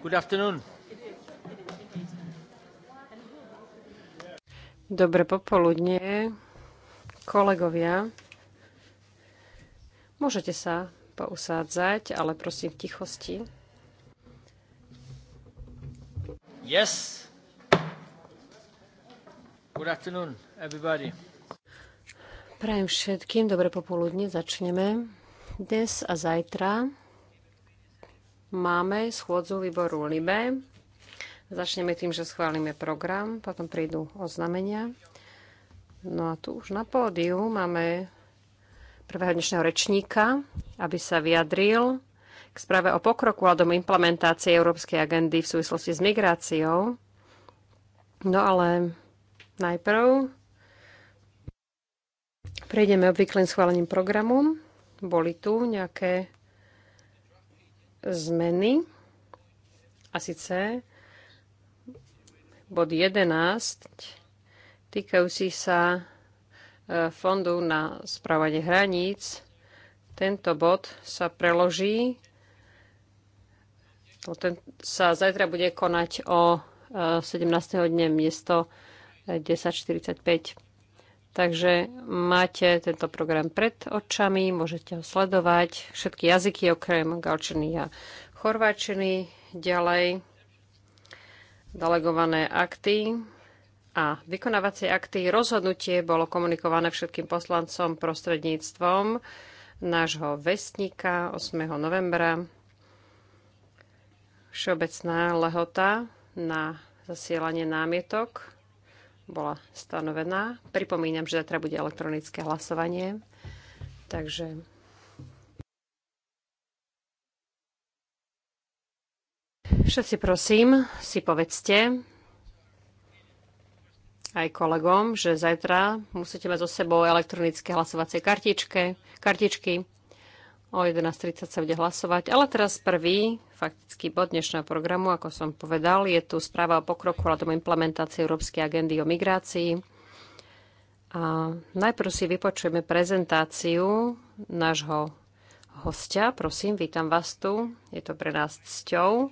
Good afternoon. Dobre popoludne, kolegovia. Môžete sa pousádzať, ale prosím v tichosti. Yes. Good afternoon, everybody. Prajem všetkým dobre popoludne, začneme. Dnes a zajtra máme schôdzu výboru LIBE. Začneme tým, že schválime program, potom prídu oznamenia. No a tu už na pódiu máme prvého dnešného rečníka, aby sa vyjadril k správe o pokroku a dom implementácie Európskej agendy v súvislosti s migráciou. No ale najprv prejdeme obvyklým schválením programu. Boli tu nejaké zmeny. A síce bod 11 týkajúci sa e, fondu na správanie hraníc. Tento bod sa preloží. No, ten sa zajtra bude konať o 17. E, dne miesto 10.45. E, Takže máte tento program pred očami, môžete ho sledovať. Všetky jazyky okrem galčiny a chorváčiny. Ďalej delegované akty a vykonávacie akty. Rozhodnutie bolo komunikované všetkým poslancom prostredníctvom nášho vestníka 8. novembra. Všeobecná lehota na zasielanie námietok bola stanovená. Pripomínam, že zatra bude elektronické hlasovanie, takže všetci prosím, si povedzte aj kolegom, že zajtra musíte mať so sebou elektronické hlasovacie kartičke, kartičky. O 11.30 sa bude hlasovať. Ale teraz prvý faktický bod dnešného programu. Ako som povedal, je tu správa o pokroku hľadom implementácie Európskej agendy o migrácii. A najprv si vypočujeme prezentáciu nášho hostia. Prosím, vítam vás tu. Je to pre nás cťou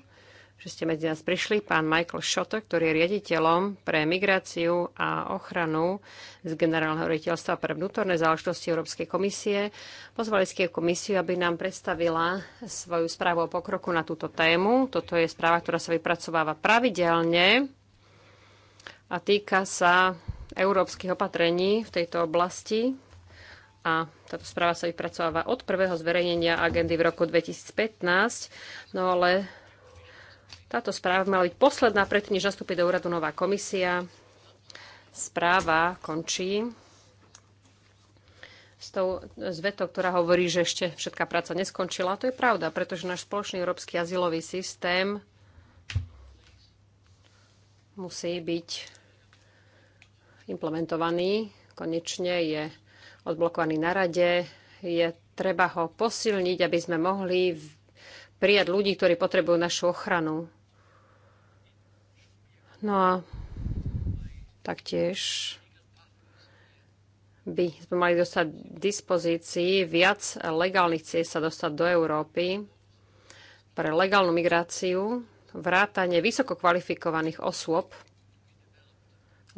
že ste medzi nás prišli. Pán Michael Schotter, ktorý je riaditeľom pre migráciu a ochranu z Generálneho riaditeľstva pre vnútorné záležitosti Európskej komisie. Pozvali ste komisiu, aby nám predstavila svoju správu o pokroku na túto tému. Toto je správa, ktorá sa vypracováva pravidelne a týka sa európskych opatrení v tejto oblasti a táto správa sa vypracováva od prvého zverejnenia agendy v roku 2015, no ale táto správa mala byť posledná, predtým, než nastúpi do úradu nová komisia. Správa končí s tou zvetou, ktorá hovorí, že ešte všetká práca neskončila. A to je pravda, pretože náš spoločný európsky azylový systém musí byť implementovaný. Konečne je odblokovaný na rade. Je treba ho posilniť, aby sme mohli prijať ľudí, ktorí potrebujú našu ochranu. No a taktiež by sme mali dostať dispozícii viac legálnych ciest sa dostať do Európy pre legálnu migráciu, vrátanie vysoko kvalifikovaných osôb,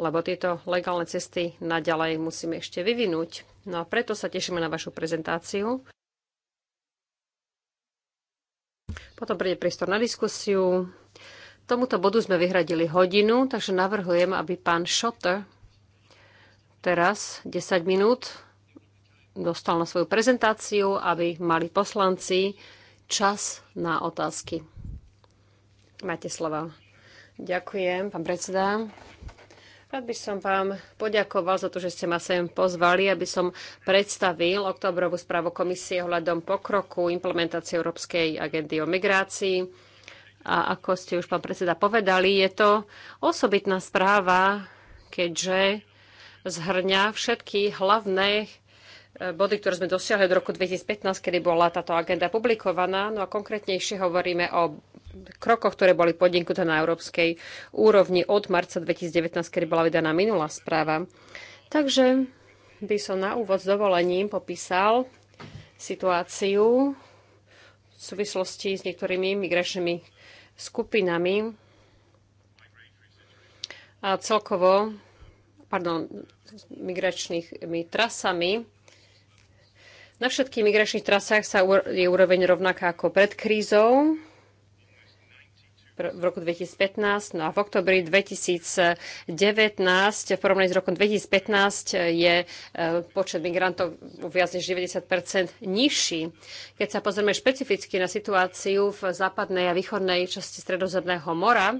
lebo tieto legálne cesty naďalej musíme ešte vyvinúť. No a preto sa tešíme na vašu prezentáciu. Potom príde priestor na diskusiu. Tomuto bodu sme vyhradili hodinu, takže navrhujem, aby pán Schotter teraz 10 minút dostal na svoju prezentáciu, aby mali poslanci čas na otázky. Máte slova. Ďakujem, pán predseda. Rád by som vám poďakoval za to, že ste ma sem pozvali, aby som predstavil oktobrovú správu komisie ohľadom pokroku implementácie Európskej agendy o migrácii. A ako ste už, pán predseda, povedali, je to osobitná správa, keďže zhrňa všetky hlavné e, body, ktoré sme dosiahli do roku 2015, kedy bola táto agenda publikovaná. No a konkrétnejšie hovoríme o krokoch, ktoré boli podniknuté na európskej úrovni od marca 2019, kedy bola vydaná minulá správa. Takže by som na úvod s dovolením popísal situáciu v súvislosti s niektorými migračnými skupinami a celkovo pardon, migračnými trasami. Na všetkých migračných trasách sa je úroveň rovnaká ako pred krízou v roku 2015. No a v oktobri 2019, v porovnaní s rokom 2015, je e, počet migrantov viac než 90 nižší. Keď sa pozrieme špecificky na situáciu v západnej a východnej časti Stredozemného mora,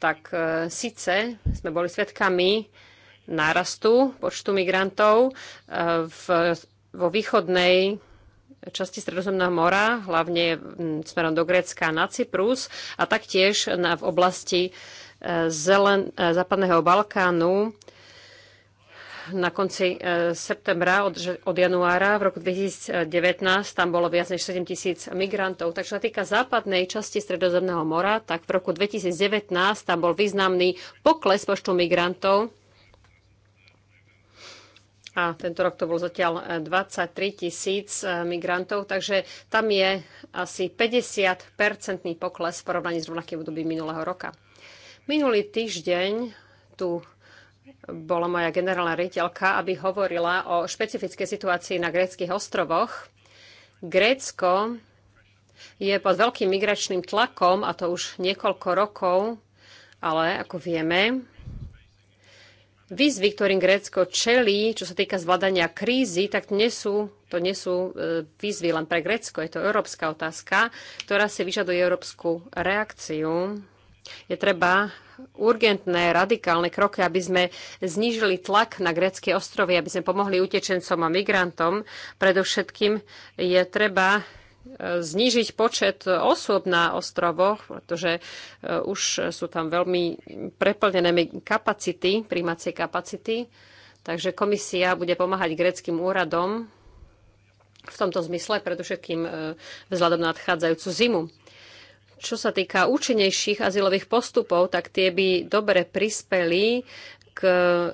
tak e, síce sme boli svedkami nárastu počtu migrantov e, v, vo východnej časti Stredozemného mora, hlavne mm, smerom do Grécka na Cyprus a taktiež na, v oblasti e, zelen, e, Západného Balkánu na konci e, septembra od, od januára v roku 2019 tam bolo viac než 7 tisíc migrantov. Takže sa týka západnej časti Stredozemného mora, tak v roku 2019 tam bol významný pokles počtu migrantov a tento rok to bol zatiaľ 23 e, tisíc e, migrantov, takže tam je asi 50-percentný pokles v porovnaní s rovnakým obdobím minulého roka. Minulý týždeň tu bola moja generálna riaditeľka, aby hovorila o špecifickej situácii na gréckých ostrovoch. Grécko je pod veľkým migračným tlakom, a to už niekoľko rokov, ale ako vieme, výzvy, ktorým Grécko čelí, čo sa týka zvládania krízy, tak nie sú, to nie sú e, výzvy len pre Grécko, je to európska otázka, ktorá si vyžaduje európsku reakciu. Je treba urgentné, radikálne kroky, aby sme znížili tlak na grécké ostrovy, aby sme pomohli utečencom a migrantom. Predovšetkým je treba znížiť počet osôb na ostrovoch, pretože e, už sú tam veľmi preplnené kapacity, príjmacie kapacity. Takže komisia bude pomáhať greckým úradom v tomto zmysle, predovšetkým e, vzhľadom na nadchádzajúcu zimu. Čo sa týka účinnejších azylových postupov, tak tie by dobre prispeli k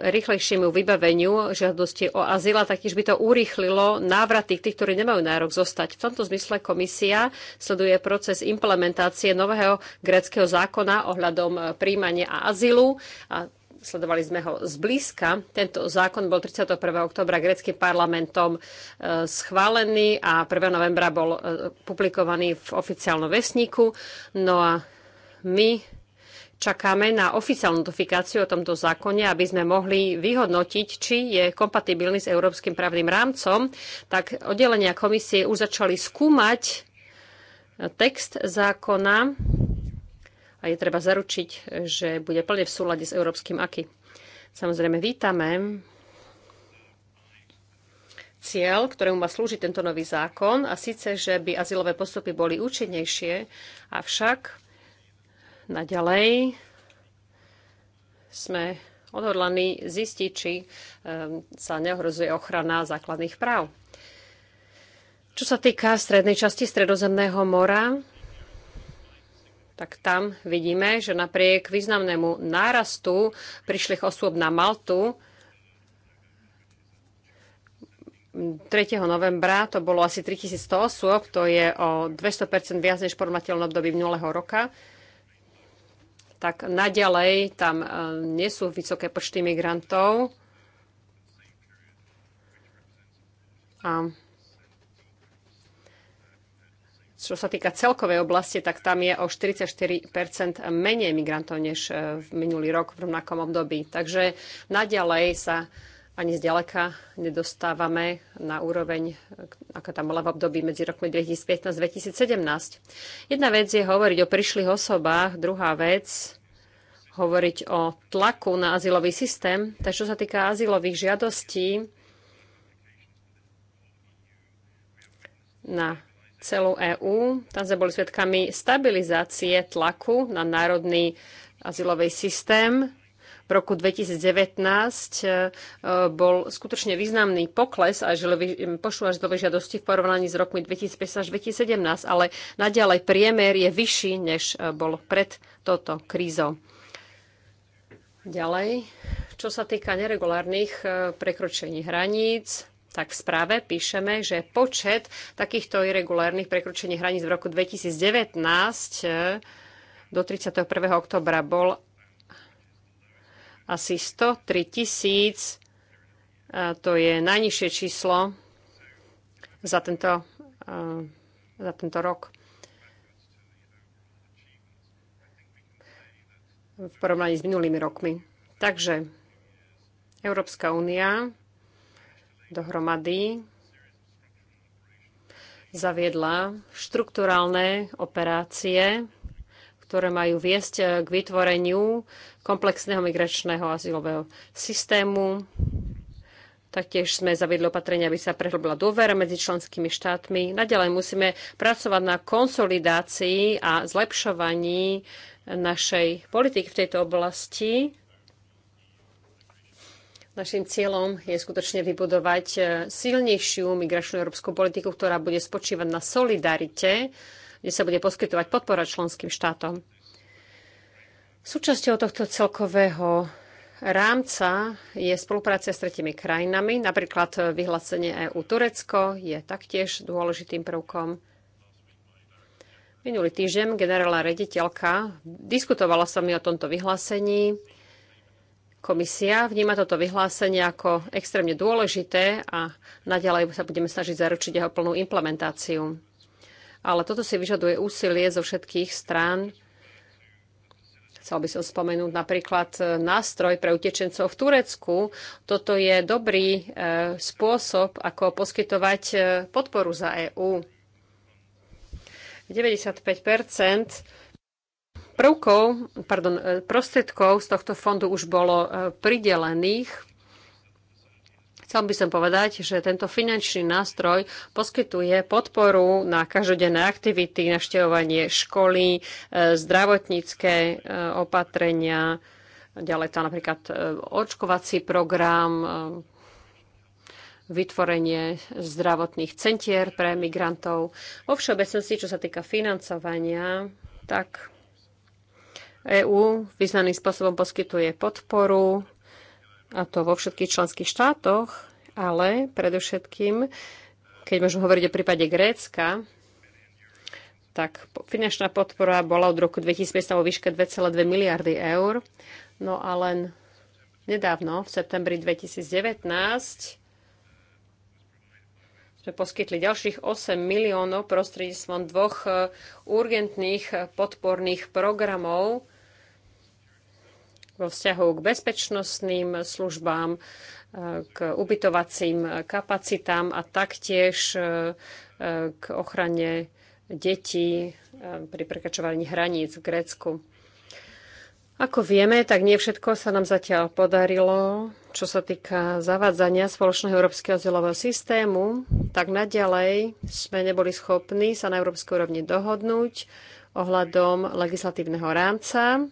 rýchlejšiemu vybaveniu žiadosti o azyl a taktiež by to urýchlilo návrat tých, tých, ktorí nemajú nárok zostať. V tomto zmysle komisia sleduje proces implementácie nového gréckého zákona ohľadom príjmania a azylu a sledovali sme ho zblízka. Tento zákon bol 31. oktobra greckým parlamentom e, schválený a 1. novembra bol e, publikovaný v oficiálnom vesníku. No a my čakáme na oficiálnu notifikáciu o tomto zákone, aby sme mohli vyhodnotiť, či je kompatibilný s európskym právnym rámcom, tak oddelenia komisie už začali skúmať e, text zákona a je treba zaručiť, že bude plne v súlade s európskym aky. Samozrejme vítame cieľ, ktorému má slúžiť tento nový zákon, a síce, že by azylové postupy boli účinnejšie, avšak Naďalej sme odhodlaní zistiť, či e, sa neohrozuje ochrana základných práv. Čo sa týka strednej časti Stredozemného mora, tak tam vidíme, že napriek významnému nárastu prišlých osôb na Maltu 3. novembra to bolo asi 3100 osôb, to je o 200% viac než porovnateľné období minulého roka tak naďalej tam e, nie sú vysoké počty migrantov. A čo sa týka celkovej oblasti, tak tam je o 44 menej migrantov než e, v minulý rok v rovnakom období. Takže naďalej sa ani zďaleka nedostávame na úroveň, aká tam bola v období medzi rokmi 2015-2017. Jedna vec je hovoriť o prišlých osobách, druhá vec hovoriť o tlaku na azylový systém. Takže čo sa týka azylových žiadostí na celú EÚ, tam sme boli svedkami stabilizácie tlaku na národný azylový systém v roku 2019 e, e, bol skutočne významný pokles a až do žiadosti v porovnaní s rokmi 2015 až 2017, ale naďalej priemer je vyšší, než e, bol pred toto krízou. Ďalej, čo sa týka neregulárnych prekročení hraníc, tak v správe píšeme, že počet takýchto irregulárnych prekročení hraníc v roku 2019 do 31. oktobra bol asi 103 tisíc. To je najnižšie číslo za tento, za tento rok. v porovnaní s minulými rokmi. Takže Európska únia dohromady zaviedla štrukturálne operácie ktoré majú viesť eh, k vytvoreniu komplexného migračného azylového systému. Taktiež sme zaviedli opatrenia, aby sa prehlbila dôvera medzi členskými štátmi. Naďalej musíme pracovať na konsolidácii a zlepšovaní našej politiky v tejto oblasti. Našim cieľom je skutočne vybudovať eh, silnejšiu migračnú európsku politiku, ktorá bude spočívať na solidarite kde sa bude poskytovať podpora členským štátom. Súčasťou tohto celkového rámca je spolupráca s tretimi krajinami. Napríklad vyhlásenie EU Turecko je taktiež dôležitým prvkom. Minulý týždeň generálna rediteľka diskutovala sa mi o tomto vyhlásení. Komisia vníma toto vyhlásenie ako extrémne dôležité a naďalej sa budeme snažiť zaručiť jeho plnú implementáciu ale toto si vyžaduje úsilie zo všetkých strán. Chcel by som spomenúť napríklad e, nástroj pre utečencov v Turecku. Toto je dobrý e, spôsob, ako poskytovať e, podporu za EÚ. 95 prvkov, pardon, prostriedkov z tohto fondu už bolo pridelených Chcel by som povedať, že tento finančný nástroj poskytuje podporu na každodenné aktivity, naštevovanie školy, e, zdravotnícke e, opatrenia, ďalej tam napríklad e, očkovací program, vytvorenie zdravotných centier pre migrantov. Vo všeobecnosti, čo sa týka financovania, tak EÚ významným spôsobom poskytuje podporu a to vo všetkých členských štátoch, ale predovšetkým, keď môžem hovoriť o prípade Grécka, tak finančná podpora bola od roku 2015 vo výške 2,2 miliardy eur. No a len nedávno, v septembri 2019, sme poskytli ďalších 8 miliónov prostredníctvom dvoch e, urgentných podporných programov vo vzťahu k bezpečnostným službám, k ubytovacím kapacitám a taktiež e, e, k ochrane detí e, pri prekračovaní hraníc v Grécku. Ako vieme, tak nie všetko sa nám zatiaľ podarilo, čo sa týka zavádzania spoločného európskeho azylového systému, tak naďalej sme neboli schopní sa na európskej úrovni dohodnúť ohľadom legislatívneho rámca,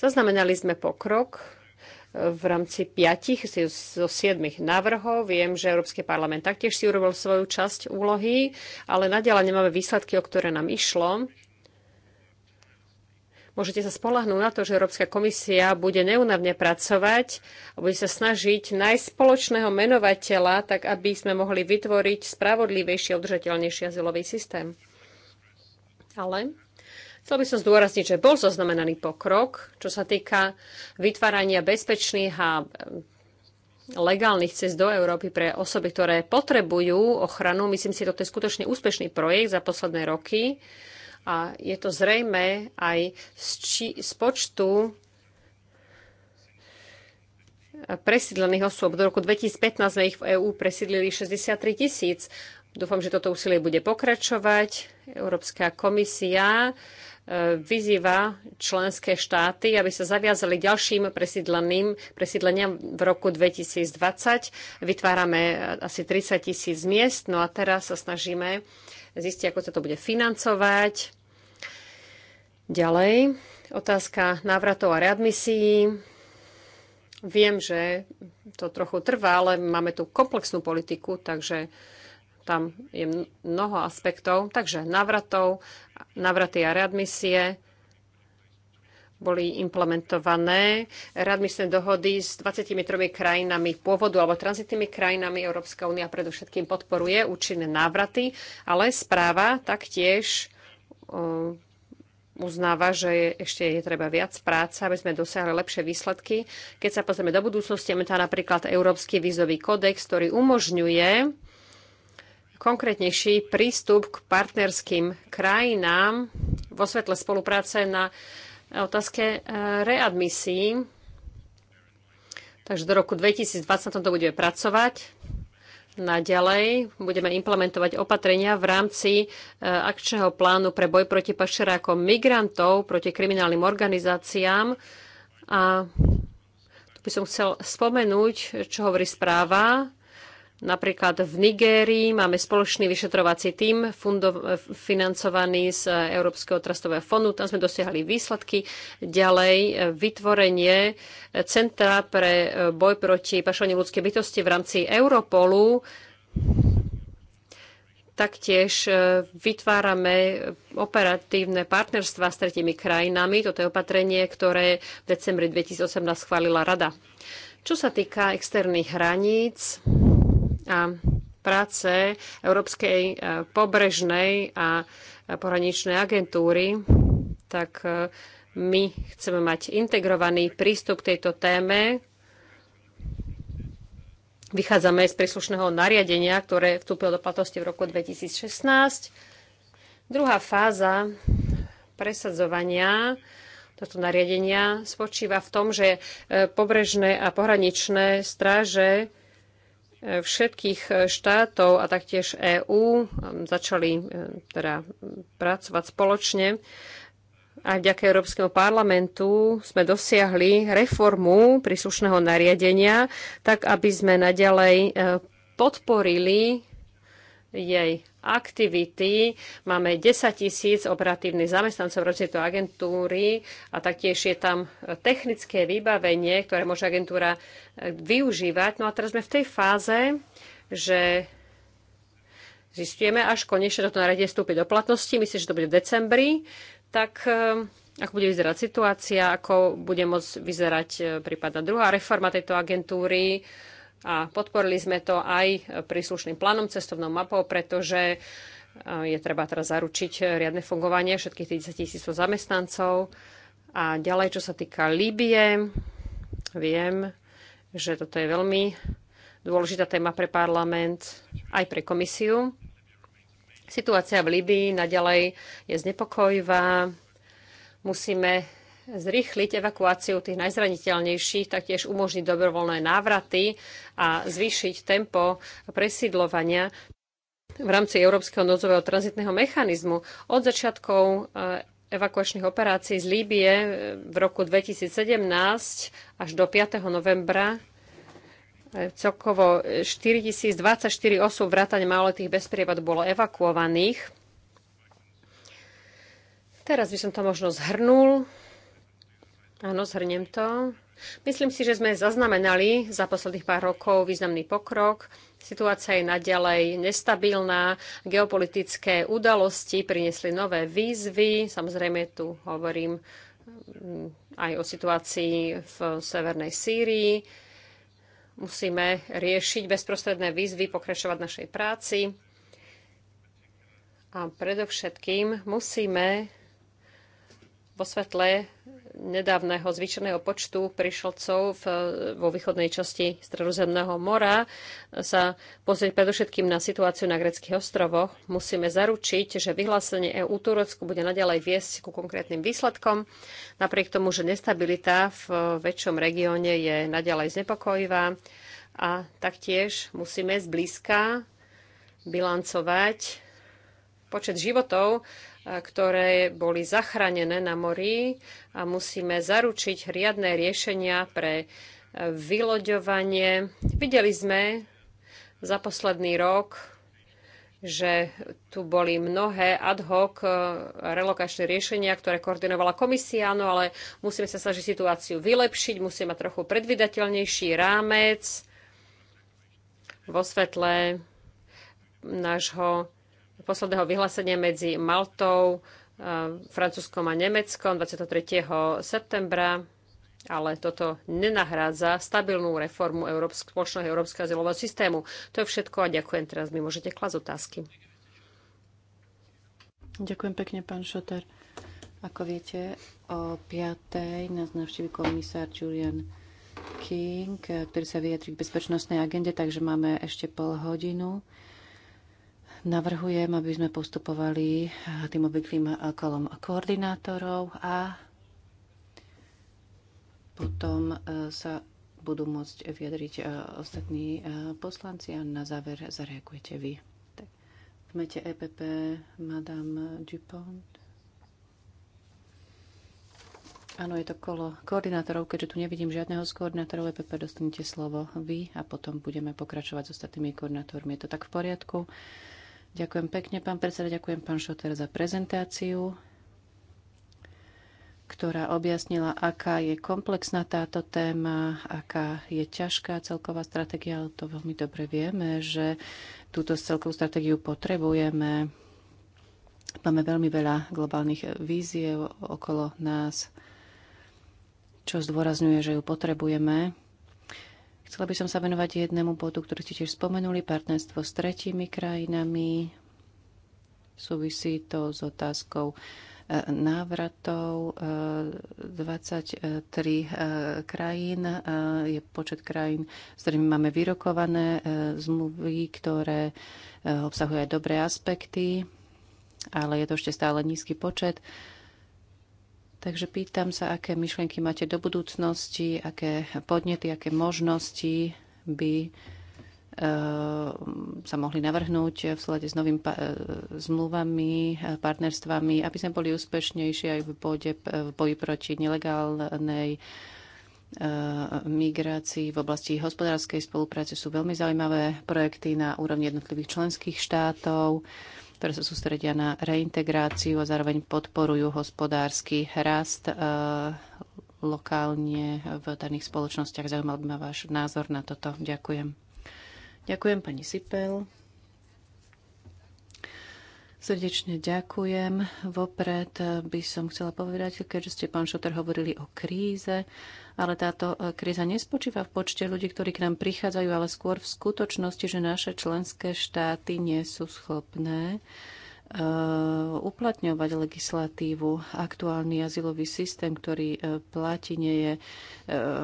Zaznamenali sme pokrok eh, v rámci piatich zo siedmých návrhov. Viem, že Európsky parlament taktiež si urobil svoju časť úlohy, ale naďalej nemáme výsledky, o ktoré nám išlo. Môžete sa spolahnúť na to, že Európska komisia bude neunavne pracovať a bude sa snažiť nájsť spoločného menovateľa, tak aby sme mohli vytvoriť spravodlivejší a udržateľnejší azylový systém. Ale Chcel by som zdôrazniť, že bol zaznamenaný pokrok, čo sa týka vytvárania bezpečných a e, legálnych cest do Európy pre osoby, ktoré potrebujú ochranu. Myslím si, že toto je skutočne úspešný projekt za posledné roky a je to zrejme aj z, či, z počtu e, presídlených osôb. Do roku 2015 sme ich v EÚ presídlili 63 tisíc. Dúfam, že toto úsilie bude pokračovať. Európska komisia vyzýva členské štáty, aby sa zaviazali ďalším presídleným presídleniam v roku 2020. Vytvárame asi 30 tisíc miest, no a teraz sa snažíme zistiť, ako sa to bude financovať. Ďalej, otázka návratov a readmisií. Viem, že to trochu trvá, ale máme tu komplexnú politiku, takže tam je mnoho aspektov. Takže navratov, navraty a readmisie boli implementované. Readmisné dohody s 23 krajinami pôvodu alebo tranzitnými krajinami Európska únia predovšetkým podporuje účinné návraty, ale správa taktiež uznáva, že ešte je treba viac práce, aby sme dosiahli lepšie výsledky. Keď sa pozrieme do budúcnosti, máme tam napríklad Európsky vízový kodex, ktorý umožňuje konkrétnejší prístup k partnerským krajinám vo svetle spolupráce na otázke e, readmisí. Takže do roku 2020 to budeme pracovať. Naďalej budeme implementovať opatrenia v rámci e, akčného plánu pre boj proti pašerákom migrantov, proti kriminálnym organizáciám. A tu by som chcel spomenúť, čo hovorí správa Napríklad v Nigérii máme spoločný vyšetrovací tím financovaný z Európskeho trastového fondu. Tam sme dosiahli výsledky. Ďalej e, vytvorenie Centra pre e, boj proti pašovaniu ľudskej bytosti v rámci Europolu. Taktiež e, vytvárame operatívne partnerstva s tretimi krajinami. Toto je opatrenie, ktoré v decembri 2018 schválila Rada. Čo sa týka externých hraníc, a práce Európskej e, pobrežnej a e, pohraničnej agentúry, tak e, my chceme mať integrovaný prístup k tejto téme. Vychádzame z príslušného nariadenia, ktoré vstúpilo do platnosti v roku 2016. Druhá fáza presadzovania tohto nariadenia spočíva v tom, že pobrežné a pohraničné stráže všetkých eh, štátov a taktiež EÚ eh, začali eh, teda pracovať spoločne. Aj vďaka Európskeho parlamentu sme dosiahli reformu príslušného nariadenia, tak aby sme naďalej podporili jej aktivity. Máme 10 tisíc operatívnych zamestnancov v tejto agentúry a taktiež je tam technické vybavenie, ktoré môže agentúra eh, využívať. No a teraz sme v tej fáze, že zistujeme, až konečne toto nariadenie vstúpi do platnosti, myslím, že to bude v decembri, tak eh, ako bude vyzerať situácia, ako bude môcť vyzerať eh, prípadná druhá reforma tejto agentúry, a podporili sme to aj príslušným plánom cestovnou mapou, pretože e, je treba teraz zaručiť riadne fungovanie všetkých 30 tisíc zamestnancov. A ďalej, čo sa týka Líbie, viem, že toto je veľmi dôležitá téma pre parlament, aj pre komisiu. Situácia v Líbii naďalej je znepokojivá. Musíme zrýchliť evakuáciu tých najzraniteľnejších, taktiež umožniť dobrovoľné návraty a zvýšiť tempo presídlovania v rámci Európskeho núdzového tranzitného mechanizmu. Od začiatkov eh, evakuačných operácií z Líbie eh, v roku 2017 až do 5. novembra eh, celkovo 4024 osôb vrátane maloletých bez prievadu bolo evakuovaných. Teraz by som to možno zhrnul. Áno, zhrnem to. Myslím si, že sme zaznamenali za posledných pár rokov významný pokrok. Situácia je naďalej nestabilná, geopolitické udalosti priniesli nové výzvy. Samozrejme, tu hovorím mm, aj o situácii v severnej Sýrii. Musíme riešiť bezprostredné výzvy, pokračovať našej práci. A predovšetkým musíme vo svetle nedávneho zvýšeného počtu prišlcov v, vo východnej časti Stredozemného mora sa pozrieť predovšetkým na situáciu na greckých ostrovoch. Musíme zaručiť, že vyhlásenie EU Turecku bude naďalej viesť ku konkrétnym výsledkom, napriek tomu, že nestabilita v väčšom regióne je naďalej znepokojivá a taktiež musíme zblízka bilancovať počet životov, ktoré boli zachránené na mori a musíme zaručiť riadne riešenia pre e, vyloďovanie. Videli sme za posledný rok, že tu boli mnohé ad hoc e, relokačné riešenia, ktoré koordinovala komisia, no ale musíme sa snažiť situáciu vylepšiť, musíme mať trochu predvydateľnejší rámec vo svetle nášho posledného vyhlásenia medzi Maltou, e, Francúzskom a Nemeckom 23. septembra, ale toto nenahrádza stabilnú reformu spoločného európskeho azylového systému. To je všetko a ďakujem. Teraz mi môžete klasť otázky. Ďakujem pekne, pán Šoter. Ako viete, o 5. nás navštívi komisár Julian King, ktorý sa vyjadrí k bezpečnostnej agende, takže máme ešte pol hodinu. Navrhujem, aby sme postupovali tým obvyklým kolom koordinátorov a potom e, sa budú môcť vyjadriť e, ostatní e, poslanci a na záver zareagujete vy. Tak. V mete EPP, Madame Dupont. Áno, je to kolo koordinátorov. Keďže tu nevidím žiadneho z koordinátorov EPP, dostanete slovo vy a potom budeme pokračovať s ostatnými koordinátormi. Je to tak v poriadku? Ďakujem pekne, pán predseda, ďakujem pán Šoter za prezentáciu, ktorá objasnila, aká je komplexná táto téma, aká je ťažká celková stratégia, ale to veľmi dobre vieme, že túto celkovú stratégiu potrebujeme. Máme veľmi veľa globálnych víziev okolo nás, čo zdôrazňuje, že ju potrebujeme. Chcela by som sa venovať jednému bodu, ktorý ste tiež spomenuli, partnerstvo s tretími krajinami. Súvisí to s otázkou e, návratov 23 e, e, krajín. Je počet krajín, s ktorými máme vyrokované zmluvy, ktoré obsahujú aj dobré aspekty, ale je to ešte stále nízky počet. Takže pýtam sa, aké myšlienky máte do budúcnosti, aké podnety, aké možnosti by e, sa mohli navrhnúť v slade s novými pa- e, zmluvami, e, partnerstvami, aby sme boli úspešnejší aj v, bode, v boji proti nelegálnej migrácii v oblasti hospodárskej spolupráce sú veľmi zaujímavé projekty na úrovni jednotlivých členských štátov ktoré sa sústredia na reintegráciu a zároveň podporujú hospodársky rast e, lokálne v daných spoločnostiach. Zaujímal by ma váš názor na toto. Ďakujem. Ďakujem pani Sipel. Srdečne ďakujem. Vopred by som chcela povedať, keďže ste, pán Šoter, hovorili o kríze, ale táto e, kríza nespočíva v počte ľudí, ktorí k nám prichádzajú, ale skôr v skutočnosti, že naše členské štáty nie sú schopné Eh, uplatňovať legislatívu. Aktuálny azylový systém, ktorý eh, platí, nie je eh,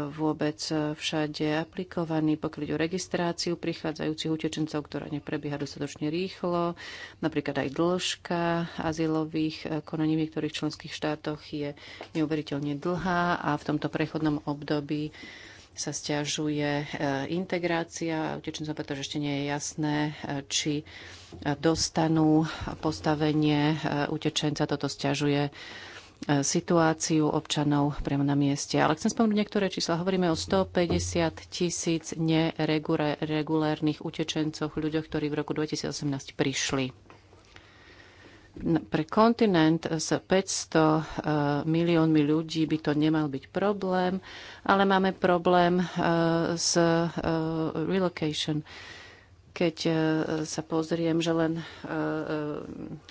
vôbec všade aplikovaný. Pokryť o registráciu prichádzajúcich utečencov, ktorá neprebieha dostatočne rýchlo. Napríklad aj dĺžka azylových konaní v niektorých členských štátoch je neuveriteľne dlhá a v tomto prechodnom období sa stiažuje e, integrácia utečencov, pretože ešte nie je jasné, e, či e, dostanú postavenie utečenca. Toto stiažuje situáciu občanov priamo na mieste. Ale chcem spomenúť niektoré čísla. Hovoríme o 150 tisíc neregulérnych utečencoch, ľuďoch, ktorí v roku 2018 prišli. Pre kontinent s 500 e, miliónmi ľudí by to nemal byť problém, ale máme problém e, s e, relocation keď sa pozriem, že len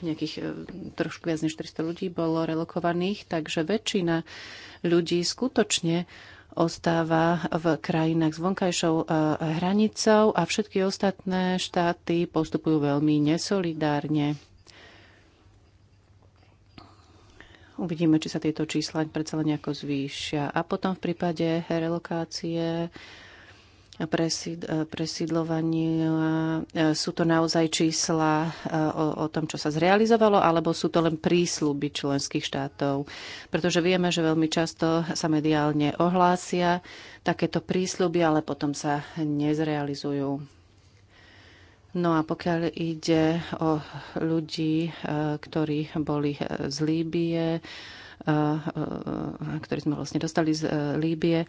nejakých trošku viac než 400 ľudí bolo relokovaných, takže väčšina ľudí skutočne ostáva v krajinách s vonkajšou hranicou a všetky ostatné štáty postupujú veľmi nesolidárne. Uvidíme, či sa tieto čísla predsa len nejako zvýšia. A potom v prípade relokácie a e, presídlovania. E, sú to naozaj čísla e, o, o tom, čo sa zrealizovalo, alebo sú to len prísľuby členských štátov? Pretože vieme, že veľmi často sa mediálne ohlásia takéto prísľuby, ale potom sa nezrealizujú. No a pokiaľ ide o ľudí, e, ktorí boli z Líbie, e, e, ktorí sme vlastne dostali z Líbie,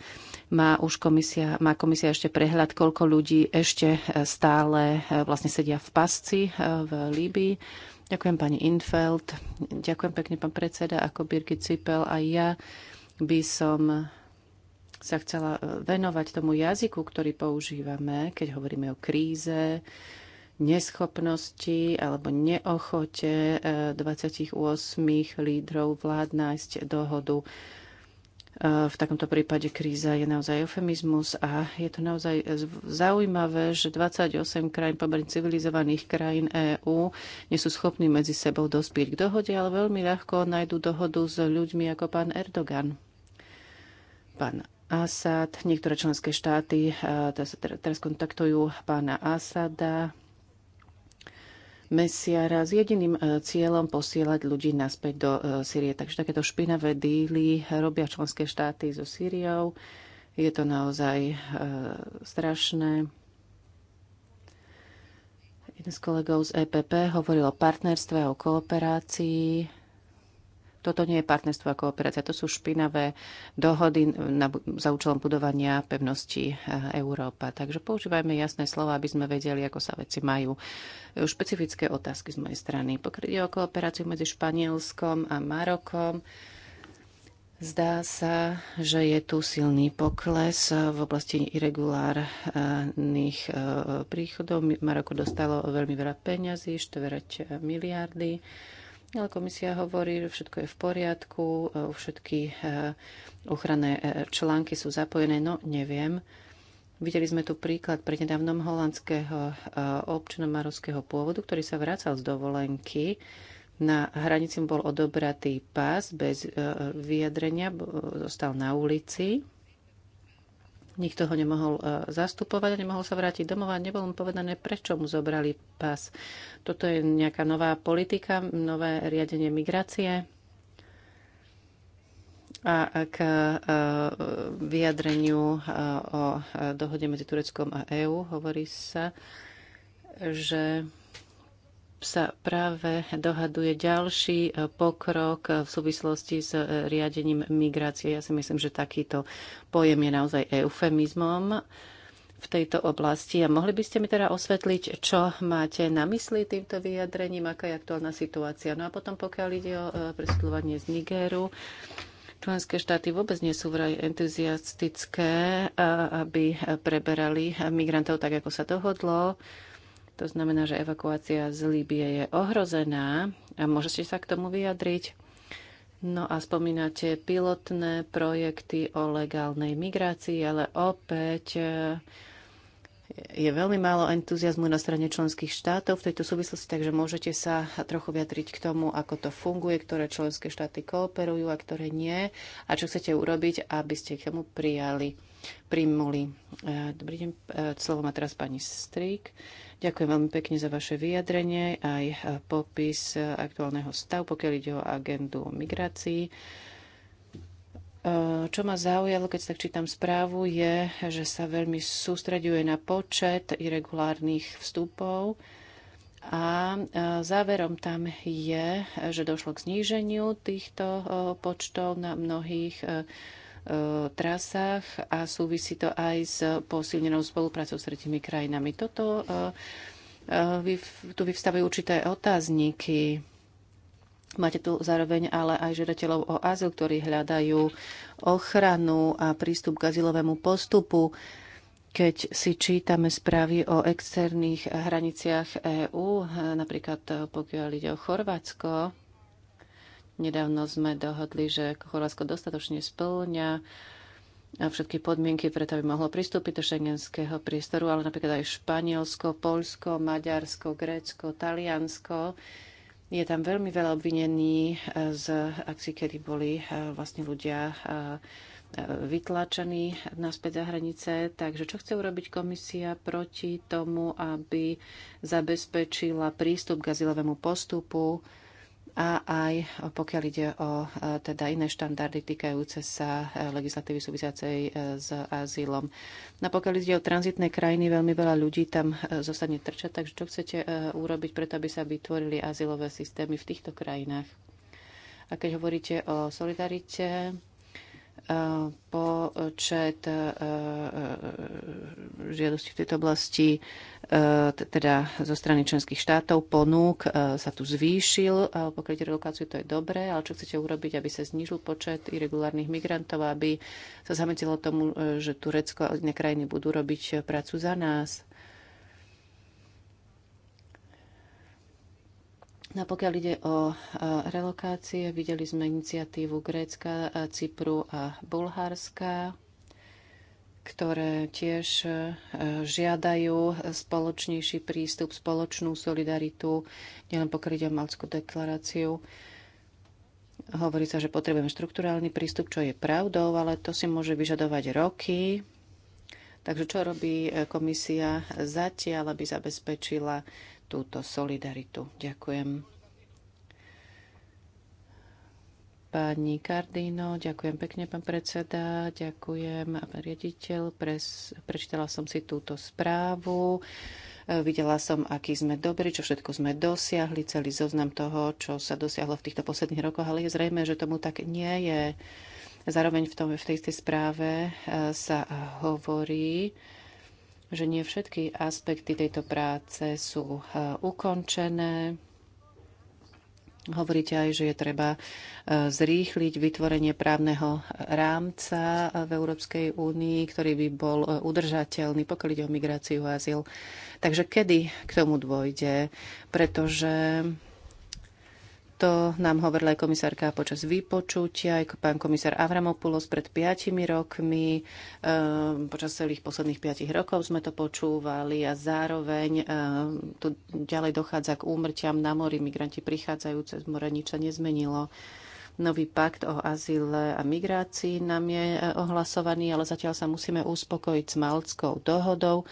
má už komisia, má komisia ešte prehľad, koľko ľudí ešte stále vlastne sedia v pasci v Líbii. Ďakujem pani Infeld, ďakujem pekne pán predseda, ako Birgit Cipel a ja by som sa chcela venovať tomu jazyku, ktorý používame, keď hovoríme o kríze, neschopnosti alebo neochote 28 eh, lídrov vlád nájsť dohodu. Eh, v takomto prípade kríza je naozaj eufemizmus a je to naozaj zaujímavé, že 28 krajín, pomerne civilizovaných krajín EÚ, nie sú schopní medzi sebou dospieť k dohode, ale veľmi ľahko nájdú dohodu s ľuďmi ako pán Erdogan. Pán Asad, niektoré členské štáty eh, teraz kontaktujú pána Asada, mesiara s jediným e, cieľom posielať ľudí naspäť do e, Sýrie. Takže takéto špinavé díly robia členské štáty so Sýriou. Je to naozaj e, strašné. Jeden z kolegov z EPP hovoril o partnerstve a o kooperácii toto nie je partnerstvo a kooperácia, to sú špinavé dohody na, za účelom budovania pevnosti eh, Európa. Takže používajme jasné slova, aby sme vedeli, ako sa veci majú. Eh, špecifické otázky z mojej strany. Pokiaľ ide o kooperáciu medzi Španielskom a Marokom, Zdá sa, že je tu silný pokles eh, v oblasti irregulárnych príchodov. Maroko dostalo veľmi veľa peňazí, 4 miliardy. Ale komisia hovorí, že všetko je v poriadku, e, všetky e, ochranné e, články sú zapojené, no neviem. Videli sme tu príklad prednedávnom holandského občana marovského pôvodu, ktorý sa vracal z dovolenky. Na hranici bol odobratý pás bez vyjadrenia, zostal na ulici Nikto ho nemohol e, zastupovať a nemohol sa vrátiť domov a nebolo mu povedané, prečo mu zobrali pás. Toto je nejaká nová politika, nové riadenie migrácie. A k e, vyjadreniu e, o dohode medzi Tureckom a EÚ hovorí sa, že sa práve dohaduje ďalší e, pokrok e, v súvislosti s e, riadením migrácie. Ja si myslím, že takýto pojem je naozaj eufemizmom v tejto oblasti. A mohli by ste mi teda osvetliť, čo máte na mysli týmto vyjadrením, aká je aktuálna situácia. No a potom, pokiaľ ide o presídľovanie z Nigéru, členské štáty vôbec nie sú vraj entuziastické, aby preberali migrantov tak, ako sa dohodlo. To znamená, že evakuácia z Líbie je ohrozená a môžete sa k tomu vyjadriť. No a spomínate pilotné projekty o legálnej migrácii, ale opäť e, je veľmi málo entuziasmu na strane členských štátov v tejto súvislosti, takže môžete sa trochu vyjadriť k tomu, ako to funguje, ktoré členské štáty kooperujú a ktoré nie a čo chcete urobiť, aby ste k tomu prijali, primuli. E, dobrý deň, e, slovo má teraz pani Strik. Ďakujem veľmi pekne za vaše vyjadrenie aj e, popis e, aktuálneho stavu, pokiaľ ide o agendu o migrácii. E, čo ma zaujalo, keď sa tak čítam správu, je, že sa veľmi sústreďuje na počet irregulárnych vstupov a záverom tam je, že došlo k zníženiu týchto počtov na mnohých Eh, trasách a súvisí to aj s posilnenou spoluprácou s tretimi krajinami. Toto eh, eh, tu vyvstavujú určité otázniky. Máte tu zároveň ale aj žiadateľov o azyl, ktorí hľadajú ochranu a prístup k azylovému postupu. Keď si čítame správy o externých hraniciach EÚ, napríklad pokiaľ ide o Chorvátsko, Nedávno sme dohodli, že Chorvátsko dostatočne splňa všetky podmienky preto, aby mohlo pristúpiť do šengenského priestoru, ale napríklad aj Španielsko, Polsko, Maďarsko, Grécko, Taliansko. Je tam veľmi veľa obvinení e, z akcií, kedy boli e, vlastne ľudia e, vytlačení naspäť za hranice. Takže čo chce urobiť komisia proti tomu, aby zabezpečila prístup k azylovému postupu a aj pokiaľ ide o e, teda iné štandardy týkajúce sa e, legislatívy súvisiacej e, s azylom. No pokiaľ ide o tranzitné krajiny, veľmi veľa ľudí tam zostane trčať, takže čo chcete urobiť preto, aby sa vytvorili azylové systémy v týchto krajinách? A keď hovoríte o solidarite, počet e, e, žiadostí v tejto oblasti, e, teda zo strany členských štátov, ponúk sa tu zvýšil. Pokryť relokáciu to je dobré, ale čo chcete urobiť, aby sa znížil počet irregulárnych migrantov, aby sa zametilo tomu, že Turecko a iné krajiny budú robiť prácu za nás? No a pokiaľ ide o e, relokácie, videli sme iniciatívu Grécka, e, Cypru a Bulharska, ktoré tiež e, žiadajú spoločnejší prístup, spoločnú solidaritu, nielen pokiaľ ide o Malskú deklaráciu. Hovorí sa, že potrebujeme štruktúrálny prístup, čo je pravdou, ale to si môže vyžadovať roky. Takže čo robí komisia zatiaľ, aby zabezpečila túto solidaritu. Ďakujem. Pani Kardino, ďakujem pekne, pán predseda, ďakujem, pán riaditeľ. Pres, prečítala som si túto správu. E, videla som, aký sme dobrí, čo všetko sme dosiahli, celý zoznam toho, čo sa dosiahlo v týchto posledných rokoch, ale je zrejme, že tomu tak nie je. Zároveň v, tom, v tej správe e, sa hovorí, že nie všetky aspekty tejto práce sú e, ukončené. Hovoríte aj, že je treba e, zrýchliť vytvorenie právneho rámca e, v Európskej únii, ktorý by bol udržateľný, pokiaľ ide o migráciu a azyl. Takže kedy k tomu dôjde? Pretože to nám hovorila aj komisárka počas vypočutia, aj pán komisár Avramopoulos pred piatimi rokmi. E, počas celých posledných piatich rokov sme to počúvali a zároveň e, tu ďalej dochádza k úmrtiam na mori. Migranti prichádzajú cez more, nič sa nezmenilo. Nový pakt o azyle a migrácii nám je e, ohlasovaný, ale zatiaľ sa musíme uspokojiť s Malckou dohodou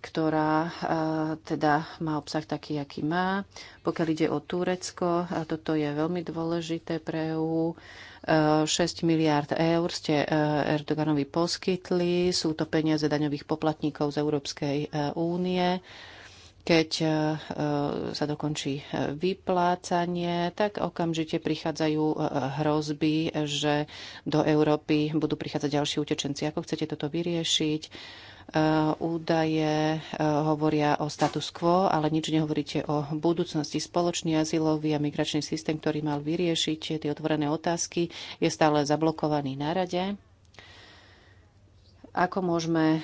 ktorá e, teda má obsah taký, aký má. Pokiaľ ide o Turecko, a e, toto je veľmi dôležité pre EU, 6 e, miliard eur ste Erdoganovi poskytli, sú to peniaze daňových poplatníkov z Európskej únie. Keď sa dokončí vyplácanie, tak okamžite prichádzajú hrozby, že do Európy budú prichádzať ďalší utečenci. Ako chcete toto vyriešiť? Eh, údaje eh, hovoria o status quo, ale nič nehovoríte o budúcnosti. Spoločný azylový a migračný systém, ktorý mal vyriešiť tie otvorené otázky, je stále zablokovaný na rade. Ako môžeme eh,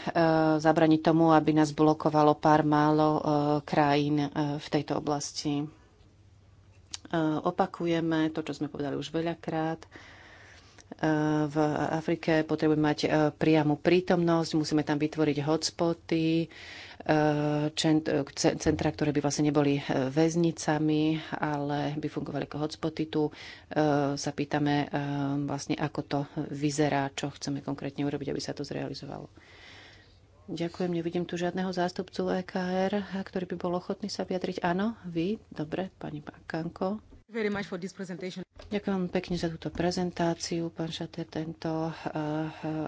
zabraniť tomu, aby nás blokovalo pár málo krajín v tejto oblasti? Opakujeme to, čo sme povedali už veľakrát v Afrike, potrebujeme mať e, priamu prítomnosť, musíme tam vytvoriť hotspoty, e, centra, ktoré by vlastne neboli e, väznicami, ale by fungovali ako hotspoty. Tu sa pýtame vlastne, ako to vyzerá, čo chceme konkrétne urobiť, aby sa to zrealizovalo. Ďakujem, nevidím tu žiadneho zástupcu EKR, ktorý by bol ochotný sa vyjadriť. Áno, vy, dobre, pani Kanko. Ďakujem pekne za túto prezentáciu. Pán Šaté, tento eh,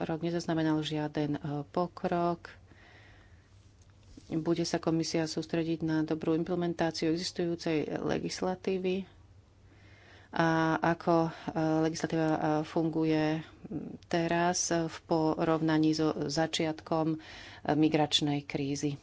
rok nezaznamenal žiaden eh, pokrok. Bude sa komisia sústrediť na dobrú implementáciu existujúcej legislatívy a ako eh, legislatíva funguje teraz v porovnaní so začiatkom migračnej krízy.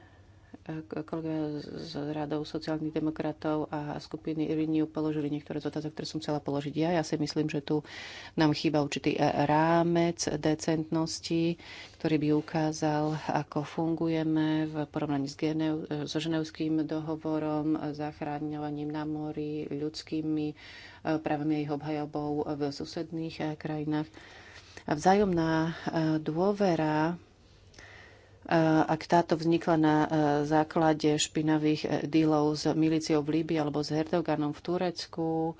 kolegovia z radov sociálnych demokratov a skupiny Renew položili niektoré z otázok, ktoré som chcela položiť ja. Ja si myslím, že tu nám chýba určitý e, rámec decentnosti, ktorý by ukázal, ako fungujeme v porovnaní s Geneu, e, so ženevským dohovorom, e, zachráňovaním na mori, ľudskými právami ich obhajobou v susedných krajinách. A vzájomná dôvera ak táto vznikla na e, základe špinavých e, dílov s milíciou v Líbii alebo s Erdoganom v Turecku,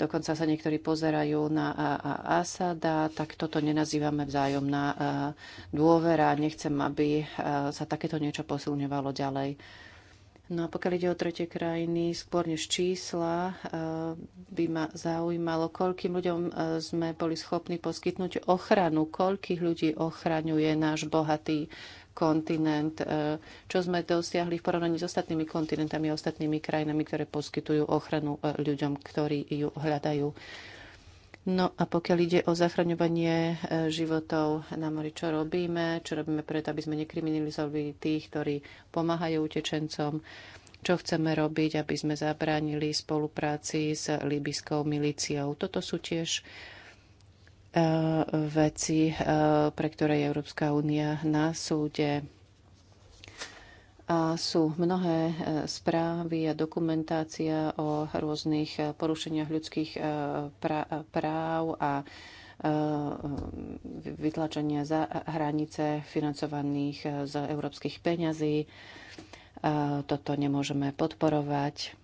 dokonca sa niektorí pozerajú na Asada, tak toto nenazývame vzájomná e, dôvera. Nechcem, aby sa takéto niečo posilňovalo ďalej. No a pokiaľ ide o tretie krajiny, skôr než čísla, eh, by ma zaujímalo, koľkým ľuďom eh, sme boli schopní poskytnúť ochranu, koľkých ľudí ochraňuje náš bohatý kontinent, eh, čo sme dosiahli v porovnaní s ostatnými kontinentami a ostatnými krajinami, ktoré poskytujú ochranu ľuďom, ktorí ju hľadajú. No a pokiaľ ide o zachraňovanie e, životov na mori, čo robíme? Čo robíme preto, aby sme nekriminalizovali tých, ktorí pomáhajú utečencom? Čo chceme robiť, aby sme zabránili spolupráci s libyskou milíciou? Toto sú tiež e, veci, e, pre ktoré je Európska únia na súde sú mnohé e, správy a dokumentácia o rôznych e, porušeniach ľudských e, práv a vytlačenia za hranice financovaných z európskych peňazí. Toto nemôžeme podporovať.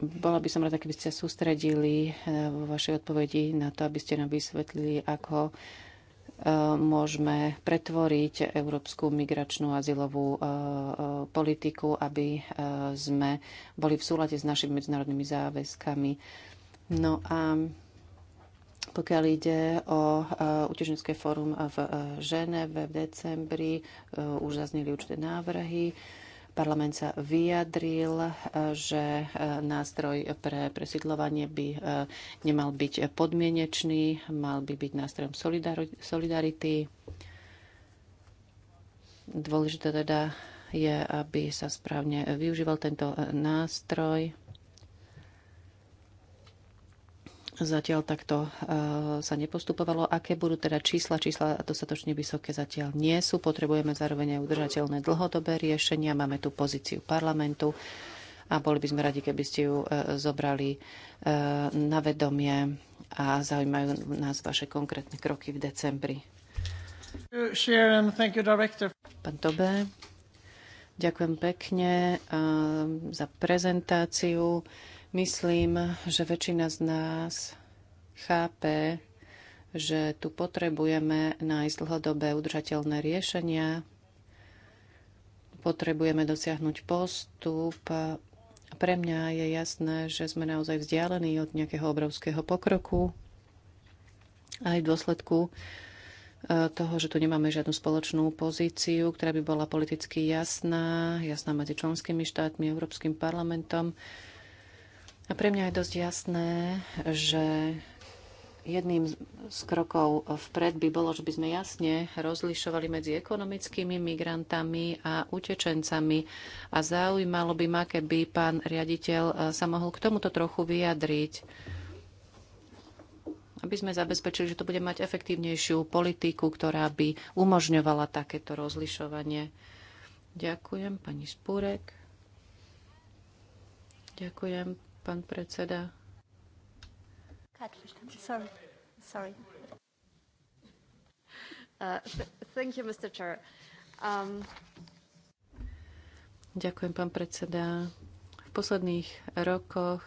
Bola by som rada, keby ste sústredili vo vašej odpovedi na to, aby ste nám vysvetlili, ako môžeme pretvoriť európsku migračnú azylovú e, e, politiku, aby e, sme boli v súlade s našimi medzinárodnými záväzkami. No a pokiaľ ide o utečenské fórum v Ženeve v decembri, už zazneli určité návrhy. Parlament sa vyjadril, e, že e, nástroj pre presidlovanie by e, nemal byť podmienečný, mal by byť nástrojom solidarity. Dôležité teda je, aby sa správne využíval tento nástroj. Zatiaľ takto e, sa nepostupovalo. Aké budú teda čísla? Čísla dostatočne vysoké zatiaľ nie sú. Potrebujeme zároveň aj udržateľné dlhodobé riešenia. Máme tu pozíciu parlamentu a boli by sme radi, keby ste ju e, zobrali e, na vedomie a zaujímajú nás vaše konkrétne kroky v decembri. Pán Tobe, ďakujem pekne za prezentáciu. Myslím, že väčšina z nás chápe, že tu potrebujeme nájsť dlhodobé udržateľné riešenia, potrebujeme dosiahnuť postup. Pre mňa je jasné, že sme naozaj vzdialení od nejakého obrovského pokroku, aj v dôsledku e, toho, že tu nemáme žiadnu spoločnú pozíciu, ktorá by bola politicky jasná, jasná medzi členskými štátmi, Európskym parlamentom. A pre mňa je dosť jasné, že jedným z krokov vpred by bolo, že by sme jasne rozlišovali medzi ekonomickými migrantami a utečencami. A zaujímalo by ma, keby pán riaditeľ eh, sa mohol k tomuto trochu vyjadriť, aby sme zabezpečili, že to bude mať efektívnejšiu politiku, ktorá by umožňovala takéto rozlišovanie. Ďakujem, pani Spúrek. Ďakujem, pán predseda. Uh, um, Ďakujem, pán predseda. V posledných rokoch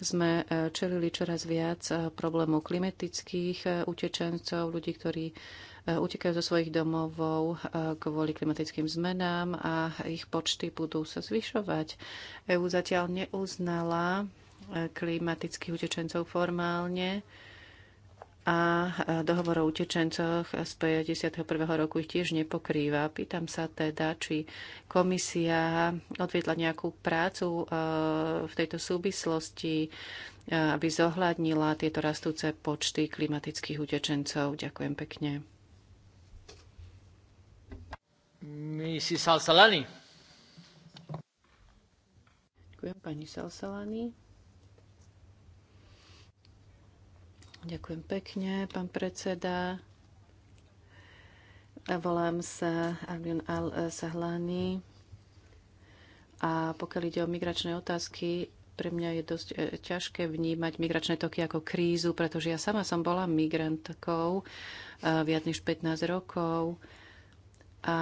sme e, čelili čoraz viac e, problémov klimatických e, utečencov, ľudí, ktorí E, utekajú zo svojich domovov e, kvôli klimatickým zmenám a ich počty budú sa zvyšovať. EU zatiaľ neuznala e, klimatických utečencov formálne a dohovor o utečencoch z 51. roku ich tiež nepokrýva. Pýtam sa teda, či komisia odviedla nejakú prácu v tejto súvislosti, aby zohľadnila tieto rastúce počty klimatických utečencov. Ďakujem pekne. Salsalani. Ďakujem pani Salsalani. Ďakujem pekne, pán predseda. Volám sa Armin Al-Sahlani. A pokiaľ ide o migračné otázky, pre mňa je dosť e, ťažké vnímať migračné toky ako krízu, pretože ja sama som bola migrantkou e, viac než 15 rokov a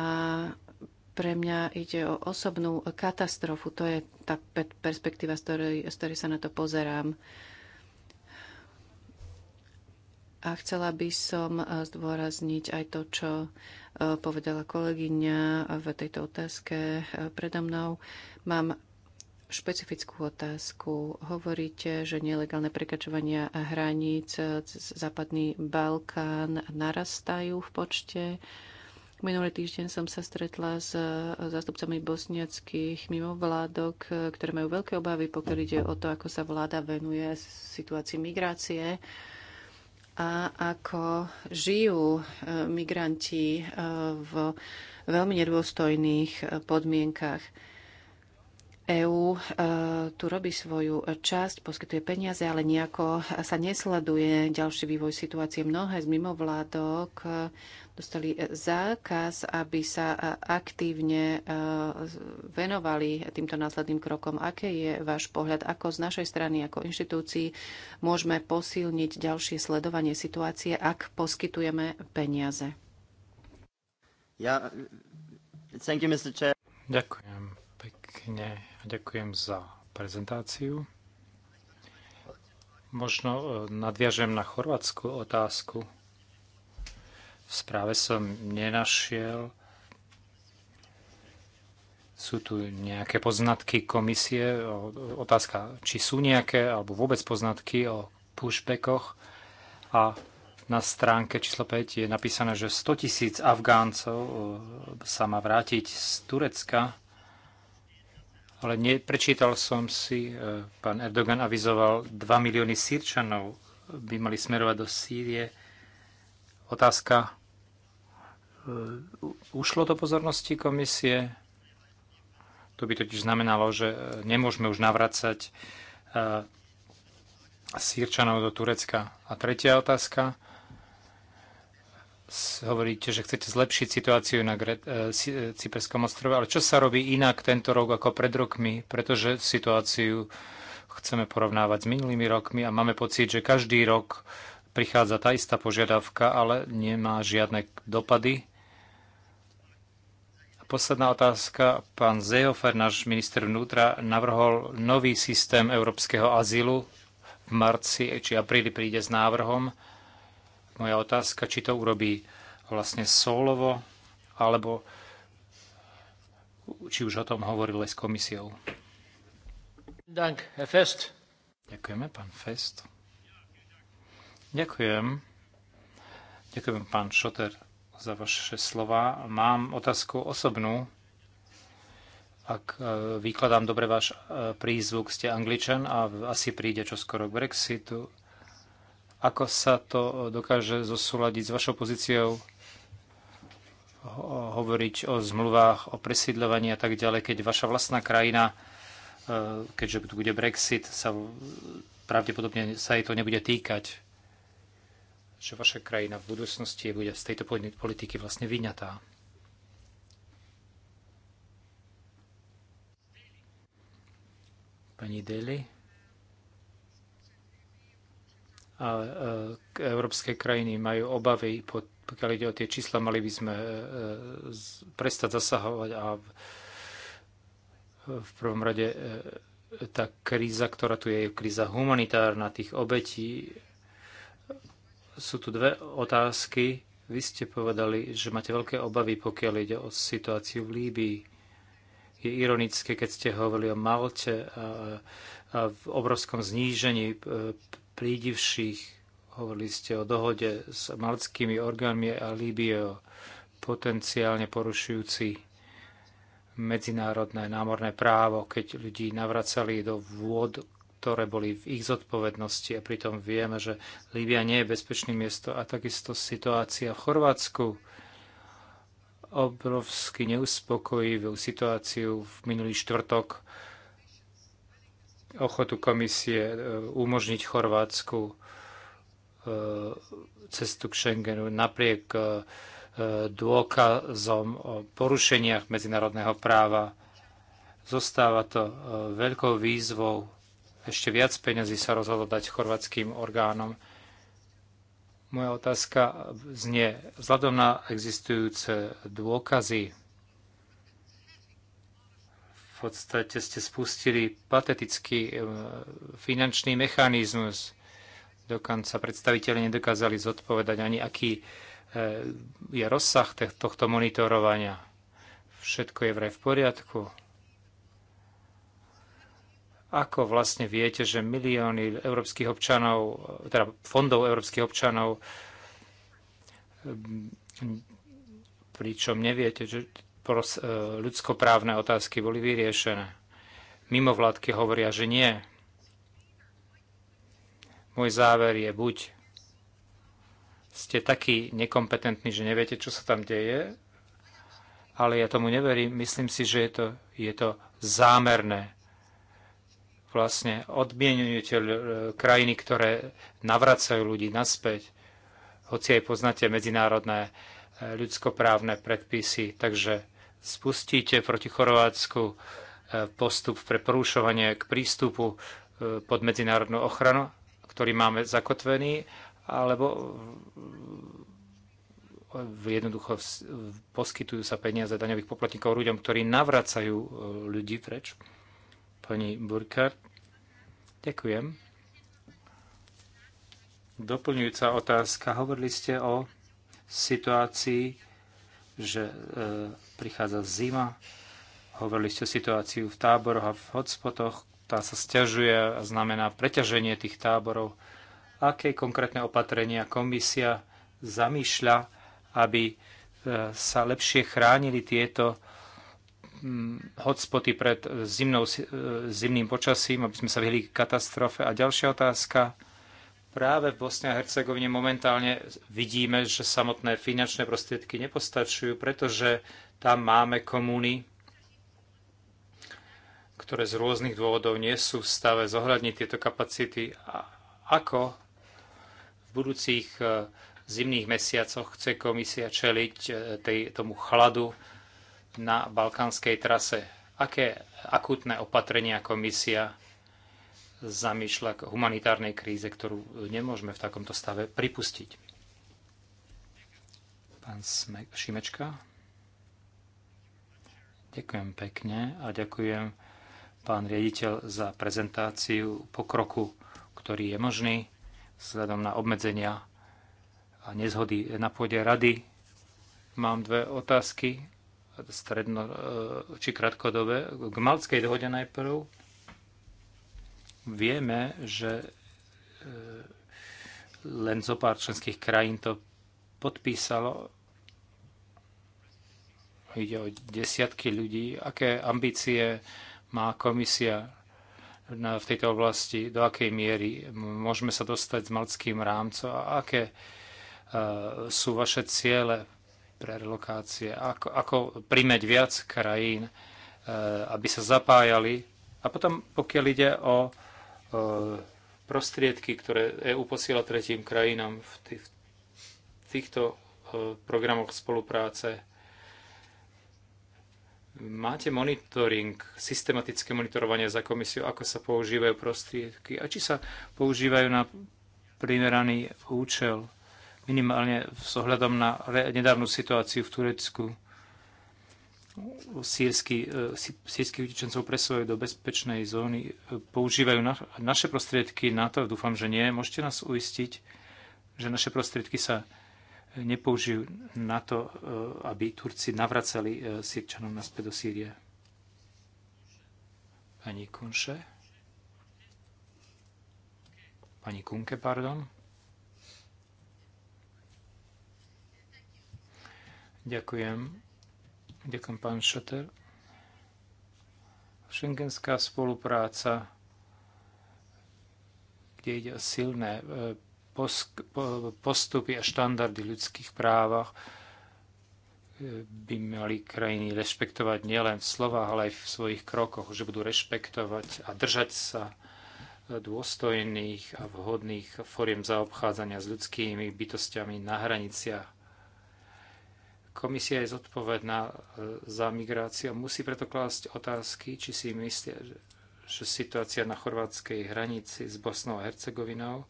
pre mňa ide o osobnú katastrofu. To je tá perspektíva, z ktorej, z ktorej sa na to pozerám. A chcela by som eh, zdôrazniť aj to, čo eh, povedala kolegyňa v tejto otázke eh, predo mnou. Mám špecifickú otázku. Hovoríte, že nelegálne prekračovania hraníc západný Balkán narastajú v počte. Uh, Minulý týždeň som sa stretla s e, zástupcami bosniackých mimovládok, e, ktoré majú veľké obavy, pokiaľ ide o to, ako sa vláda venuje situácii migrácie a ako žijú e, migranti v veľmi nedôstojných podmienkach. EÚ tu robí svoju časť, poskytuje peniaze, ale nejako sa nesleduje ďalší vývoj situácie. Mnohé z mimovládok dostali eh, zákaz, aby sa eh, aktívne eh, venovali týmto následným krokom. Aké je váš pohľad, ako z našej strany, ako inštitúcií môžeme posilniť ďalšie sledovanie situácie, ak poskytujeme peniaze? Ja, thank you, Mr. Chair. Ďakujem pekne a ďakujem za prezentáciu. Možno nadviažem na chorvátsku otázku v správe som nenašiel. Sú tu nejaké poznatky komisie? Otázka, či sú nejaké alebo vôbec poznatky o pushbackoch. A na stránke číslo 5 je napísané, že 100 tisíc Afgáncov sa má vrátiť z Turecka, ale prečítal som si, e, pán Erdogan avizoval, 2 milióny Sýrčanov by mali smerovať do Sýrie. Otázka, E, ušlo do pozornosti komisie. To by totiž znamenalo, že e, nemôžeme už navracať e, sírčanov do Turecka. A tretia otázka. Hovoríte, že chcete zlepšiť situáciu na Cyperskom ostrove, ale čo sa robí inak tento rok ako pred rokmi? Pretože situáciu chceme porovnávať s minulými rokmi a máme pocit, že každý rok prichádza tá istá požiadavka, ale nemá žiadne dopady. A posledná otázka. Pán Zehofer, náš minister vnútra, navrhol nový systém európskeho azylu v marci či apríli príde s návrhom. Moja otázka, či to urobí vlastne solovo, alebo či už o tom hovoril aj s komisiou. Dank, Fest. Ďakujeme, pán Fest. Ďakujem. Ďakujem, pán Šoter, za vaše slova. Mám otázku osobnú. Ak e, vykladám dobre váš e, prízvuk, ste angličan a asi príde čoskoro k Brexitu. Ako sa to e, dokáže zosúľadiť s vašou pozíciou hovoriť o zmluvách, o presídľovaní a tak ďalej, keď vaša vlastná krajina, keďže tu bude Brexit, sa pravdepodobne sa jej to nebude týkať že vaša krajina v budúcnosti bude z tejto politiky vlastne vyňatá. Pani Deli. A e, európske krajiny majú obavy, pokiaľ ide o tie čísla, mali by sme e, e, prestať zasahovať a v, prvom rade tá kríza, ktorá tu je, je kríza humanitárna, tých obetí sú tu dve otázky. Vy ste povedali, že máte veľké obavy, pokiaľ ide o situáciu v Líbii. Je ironické, keď ste hovorili o Malte a, a v obrovskom znížení e, prídivších. Hovorili ste o dohode s maltskými orgánmi a Líbie potenciálne porušujúci medzinárodné námorné právo, keď ľudí navracali do vôd, ktoré boli v ich zodpovednosti a pritom vieme, že Líbia nie je bezpečné miesto a takisto situácia v Chorvátsku obrovsky neuspokojivú situáciu v minulý štvrtok ochotu komisie e, umožniť Chorvátsku e, cestu k Schengenu napriek e, dôkazom o porušeniach medzinárodného práva. Zostáva to veľkou výzvou ešte viac peňazí sa rozhodlo dať chorvátským orgánom. Moja otázka znie, vzhľadom na existujúce dôkazy, v podstate ste spustili patetický e, finančný mechanizmus. Dokonca predstaviteľi nedokázali zodpovedať ani, aký e, je rozsah tohto monitorovania. Všetko je vraj v poriadku. Ako vlastne viete, že milióny európskych občanov, teda fondov európskych občanov, pričom neviete, že e, ľudskoprávne otázky boli vyriešené. Mimovládky hovoria, že nie. Môj záver je buď ste takí nekompetentní, že neviete, čo sa tam deje, ale ja tomu neverím. Myslím si, že je to, je to zámerné vlastne odmienujúteľ krajiny, ktoré navracajú ľudí naspäť, hoci aj poznáte medzinárodné e, ľudskoprávne predpisy. Takže spustíte proti Chorvátsku e, postup pre porušovanie k prístupu e, pod medzinárodnú ochranu, ktorý máme zakotvený, alebo jednoducho poskytujú sa peniaze daňových poplatníkov ľuďom, ktorí navracajú ľudí preč. Pani Burkhardt, ďakujem. Doplňujúca otázka. Hovorili ste o situácii, že e, prichádza zima. Hovorili ste o situáciu v táboroch a v hotspotoch. Tá sa stiažuje a znamená preťaženie tých táborov. Aké konkrétne opatrenia komisia zamýšľa, aby e, sa lepšie chránili tieto Mm, hotspoty pred zimnou, e, zimným počasím, aby sme sa vyhli k katastrofe. A ďalšia otázka. Práve v Bosne a Hercegovine momentálne vidíme, že samotné finančné prostriedky nepostačujú, pretože tam máme komúny, ktoré z rôznych dôvodov nie sú v stave zohľadniť tieto kapacity. A ako v budúcich e, zimných mesiacoch chce komisia čeliť e, tej, tomu chladu, na balkánskej trase. Aké akútne opatrenia komisia zamýšľa k humanitárnej kríze, ktorú nemôžeme v takomto stave pripustiť? Pán Šimečka. Ďakujem pekne a ďakujem pán riaditeľ za prezentáciu pokroku, ktorý je možný vzhľadom na obmedzenia a nezhody na pôde rady. Mám dve otázky stredno e, či krátkodobé. K Malckej dohode najprv vieme, že e, len zo pár členských krajín to podpísalo. Ide o desiatky ľudí. Aké ambície má komisia v tejto oblasti, do akej miery môžeme sa dostať s malckým rámcom a aké e, sú vaše ciele pre relokácie, ako, ako primeť viac krajín, e, aby sa zapájali. A potom, pokiaľ ide o e, prostriedky, ktoré EU posiela tretím krajinám v, v týchto e, programoch spolupráce, máte monitoring, systematické monitorovanie za komisiu, ako sa používajú prostriedky a či sa používajú na primeraný účel minimálne s ohľadom na nedávnu situáciu v Turecku. E, sírskych utečencov presúvajú do bezpečnej zóny, e, používajú na, naše prostriedky na to, dúfam, že nie. Môžete nás uistiť, že naše prostriedky sa nepoužijú na to, e, aby Turci navracali Sírčanov naspäť do Sýrie. Pani Kunše? Pani Kunke, pardon. Ďakujem. Ďakujem, pán Šater. Schengenská spolupráca, kde ide o silné e, postupy a štandardy ľudských právach, e, by mali krajiny rešpektovať nielen v slovách, ale aj v svojich krokoch, že budú rešpektovať a držať sa e, dôstojných a vhodných foriem zaobchádzania s ľudskými bytostiami na hraniciach Komisia je zodpovedná e, za migráciu. Musí preto klásť otázky, či si myslia, že situácia na chorvátskej hranici s Bosnou a Hercegovinou,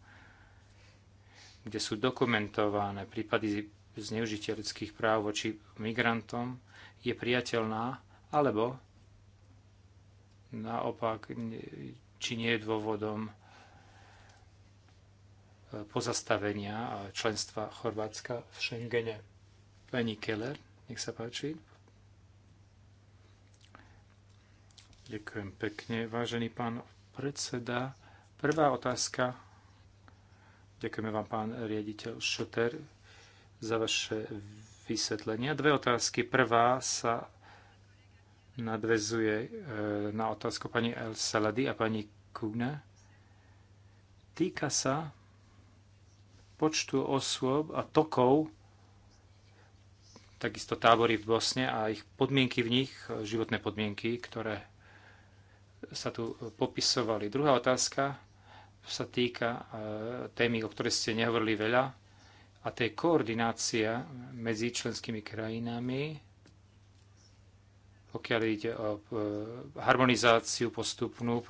kde sú dokumentované prípady zneužitia ľudských práv voči migrantom, je priateľná, alebo naopak, či nie je dôvodom e, pozastavenia členstva Chorvátska v Schengene. Pani Keller, nech sa páči. Ďakujem pekne. Vážený pán predseda, prvá otázka. Ďakujeme vám, pán riaditeľ Šoter, za vaše vysvetlenia. Dve otázky. Prvá sa nadvezuje e, na otázku pani El Salady a pani Kugna. Týka sa počtu osôb a tokov takisto tábory v Bosne a ich podmienky v nich, e, životné podmienky, ktoré sa tu popisovali. Druhá otázka sa týka e, témy, o ktorej ste nehovorili veľa, a to je koordinácia medzi členskými krajinami, pokiaľ ide o e, harmonizáciu postupnú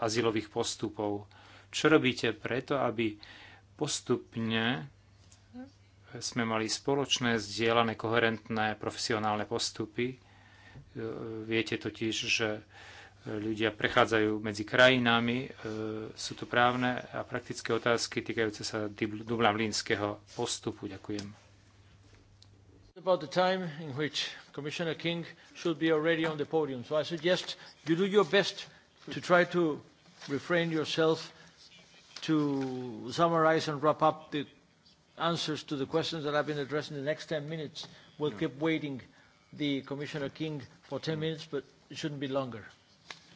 azylových postupov. Čo robíte preto, aby postupne sme mali spoločné, zdieľané, koherentné profesionálne postupy. Viete totiž, že ľudia prechádzajú medzi krajinami, e, sú to právne a praktické otázky týkajúce sa Mlínskeho postupu. Ďakujem. About the time in which Commissioner King should be already on the podium. So I suggest you do your best to try to refrain yourself to summarize and wrap up the answers to the questions that I've been addressing in the next 10 minutes. We'll keep waiting the Commissioner King for 10 mm. minutes, but it shouldn't be longer.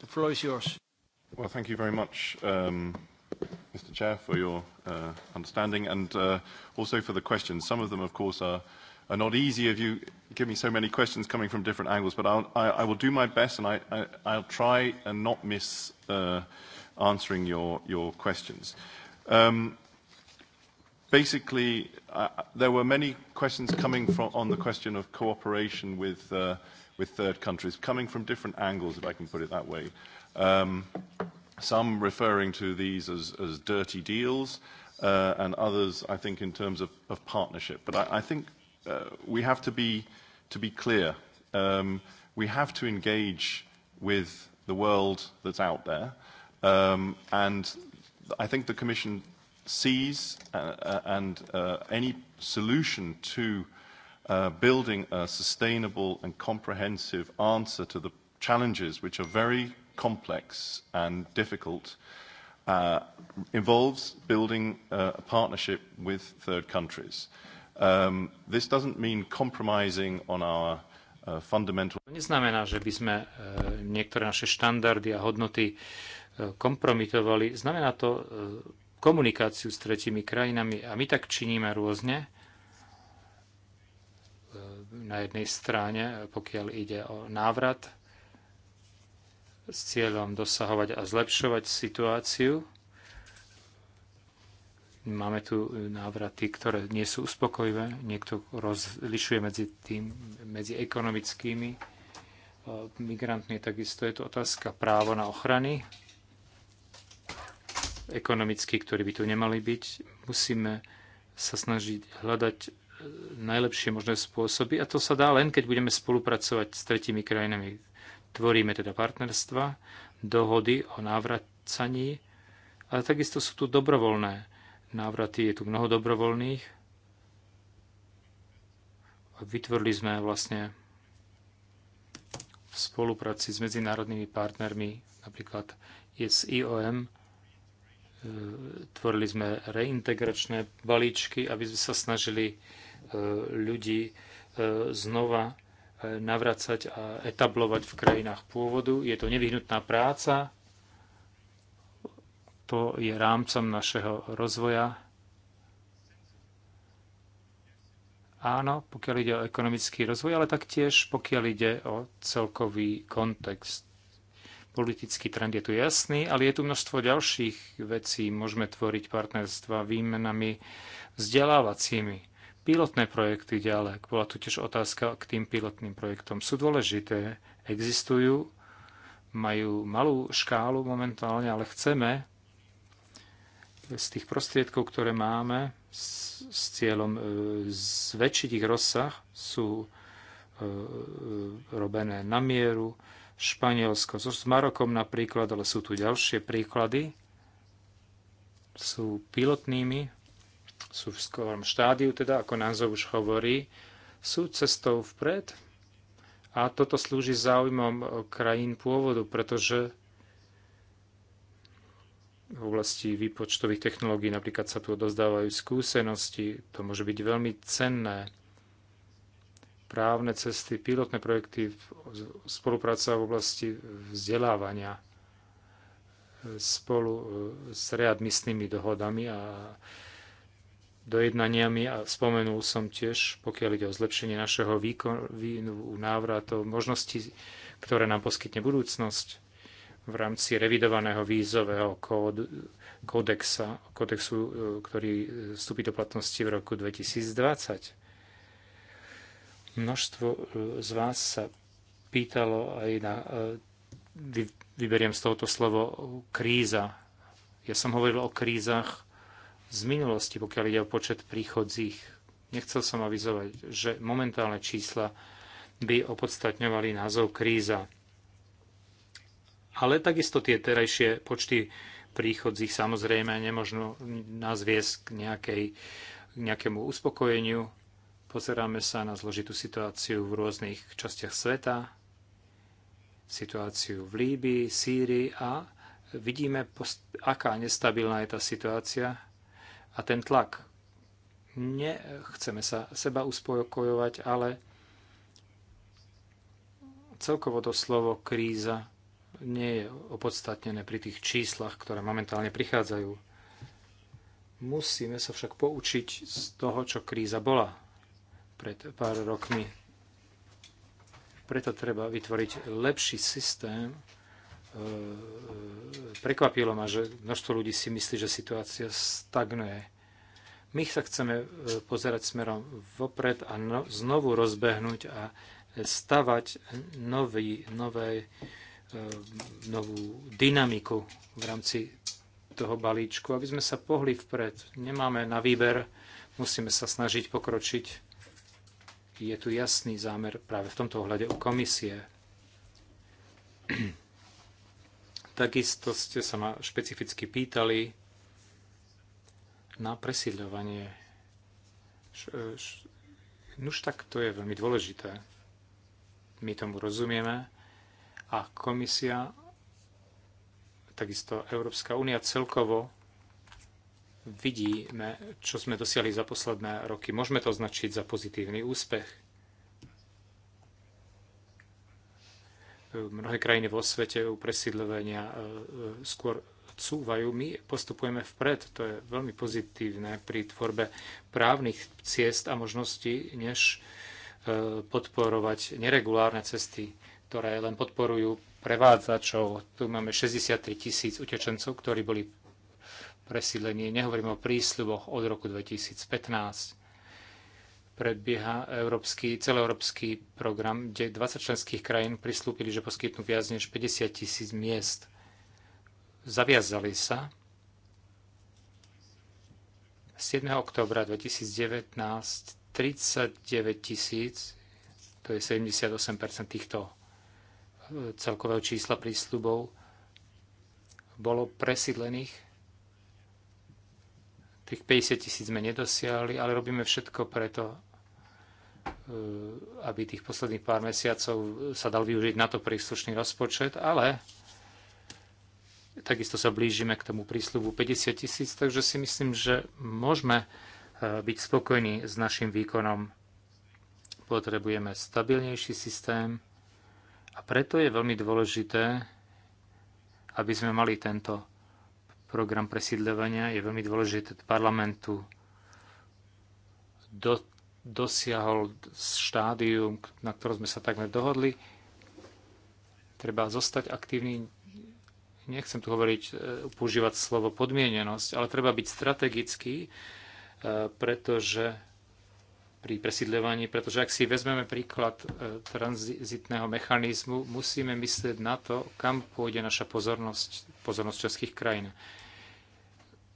The floor is yours. Well, thank you very much, um, Mr. Chair, for your uh, understanding and uh, also for the questions. Some of them, of course, are, are not easy if you give me so many questions coming from different angles, but I'll, I, I will do my best and I, I, I'll try and not miss uh, answering your, your questions. Um, basically, uh, there were many questions coming from on the question of cooperation with uh, with third countries, coming from different angles, if I can put it that way. Um, some referring to these as, as dirty deals, uh, and others, I think, in terms of, of partnership. But I, I think uh, we have to be to be clear. Um, we have to engage with the world that's out there, um, and I think the Commission sees uh, uh, and uh, any solution to uh, building a sustainable and comprehensive answer to the challenges, which are very complex and difficult, uh, involves building uh, a partnership with third countries. Um, this doesn't mean compromising on our uh, fundamental... Neznamená, že by sme uh, niektoré naše štandardy a hodnoty uh, kompromitovali. Znamená to uh, komunikáciu s tretimi krajinami a my tak činíme rôzne. Na jednej strane, pokiaľ ide o návrat s cieľom dosahovať a zlepšovať situáciu, Máme tu návraty, ktoré nie sú uspokojivé. Niekto rozlišuje medzi, tým, medzi ekonomickými migrantmi. Takisto je tu otázka právo na ochrany ekonomicky, ktorí by tu nemali byť. Musíme sa snažiť hľadať e, najlepšie možné spôsoby a to sa dá len, keď budeme spolupracovať s tretími krajinami. Tvoríme teda partnerstva, dohody o návracaní, ale takisto sú tu dobrovoľné návraty, je tu mnoho dobrovoľných. Vytvorili sme vlastne v spolupráci s medzinárodnými partnermi, napríklad S IOM, E, tvorili sme reintegračné balíčky, aby sme sa snažili e, ľudí e, znova navracať a etablovať v krajinách pôvodu. Je to nevyhnutná práca, to je rámcom našeho rozvoja. Áno, pokiaľ ide o ekonomický rozvoj, ale taktiež pokiaľ ide o celkový kontext. Politický trend je tu jasný, ale je tu množstvo ďalších vecí. Môžeme tvoriť partnerstva výmenami vzdelávacími. Pilotné projekty ďalej. Bola tu tiež otázka k tým pilotným projektom. Sú dôležité, existujú, majú malú škálu momentálne, ale chceme z tých prostriedkov, ktoré máme, s, cieľom e, zväčšiť ich rozsah, sú e, e, robené na mieru, Španielsko. So, s Marokom napríklad, ale sú tu ďalšie príklady. Sú pilotnými, sú v skorom štádiu, teda ako názov už hovorí, sú cestou vpred. A toto slúži záujmom e, krajín pôvodu, pretože v oblasti výpočtových technológií napríklad sa tu odozdávajú skúsenosti, to môže byť veľmi cenné právne cesty, pilotné projekty, spolupráca v oblasti vzdelávania e, spolu e, s readmisnými dohodami a dojednaniami a spomenul som tiež, pokiaľ ide o zlepšenie našeho výkonu, návratov, možnosti, ktoré nám poskytne budúcnosť v rámci revidovaného vízového kód, kódexa, kódexu, e, ktorý vstúpi do platnosti v roku 2020 Množstvo e, z vás sa pýtalo aj na, e, vyberiem z tohoto slovo, kríza. Ja som hovoril o krízach z minulosti, pokiaľ ide o počet príchodzích. Nechcel som avizovať, že momentálne čísla by opodstatňovali názov kríza. Ale takisto tie terajšie počty príchodzích samozrejme nemožno nás viesť k, nejakej, k nejakému uspokojeniu. Pozeráme sa na zložitú situáciu v rôznych častiach sveta, situáciu v Líbii, Sýrii a vidíme, aká nestabilná je tá situácia a ten tlak. Nechceme sa seba uspokojovať, ale celkovo to slovo kríza nie je opodstatnené pri tých číslach, ktoré momentálne prichádzajú. Musíme sa však poučiť z toho, čo kríza bola pred pár rokmi. Preto treba vytvoriť lepší systém. E, e, prekvapilo ma, že množstvo ľudí si myslí, že situácia stagnuje. My sa chceme e, pozerať smerom vopred a no, znovu rozbehnúť a stavať nový, nové, novú dynamiku v rámci toho balíčku, aby sme sa pohli vpred. Nemáme na výber, musíme sa snažiť pokročiť je tu jasný zámer práve v tomto ohľade u komisie. Takisto ste sa ma špecificky pýtali na presídľovanie. E, nuž tak to je veľmi dôležité. My tomu rozumieme a komisia, takisto Európska únia celkovo vidíme, čo sme dosiahli za posledné roky. Môžeme to označiť za pozitívny úspech. Mnohé krajiny vo svete u presídľovania e, skôr cúvajú. My postupujeme vpred. To je veľmi pozitívne pri tvorbe právnych ciest a možností, než e, podporovať neregulárne cesty, ktoré len podporujú prevádzačov. Tu máme 63 tisíc utečencov, ktorí boli presídlenie, nehovorím o prísľuboch od roku 2015. Prebieha európsky, celoeurópsky program, kde 20 členských krajín prislúpili, že poskytnú viac než 50 tisíc miest. Zaviazali sa 7. oktobra 2019 39 tisíc, to je 78 týchto e, celkového čísla prísľubov, bolo presídlených Tých 50 tisíc sme nedosiahli, ale robíme všetko preto, e, aby tých posledných pár mesiacov sa dal využiť na to príslušný rozpočet, ale takisto sa blížime k tomu prísľubu 50 tisíc, takže si myslím, že môžeme e, byť spokojní s našim výkonom. Potrebujeme stabilnejší systém a preto je veľmi dôležité, aby sme mali tento Program presídľovania je veľmi dôležité parlamentu. Do, dosiahol štádium, na ktorom sme sa takmer dohodli. Treba zostať aktívny. Nechcem tu hovoriť, e, používať slovo podmienenosť, ale treba byť strategický, e, pretože pri presídľovaní, pretože ak si vezmeme príklad e, tranzitného mechanizmu, musíme myslieť na to, kam pôjde naša pozornosť, pozornosť českých krajín.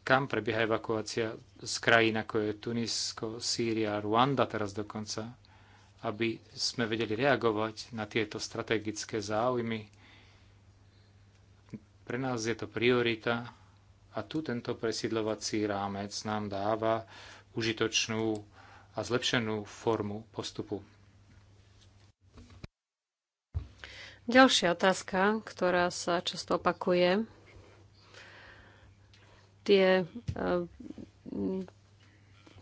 Kam prebieha evakuácia z krajín, ako je Tunisko, Sýria, Ruanda teraz dokonca, aby sme vedeli reagovať na tieto strategické záujmy. Pre nás je to priorita a tu tento presidľovací rámec nám dáva užitočnú a zlepšenú formu postupu. Ďalšia otázka, ktorá sa často opakuje. Tie, e,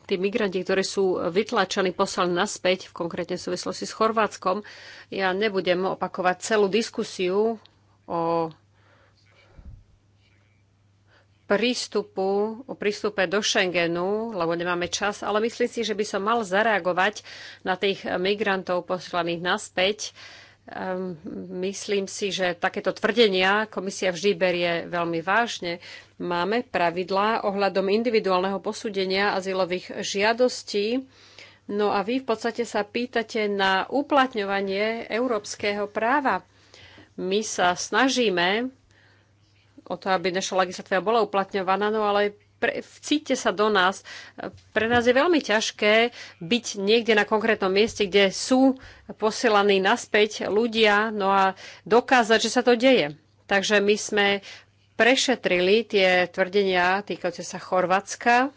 tí migranti, ktorí sú vytlačení, poslali naspäť, v konkrétnej v súvislosti s Chorvátskom, ja nebudem opakovať celú diskusiu o prístupu, o prístupe do Schengenu, lebo nemáme čas, ale myslím si, že by som mal zareagovať na tých migrantov poslaných naspäť. Um, myslím si, že takéto tvrdenia komisia vždy berie veľmi vážne. Máme pravidlá ohľadom individuálneho posúdenia azylových žiadostí. No a vy v podstate sa pýtate na uplatňovanie európskeho práva. My sa snažíme o to, aby naša legislatíva bola uplatňovaná, no ale pre, vcíte sa do nás. Pre nás je veľmi ťažké byť niekde na konkrétnom mieste, kde sú posielaní naspäť ľudia, no a dokázať, že sa to deje. Takže my sme prešetrili tie tvrdenia týkajúce sa Chorvátska.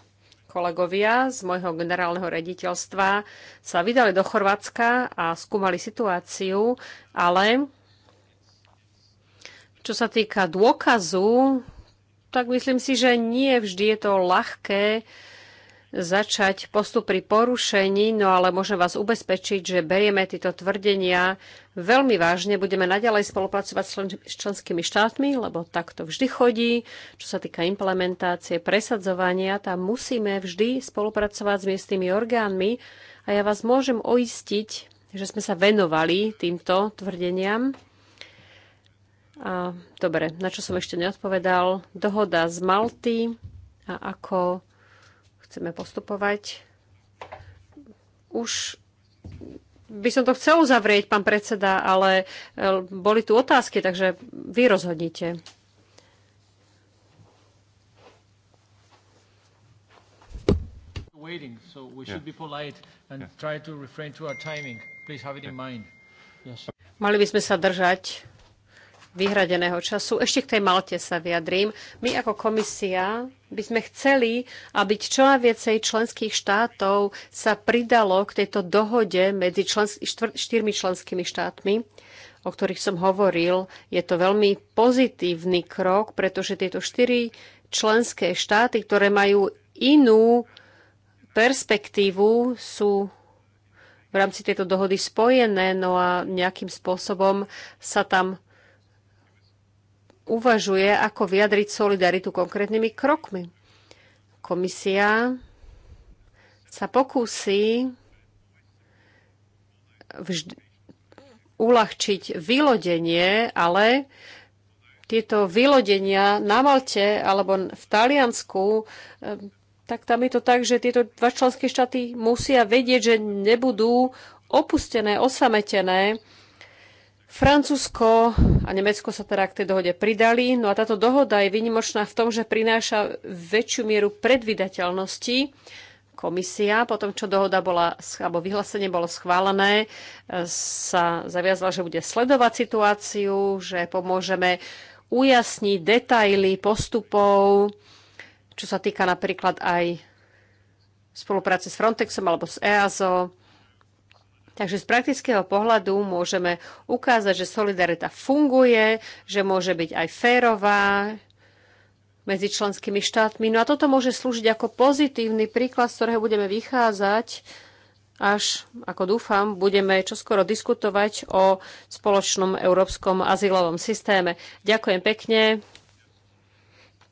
Kolegovia z môjho generálneho rediteľstva sa vydali do Chorvátska a skúmali situáciu, ale čo sa týka dôkazu, tak myslím si, že nie vždy je to ľahké začať postup pri porušení, no ale môžem vás ubezpečiť, že berieme tieto tvrdenia veľmi vážne. Budeme naďalej spolupracovať s členskými štátmi, lebo tak to vždy chodí. Čo sa týka implementácie, presadzovania, tam musíme vždy spolupracovať s miestnymi orgánmi a ja vás môžem oistiť, že sme sa venovali týmto tvrdeniam. A, dobre, na čo som ešte neodpovedal. Dohoda z Malty a ako chceme postupovať. Už by som to chcel uzavrieť, pán predseda, ale e, boli tu otázky, takže vy rozhodnite. waiting, so we should be polite and try to refrain to our timing. Please have it in mind. Yes. Mali by sme sa držať vyhradeného času. Ešte k tej Malte sa vyjadrím. My ako komisia by sme chceli, aby čo viacej členských štátov sa pridalo k tejto dohode medzi štyrmi členskými štátmi, o ktorých som hovoril. Je to veľmi pozitívny krok, pretože tieto štyri členské štáty, ktoré majú inú perspektívu, sú v rámci tejto dohody spojené, no a nejakým spôsobom sa tam uvažuje, ako vyjadriť solidaritu konkrétnymi krokmi. Komisia sa pokúsi vždy uľahčiť vylodenie, ale tieto vylodenia na Malte alebo v Taliansku, eh, tak tam je to tak, že tieto dva členské štáty musia vedieť, že nebudú opustené, osametené, Francúzsko a Nemecko sa teda k tej dohode pridali. No a táto dohoda je vynimočná v tom, že prináša väčšiu mieru predvydateľnosti. Komisia, po tom, čo dohoda bola, alebo vyhlásenie bolo schválené, e, sa zaviazala, že bude sledovať situáciu, že pomôžeme ujasniť detaily postupov, čo sa týka napríklad aj spolupráce s Frontexom alebo s EASO Takže z praktického pohľadu môžeme ukázať, že solidarita funguje, že môže byť aj férová medzi členskými štátmi. No a toto môže slúžiť ako pozitívny príklad, z ktorého budeme vychádzať, až, ako dúfam, budeme čoskoro diskutovať o spoločnom európskom azylovom systéme. Ďakujem pekne.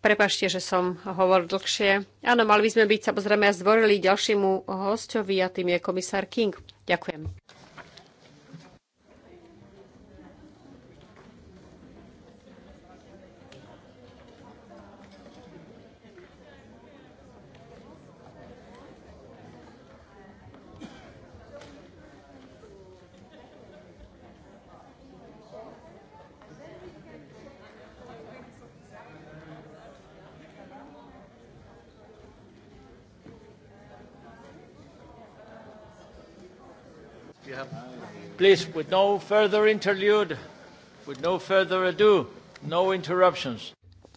Prepašte, že som hovoril dlhšie. Áno, mali by sme byť samozrejme zdvorili ďalšiemu hostovi a tým je komisár King. Ďakujem. Please, with no further interlude, with no further ado, no interruptions.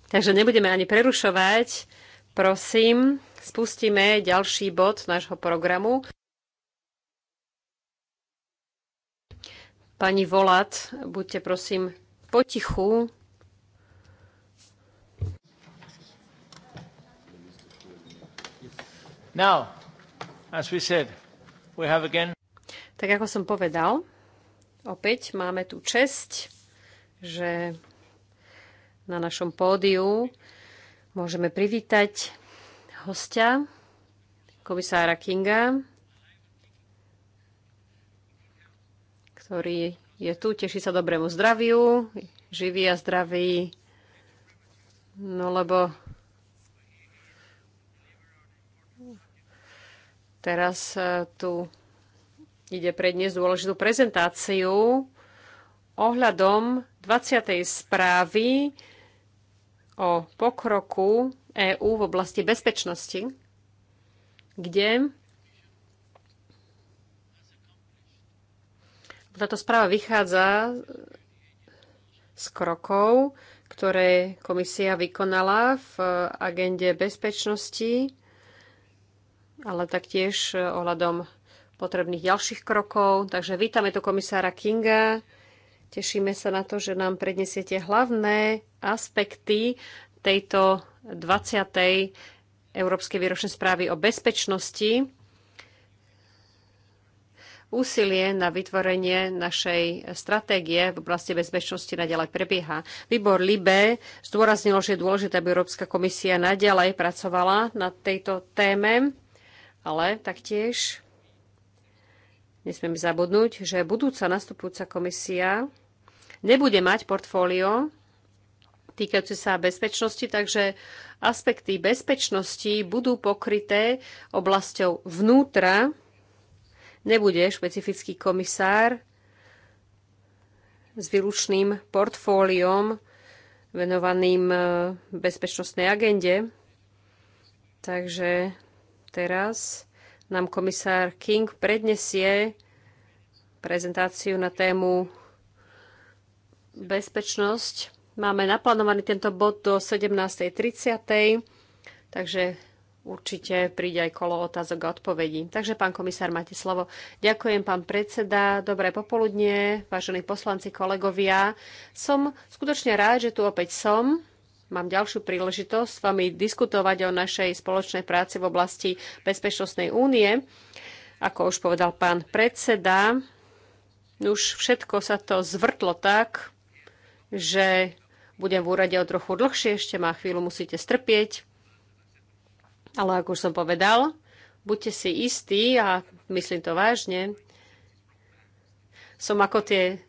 Takže nebudeme ani prerušovať. Prosím, spustíme ďalší bod nášho programu. Pani Volat, buďte prosím potichu. Now, as we said, we have again tak ako som povedal, opäť máme tu česť, že na našom pódiu môžeme privítať hostia, komisára Kinga, ktorý je tu, teší sa dobrému zdraviu, živý a zdravý, no lebo teraz eh, tu ide pre dnes dôležitú prezentáciu ohľadom 20. správy o pokroku EÚ v oblasti bezpečnosti, kde táto správa vychádza z krokov, ktoré komisia vykonala v agende bezpečnosti, ale taktiež ohľadom potrebných ďalších krokov. Takže vítame tu komisára Kinga. Tešíme sa na to, že nám prednesiete hlavné aspekty tejto 20. Európskej výročnej správy o bezpečnosti. Úsilie na vytvorenie našej stratégie v oblasti bezpečnosti naďalej prebieha. Výbor LIBE zdôraznilo, že je dôležité, aby Európska komisia naďalej pracovala na tejto téme, ale taktiež nesmieme zabudnúť, že budúca nastupujúca komisia nebude mať portfólio týkajúce sa bezpečnosti, takže aspekty bezpečnosti budú pokryté oblasťou vnútra. Nebude špecifický komisár s výlučným portfóliom venovaným e, bezpečnostnej agende. Takže teraz nám komisár King prednesie prezentáciu na tému bezpečnosť. Máme naplánovaný tento bod do 17.30, takže určite príde aj kolo otázok a odpovedí. Takže, pán komisár, máte slovo. Ďakujem, pán predseda. Dobré popoludnie, vážení poslanci, kolegovia. Som skutočne rád, že tu opäť som mám ďalšiu príležitosť s vami diskutovať o našej spoločnej práci v oblasti Bezpečnostnej únie. Ako už povedal pán predseda, už všetko sa to zvrtlo tak, že budem v úrade o trochu dlhšie, ešte ma chvíľu musíte strpieť. Ale ako už som povedal, buďte si istí a myslím to vážne, som ako tie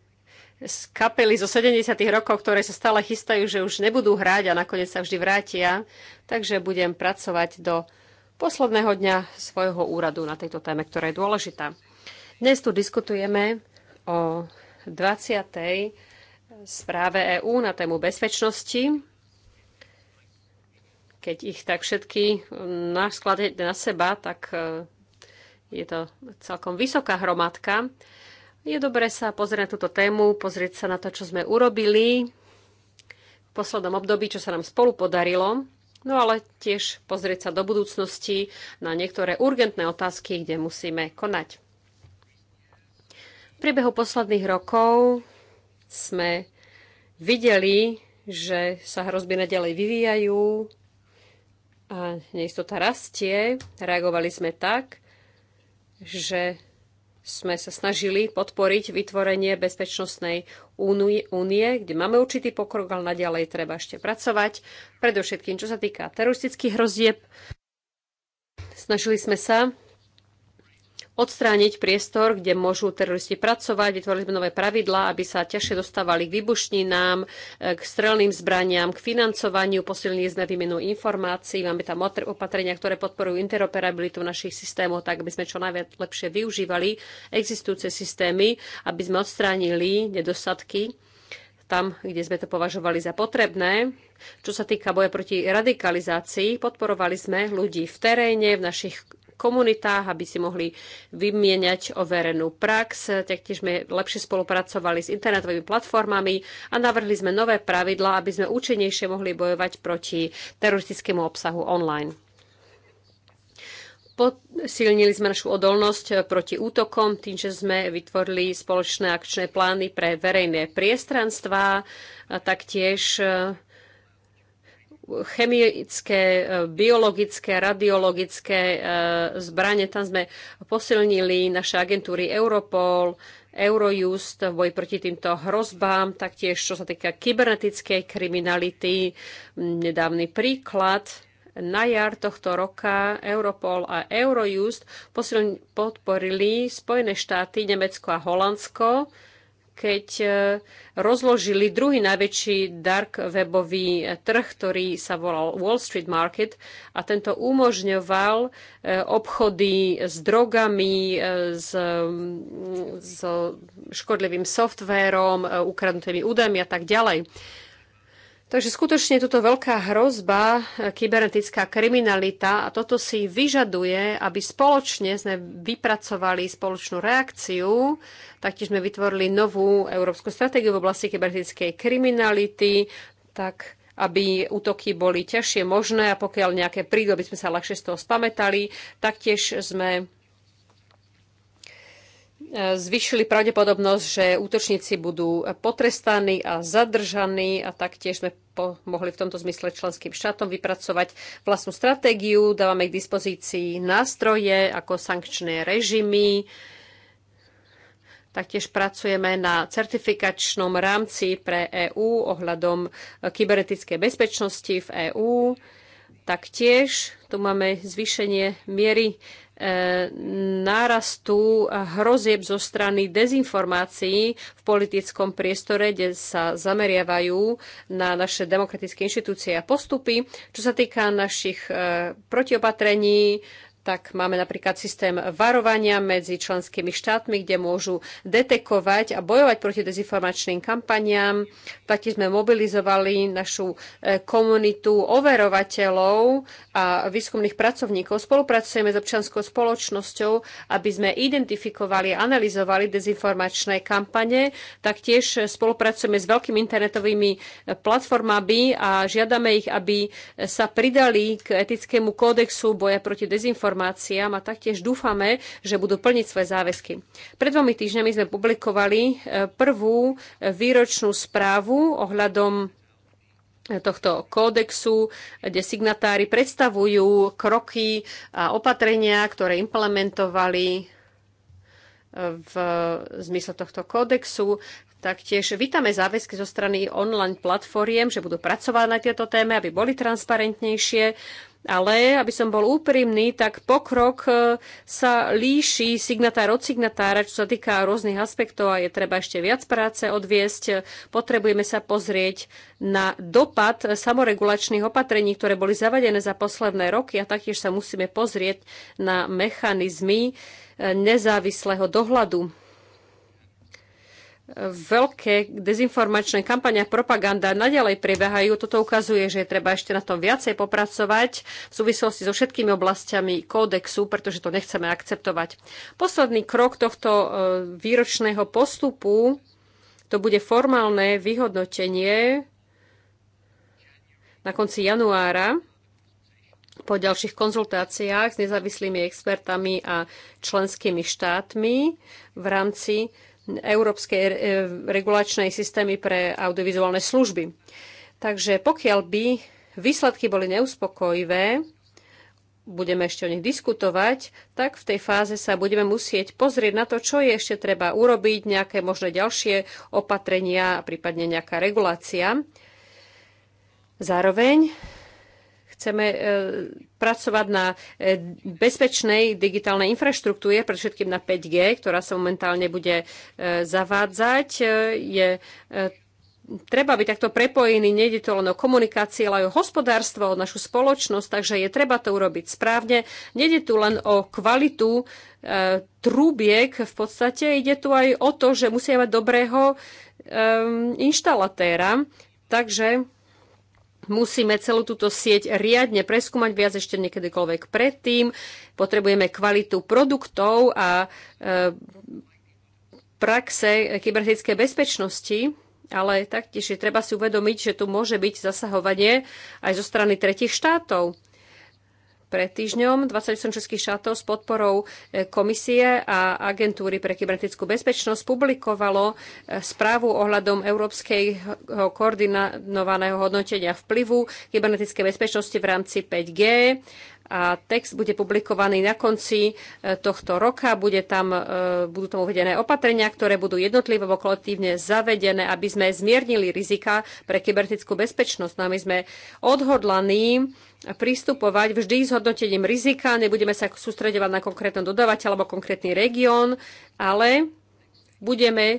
z kapely zo 70. rokov, ktoré sa stále chystajú, že už nebudú hrať a nakoniec sa vždy vrátia. Takže budem pracovať do posledného dňa svojho úradu na tejto téme, ktorá je dôležitá. Dnes tu diskutujeme o 20. správe EÚ na tému bezpečnosti. Keď ich tak všetky naskladete na seba, tak e, je to celkom vysoká hromadka. Je dobré sa pozrieť na túto tému, pozrieť sa na to, čo sme urobili v poslednom období, čo sa nám spolu podarilo, no ale tiež pozrieť sa do budúcnosti na niektoré urgentné otázky, kde musíme konať. V priebehu posledných rokov sme videli, že sa hrozby nadalej vyvíjajú a neistota rastie. Reagovali sme tak, že sme sa snažili podporiť vytvorenie bezpečnostnej únie, kde máme určitý pokrok, ale naďalej treba ešte pracovať. Predovšetkým, čo sa týka teroristických hrozieb, snažili sme sa odstrániť priestor, kde môžu teroristi pracovať. Vytvorili sme nové pravidlá, aby sa ťažšie dostávali k vybušninám, eh, k strelným zbraniam, k financovaniu. Posilnili sme výmenu informácií. Máme tam opatrenia, ktoré podporujú interoperabilitu našich systémov, tak aby sme čo najviac lepšie využívali existujúce systémy, aby sme odstránili nedostatky tam, kde sme to považovali za potrebné. Čo sa týka boja proti radikalizácii, podporovali sme ľudí v teréne, v našich komunitách, aby si mohli vymieňať overenú prax. Taktiež sme lepšie spolupracovali s internetovými platformami a navrhli sme nové pravidlá, aby sme účinnejšie mohli bojovať proti teroristickému obsahu online. Posilnili sme našu odolnosť proti útokom tým, že sme vytvorili spoločné akčné plány pre verejné priestranstva a taktiež chemické, e, biologické, radiologické e, zbranie. Tam sme posilnili naše agentúry Europol, Eurojust v boji proti týmto hrozbám, taktiež čo sa týka kybernetickej kriminality. Nedávny príklad na jar tohto roka Europol a Eurojust podporili Spojené štáty, Nemecko a Holandsko keď e, rozložili druhý najväčší dark webový trh, ktorý sa volal Wall Street Market a tento umožňoval e, obchody s drogami, e, s, s škodlivým softvérom, ukradnutými údajmi a tak ďalej. Takže skutočne toto veľká hrozba, e, kybernetická kriminalita a toto si vyžaduje, aby spoločne sme vypracovali spoločnú reakciu. Taktiež sme vytvorili novú európsku stratégiu v oblasti kybernetickej kriminality, tak aby útoky boli ťažšie možné a pokiaľ nejaké prídu, aby sme sa ľahšie z toho spametali. Taktiež sme zvyšili pravdepodobnosť, že útočníci budú potrestaní a zadržaní a taktiež sme mohli v tomto zmysle členským štátom vypracovať vlastnú stratégiu, dávame k dispozícii nástroje ako sankčné režimy, Taktiež pracujeme na certifikačnom rámci pre EÚ ohľadom kybernetickej bezpečnosti v EÚ. Taktiež tu máme zvýšenie miery e, nárastu hrozieb zo strany dezinformácií v politickom priestore, kde sa zameriavajú na naše demokratické inštitúcie a postupy. Čo sa týka našich e, protiopatrení, tak máme napríklad systém varovania medzi členskými štátmi, kde môžu detekovať a bojovať proti dezinformačným kampaniám. Taktiež sme mobilizovali našu e, komunitu overovateľov a výskumných pracovníkov. Spolupracujeme s občianskou spoločnosťou, aby sme identifikovali a analyzovali dezinformačné kampane. Taktiež spolupracujeme s veľkými internetovými e, platformami a žiadame ich, aby sa pridali k etickému kódexu boja proti dezinformačným informáciám a taktiež dúfame, že budú plniť svoje záväzky. Pred dvomi týždňami sme publikovali e, prvú e, výročnú správu ohľadom e, tohto kódexu, kde signatári predstavujú kroky a opatrenia, ktoré implementovali v zmysle tohto kódexu. Taktiež vítame záväzky zo strany online platformiem, že budú pracovať na tieto téme, aby boli transparentnejšie. Ale, aby som bol úprimný, tak pokrok e, sa líši signatár od signatára, čo sa týka rôznych aspektov a je treba ešte viac práce odviesť. Potrebujeme sa pozrieť na dopad samoregulačných opatrení, ktoré boli zavadené za posledné roky a taktiež sa musíme pozrieť na mechanizmy e, nezávislého dohľadu veľké dezinformačné kampania a propaganda naďalej prebiehajú. Toto ukazuje, že je treba ešte na tom viacej popracovať v súvislosti so všetkými oblastiami kódexu, pretože to nechceme akceptovať. Posledný krok tohto e, výročného postupu to bude formálne vyhodnotenie na konci januára po ďalších konzultáciách s nezávislými expertami a členskými štátmi v rámci európske eh, regulačné systémy pre audiovizuálne služby. Takže pokiaľ by výsledky boli neuspokojivé, budeme ešte o nich diskutovať, tak v tej fáze sa budeme musieť pozrieť na to, čo je ešte treba urobiť, nejaké možné ďalšie opatrenia, prípadne nejaká regulácia. Zároveň Chceme e, pracovať na e, bezpečnej digitálnej infraštruktúre, pre všetkým na 5G, ktorá sa momentálne bude e, zavádzať. Je treba byť takto prepojený, nejde to len o komunikácie, ale aj o hospodárstvo, o našu spoločnosť, takže je treba to urobiť správne. Nejde tu len o kvalitu e, trúbiek, v podstate ide tu aj o to, že musíme mať dobrého e, inštalatéra, takže Musíme celú túto sieť riadne preskúmať viac ešte niekedykoľvek predtým. Potrebujeme kvalitu produktov a e, praxe kybernetickej bezpečnosti, ale taktiež je treba si uvedomiť, že tu môže byť zasahovanie aj zo strany tretich štátov pred týždňom 28 českých štátov s podporou e, komisie a agentúry pre kybernetickú bezpečnosť publikovalo e, správu ohľadom európskeho koordinovaného hodnotenia vplyvu kybernetickej bezpečnosti v rámci 5G a text bude publikovaný na konci e, tohto roka. Bude tam, budú tam uvedené opatrenia, ktoré budú jednotlivo kolektívne zavedené, aby sme zmiernili rizika pre kybernetickú bezpečnosť. No my sme odhodlaní pristupovať vždy s hodnotením rizika, nebudeme sa sústredovať na konkrétne dodávateľ alebo konkrétny región, ale budeme e,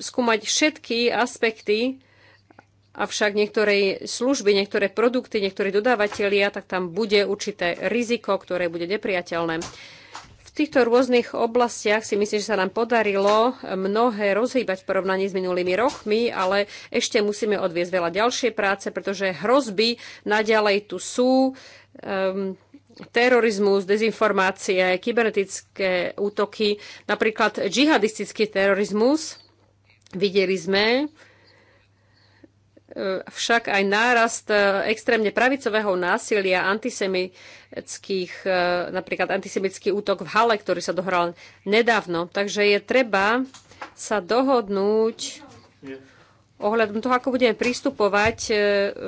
skúmať všetky aspekty, avšak niektoré služby, niektoré produkty, niektorí dodávateľia, tak tam bude určité riziko, ktoré bude nepriateľné týchto rôznych oblastiach si myslím, že sa nám podarilo mnohé rozhýbať v porovnaní s minulými rokmi, ale ešte musíme odviezť veľa ďalšie práce, pretože hrozby naďalej tu sú. Um, terorizmus, dezinformácie, kybernetické útoky, napríklad džihadistický terorizmus. Videli sme, však aj nárast e, extrémne pravicového násilia, antisemických, e, napríklad antisemický útok v Hale, ktorý sa dohral nedávno. Takže je treba sa dohodnúť ohľadom toho, ako budeme pristupovať e,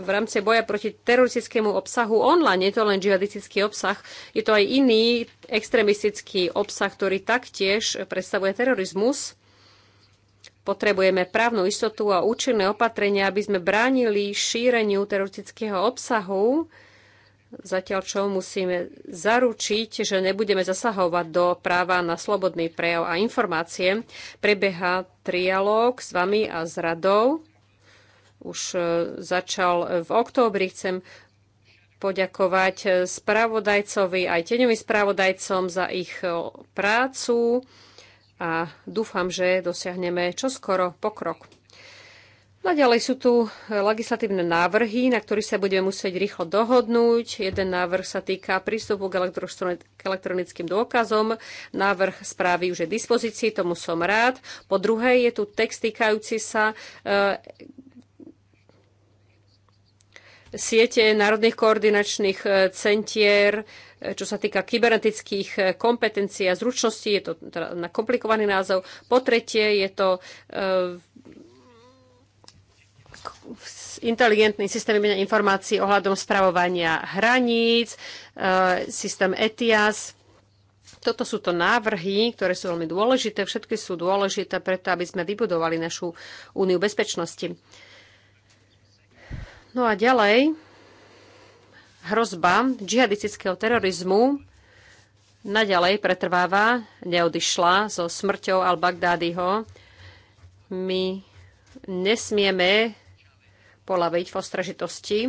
v rámci boja proti teroristickému obsahu online. Nie je to len džihadistický obsah, je to aj iný extremistický obsah, ktorý taktiež predstavuje terorizmus. Potrebujeme právnu istotu a účinné opatrenia, aby sme bránili šíreniu teroristického obsahu, zatiaľ čo musíme zaručiť, že nebudeme zasahovať do práva na slobodný prejav a informácie. Prebieha trialóg s vami a s radou. Už e, začal v októbri. Chcem poďakovať spravodajcovi aj teňovým spravodajcom za ich e, prácu a dúfam, že dosiahneme čoskoro pokrok. Naďalej sú tu legislatívne návrhy, na ktorých sa budeme musieť rýchlo dohodnúť. Jeden návrh sa týka prístupu k, k elektronickým dôkazom. Návrh správy už je v dispozícii, tomu som rád. Po druhé je tu text týkajúci sa e, siete národných koordinačných e, centier, čo sa týka kybernetických eh, kompetencií a zručností, je to teda na komplikovaný názov. Po tretie je to eh, inteligentný systém vymenia informácií ohľadom spravovania hraníc, eh, systém ETIAS. Toto sú to návrhy, ktoré sú veľmi dôležité. Všetky sú dôležité preto, aby sme vybudovali našu úniu bezpečnosti. No a ďalej hrozba džihadistického terorizmu naďalej pretrváva, neodišla so smrťou al-Bagdádiho. My nesmieme polaviť v ostražitosti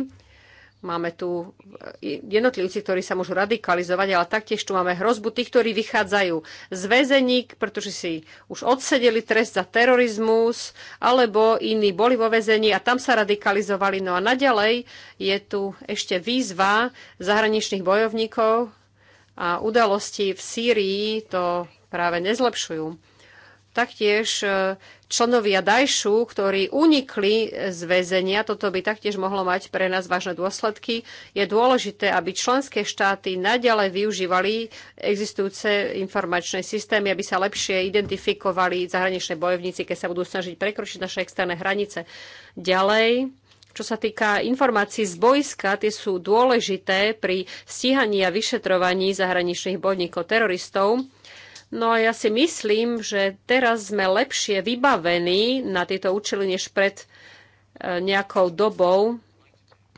Máme tu e, jednotlivci, ktorí sa môžu radikalizovať, ale taktiež tu máme hrozbu tých, ktorí vychádzajú z väzeník, pretože si už odsedeli trest za terorizmus, alebo iní boli vo väzení a tam sa radikalizovali. No a naďalej je tu ešte výzva zahraničných bojovníkov a udalosti v Sýrii to práve nezlepšujú. Taktiež e, členovia Dajšu, ktorí unikli z väzenia, toto by taktiež mohlo mať pre nás vážne dôsledky, je dôležité, aby členské štáty nadalej využívali existujúce informačné systémy, aby sa lepšie identifikovali zahraničné bojovníci, keď sa budú snažiť prekročiť naše externé hranice. Ďalej, čo sa týka informácií z bojska, tie sú dôležité pri stíhaní a vyšetrovaní zahraničných bojníkov teroristov No a ja si myslím, že teraz sme lepšie vybavení na tieto účely než pred e, nejakou dobou.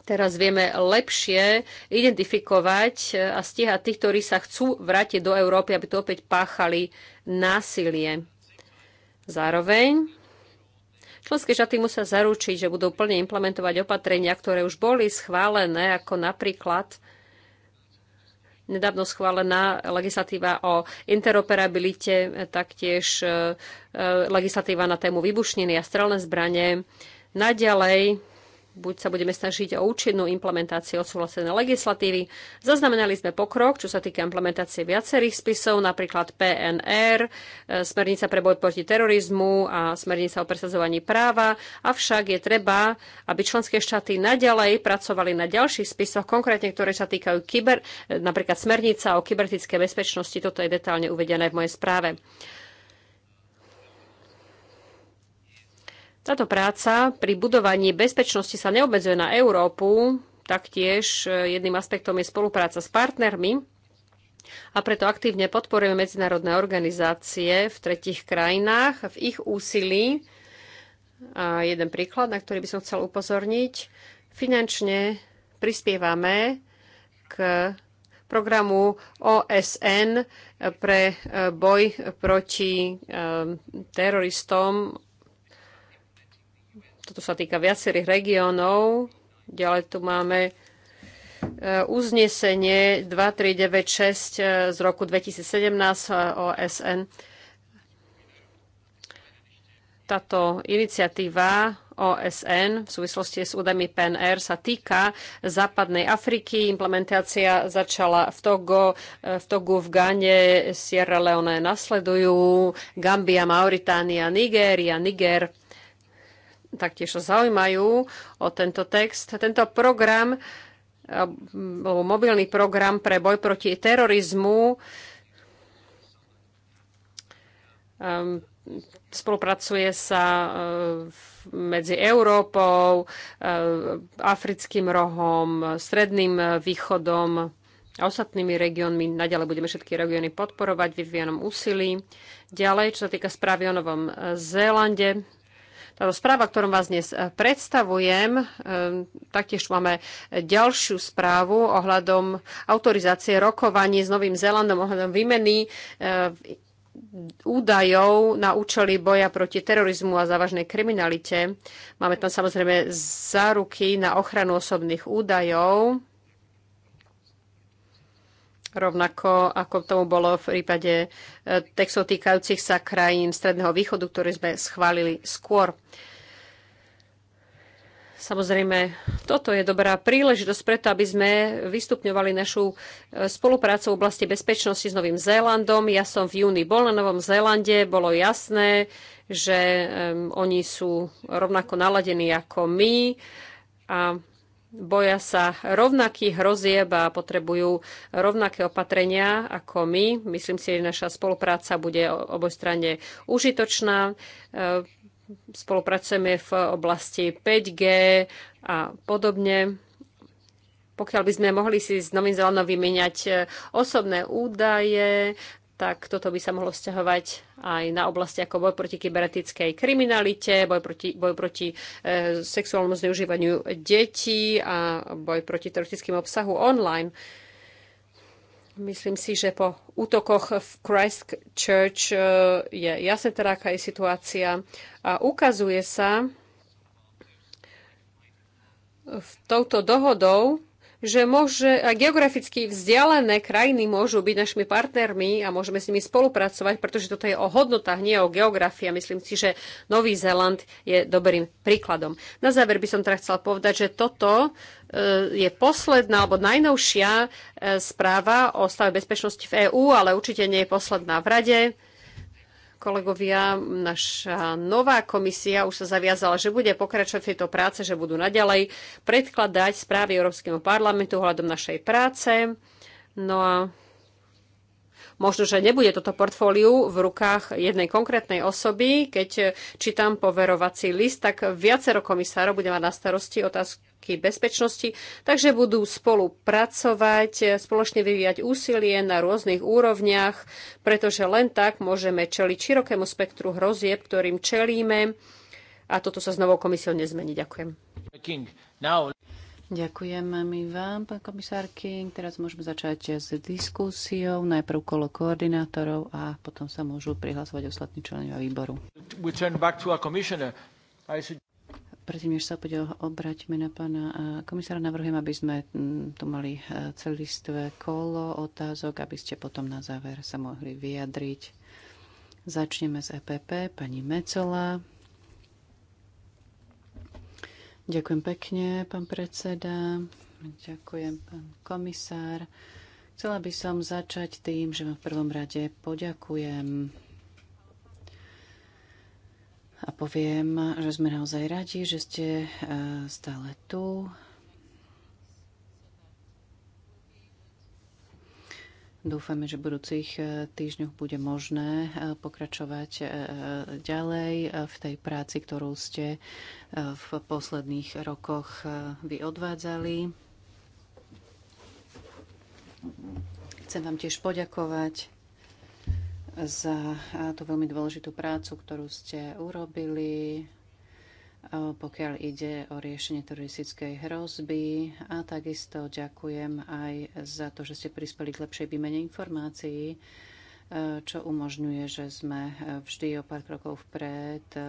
Teraz vieme lepšie identifikovať e, a stíhať tých, ktorí sa chcú vrátiť do Európy, aby tu opäť páchali násilie. Zároveň Členské štáty musia zaručiť, že budú plne implementovať opatrenia, ktoré už boli schválené, ako napríklad nedávno schválená legislatíva o interoperabilite, taktiež e, e, legislatíva na tému výbušniny a strelné zbranie. Naďalej buď sa budeme snažiť o účinnú implementáciu odsúhlasené legislatívy. Zaznamenali sme pokrok, čo sa týka implementácie viacerých spisov, napríklad PNR, e, Smernica pre boj proti terorizmu a Smernica o presadzovaní práva. Avšak je treba, aby členské štáty naďalej pracovali na ďalších spisoch, konkrétne ktoré sa týkajú kyber, e, napríklad Smernica o kybernetickej bezpečnosti. Toto je detálne uvedené v mojej správe. Táto práca pri budovaní bezpečnosti sa neobmedzuje na Európu, taktiež e, jedným aspektom je spolupráca s partnermi a preto aktívne podporujeme medzinárodné organizácie v tretich krajinách v ich úsilí. A jeden príklad, na ktorý by som chcel upozorniť. Finančne prispievame k programu OSN pre e, boj proti e, teroristom toto sa týka viacerých regiónov. Ďalej tu máme e, uznesenie 2396 e, z roku 2017 e, OSN. Táto iniciatíva OSN v súvislosti s údajmi PNR sa týka západnej Afriky. Implementácia začala v Togo, v Togu, v Gane, Sierra Leone nasledujú, Gambia, Mauritánia, Nigéria, Niger taktiež sa zaujímajú o tento text. Tento program, alebo mobilný program pre boj proti terorizmu, spolupracuje sa medzi Európou, africkým rohom, stredným východom a ostatnými regiónmi. Naďalej budeme všetky regióny podporovať v vyvíjanom úsilí. Ďalej, čo sa týka správy o Novom Zélande, správa, ktorú vás dnes e, predstavujem, e, taktiež máme ďalšiu správu ohľadom autorizácie rokovaní s Novým Zélandom, ohľadom výmeny e, údajov na účely boja proti terorizmu a závažnej kriminalite. Máme tam samozrejme záruky na ochranu osobných údajov rovnako ako tomu bolo v prípade e, textov týkajúcich sa krajín Stredného východu, ktoré sme schválili skôr. Samozrejme, toto je dobrá príležitosť preto, aby sme vystupňovali našu e, spoluprácu v oblasti bezpečnosti s Novým Zélandom. Ja som v júni bol na Novom Zélande, bolo jasné, že um, oni sú rovnako naladení ako my a boja sa rovnakých hrozieb a potrebujú rovnaké opatrenia ako my. Myslím si, že naša spolupráca bude obojstranne užitočná. E, spolupracujeme v oblasti 5G a podobne. Pokiaľ by sme mohli si s Novým Zelandom vymeniať e, osobné údaje, tak toto by sa mohlo vzťahovať aj na oblasti ako boj proti kybernetickej kriminalite, boj proti, boj proti e, sexuálnemu zneužívaniu detí a boj proti teroristickému obsahu online. Myslím si, že po útokoch v Christchurch e, je jasne teda, aká je situácia. A ukazuje sa e, v touto dohodou, že môže, a geograficky vzdialené krajiny môžu byť našimi partnermi a môžeme s nimi spolupracovať, pretože toto je o hodnotách, nie o geografii. A myslím si, že Nový Zéland je dobrým príkladom. Na záver by som teda chcela povedať, že toto e, je posledná alebo najnovšia e, správa o stave bezpečnosti v EÚ, ale určite nie je posledná v Rade. Kolegovia, naša nová komisia už sa zaviazala, že bude pokračovať v tejto práce, že budú naďalej predkladať správy Európskemu parlamentu hľadom našej práce. No a možno, že nebude toto portfóliu v rukách jednej konkrétnej osoby. Keď čítam poverovací list, tak viacero komisárov bude mať na starosti otázku prvky bezpečnosti, takže budú spolupracovať, spoločne vyvíjať úsilie na rôznych úrovniach, pretože len tak môžeme čeliť širokému spektru hrozieb, ktorým čelíme. A toto sa s novou komisiou nezmení. Ďakujem. Ďakujem my vám, pán komisár King. Teraz môžeme začať s diskusiou, najprv kolo koordinátorov a potom sa môžu prihlasovať ostatní členovia výboru. Predtým, než sa opäť obrať na pána eh, komisára, navrhujem, aby sme mm, tu mali eh, celistvé kolo otázok, aby ste potom na záver sa mohli vyjadriť. Začneme s EPP, pani Mecola. Ďakujem pekne, pán predseda. Ďakujem, pán komisár. Chcela by som začať tým, že vám v prvom rade poďakujem a poviem, že sme naozaj radi, že ste e, stále tu. Dúfame, že v budúcich e, týždňoch bude možné e, pokračovať ďalej v tej práci, ktorú ste v posledných rokoch vy odvádzali. Chcem vám tiež poďakovať za tú veľmi dôležitú prácu, ktorú ste urobili, e, pokiaľ ide o riešenie teroristickej hrozby. A takisto ďakujem aj za to, že ste prispeli k lepšej výmene informácií, e, čo umožňuje, že sme vždy o pár krokov vpred, e,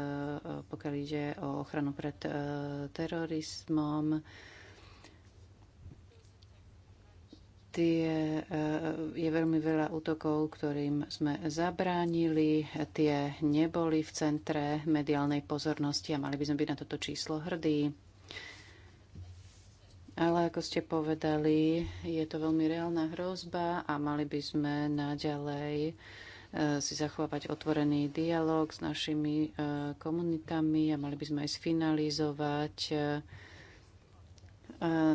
pokiaľ ide o ochranu pred terorizmom tie, eh, je veľmi veľa útokov, ktorým sme zabránili. Tie neboli v centre mediálnej pozornosti a mali by sme byť na toto číslo hrdí. Ale ako ste povedali, je to veľmi reálna hrozba a mali by sme naďalej eh, si zachovať otvorený dialog s našimi eh, komunitami a mali by sme aj sfinalizovať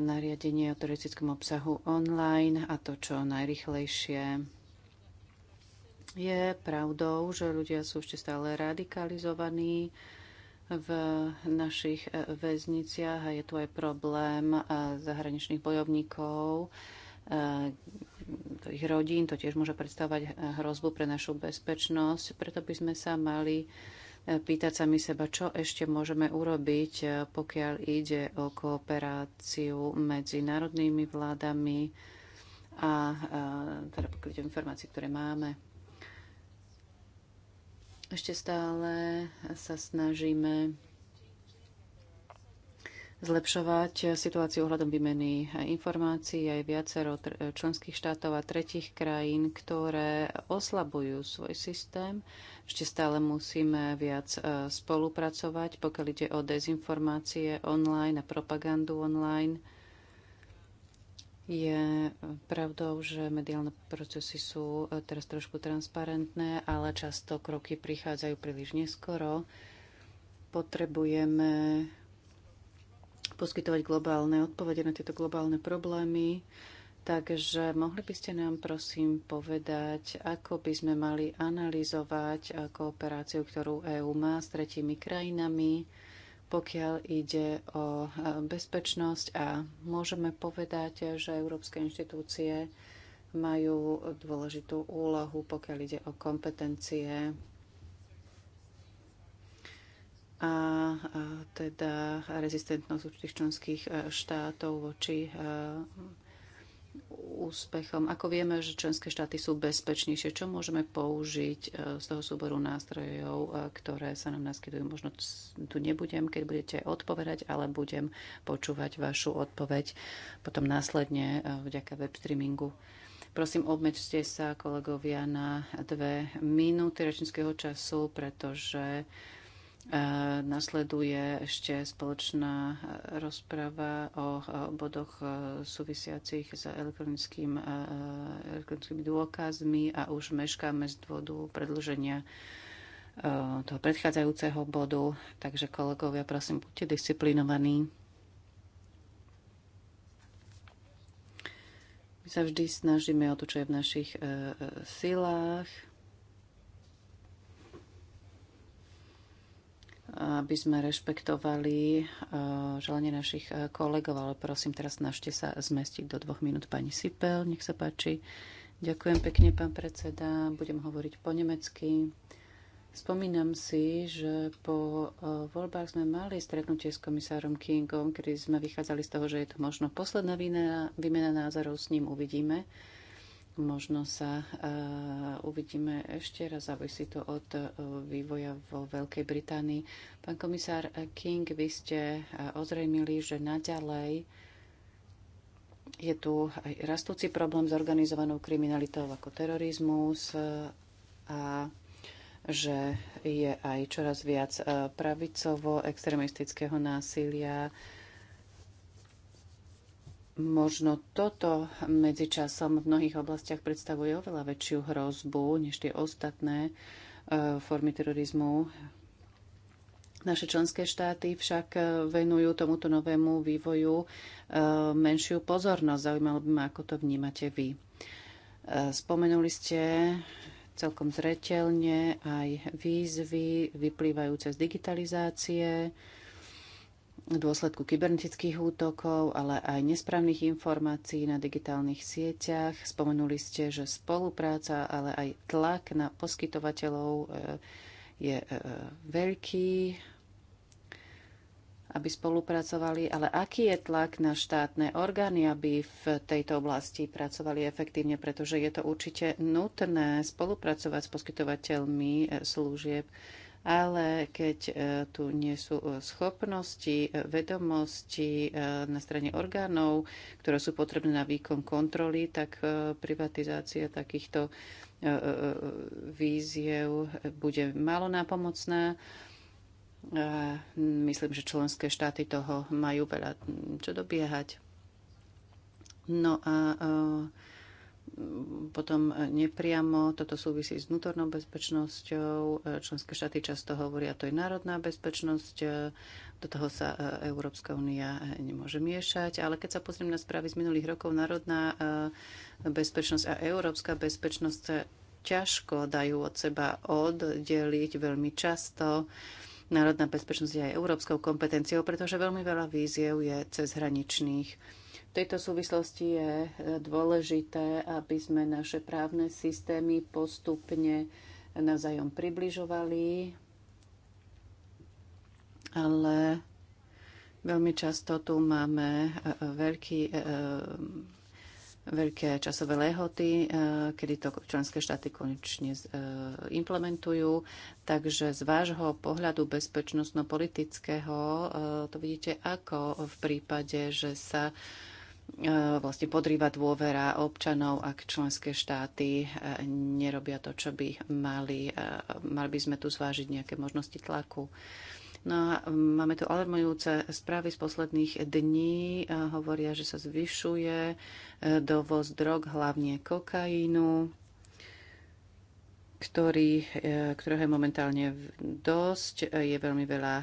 nariadenie o turistickom obsahu online a to čo najrychlejšie. Je pravdou, že ľudia sú ešte stále radikalizovaní v našich väzniciach a je tu aj problém e, zahraničných bojovníkov, e, ich rodín. To tiež môže predstavovať hrozbu pre našu bezpečnosť. Preto by sme sa mali pýtať sa my seba, čo ešte môžeme urobiť, e, pokiaľ ide o kooperáciu medzi národnými vládami a e, teda o informácií, ktoré máme. Ešte stále sa snažíme zlepšovať situáciu ohľadom výmeny informácií aj viacero členských štátov a tretich krajín, ktoré oslabujú svoj systém. Ešte stále musíme viac e, spolupracovať, pokiaľ ide o dezinformácie online a propagandu online. Je pravdou, že mediálne procesy sú e, teraz trošku transparentné, ale často kroky prichádzajú príliš neskoro. Potrebujeme poskytovať globálne odpovede na tieto globálne problémy. Takže mohli by ste nám prosím povedať, ako by sme mali analyzovať kooperáciu, ktorú EÚ má s tretími krajinami, pokiaľ ide o bezpečnosť a môžeme povedať, že európske inštitúcie majú dôležitú úlohu, pokiaľ ide o kompetencie a teda rezistentnosť určitých členských e, štátov voči e, úspechom. Ako vieme, že členské štáty sú bezpečnejšie, čo môžeme použiť e, z toho súboru nástrojov, ktoré sa nám naskytujú? Možno tu nebudem, keď budete odpovedať, ale budem počúvať vašu odpoveď potom následne vďaka web streamingu. Prosím, obmedzte sa, kolegovia, na dve minúty rečníckého času, pretože E, nasleduje ešte spoločná e, rozprava o bodoch e, súvisiacich s elektronickým, elektronickými dôkazmi a už meškáme z dôvodu predlženia toho predchádzajúceho bodu. Takže kolegovia, prosím, buďte disciplinovaní. My sa vždy snažíme o to, čo je v našich silách. aby sme rešpektovali eh, želanie našich eh, kolegov, ale prosím, teraz snažte sa zmestiť do dvoch minút pani Sipel, nech sa páči. Ďakujem pekne, pán predseda. Budem hovoriť po nemecky. Spomínam si, že po eh, voľbách sme mali stretnutie s komisárom Kingom, kedy sme vychádzali z toho, že je to možno posledná výmena, výmena názorov s ním, uvidíme. Možno sa eh, uvidíme ešte raz, závisí to od eh, vývoja vo Veľkej Británii. Pán komisár eh, King, vy ste ozrejmili, že naďalej je tu aj rastúci problém s organizovanou kriminalitou ako terorizmus a že je aj čoraz viac pravicovo-extremistického násilia Možno toto medzičasom v mnohých oblastiach predstavuje oveľa väčšiu hrozbu než tie ostatné e, formy terorizmu. Naše členské štáty však e, venujú tomuto novému vývoju e, menšiu pozornosť. Zaujímalo by ma, ako to vnímate vy. Spomenuli ste celkom zretelne aj výzvy vyplývajúce z digitalizácie, v dôsledku kybernetických útokov, ale aj nesprávnych informácií na digitálnych sieťach. Spomenuli ste, že spolupráca, ale aj tlak na poskytovateľov e, je e, veľký, aby spolupracovali, ale aký je tlak na štátne orgány, aby v tejto oblasti pracovali efektívne, pretože je to určite nutné spolupracovať s poskytovateľmi e, služieb ale keď e, tu nie sú e, schopnosti, e, vedomosti na strane orgánov, ktoré sú potrebné na výkon kontroly, tak privatizácia takýchto víziev bude málo nápomocná. Myslím, že členské štáty toho majú veľa čo dobiehať. No a uh, potom nepriamo toto súvisí s vnútornou bezpečnosťou. Členské štáty často hovoria, to je národná bezpečnosť, do toho sa e, Európska únia e, nemôže miešať. Ale keď sa pozriem na správy z minulých rokov, národná e, bezpečnosť a európska bezpečnosť sa ťažko dajú od seba oddeliť veľmi často. Národná bezpečnosť je aj európskou kompetenciou, pretože veľmi veľa víziev je cezhraničných v tejto súvislosti je e, dôležité, aby sme naše právne systémy postupne navzájom približovali, ale veľmi často tu máme e, e, veľký veľké časové lehoty, kedy to členské štáty konečne implementujú. Takže z vášho pohľadu bezpečnostno-politického to vidíte ako v prípade, že sa E, vlastne podrýva dôvera občanov, ak členské štáty e, nerobia to, čo by mali. E, mali by sme tu zvážiť nejaké možnosti tlaku. No a máme tu alarmujúce správy z posledných dní. Hovoria, že sa zvyšuje dovoz drog, hlavne kokainu, ktorý, ktorého je momentálne dosť. Je veľmi veľa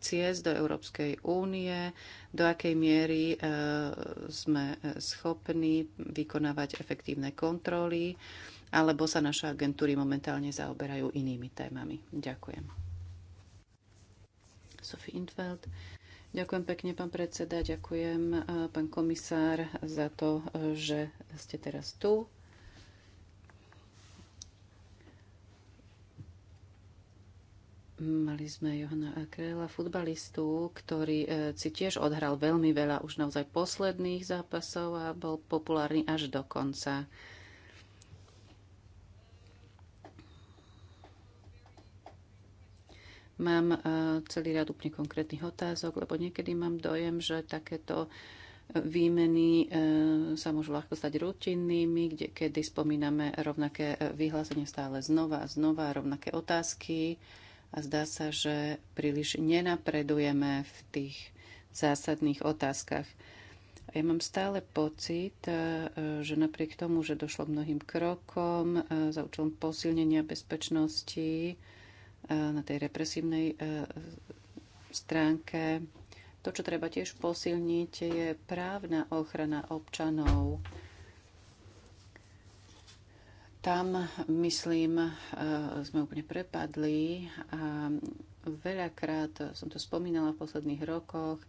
ciest do Európskej únie, do akej miery e, sme e, schopní vykonávať efektívne kontroly, alebo sa naše agentúry momentálne zaoberajú inými témami. Ďakujem. Sophie Infeld. Ďakujem pekne, pán predseda. Ďakujem, e, pán komisár, za to, že ste teraz tu Mali sme Johana Akrela, futbalistu, ktorý e, si tiež odhral veľmi veľa už naozaj posledných zápasov a bol populárny až do konca. Mám e, celý rad úplne konkrétnych otázok, lebo niekedy mám dojem, že takéto e, výmeny sa môžu ľahko stať rutinnými, kde kedy spomíname rovnaké vyhlásenie stále znova a znova, rovnaké otázky a zdá sa, že príliš nenapredujeme v tých zásadných otázkach. Ja mám stále pocit, e, že napriek tomu, že došlo k mnohým krokom e, za účelom posilnenia bezpečnosti e, na tej represívnej stránke, to, čo treba tiež posilniť, je právna ochrana občanov tam, myslím, e, sme úplne prepadli a veľakrát som to spomínala v posledných rokoch,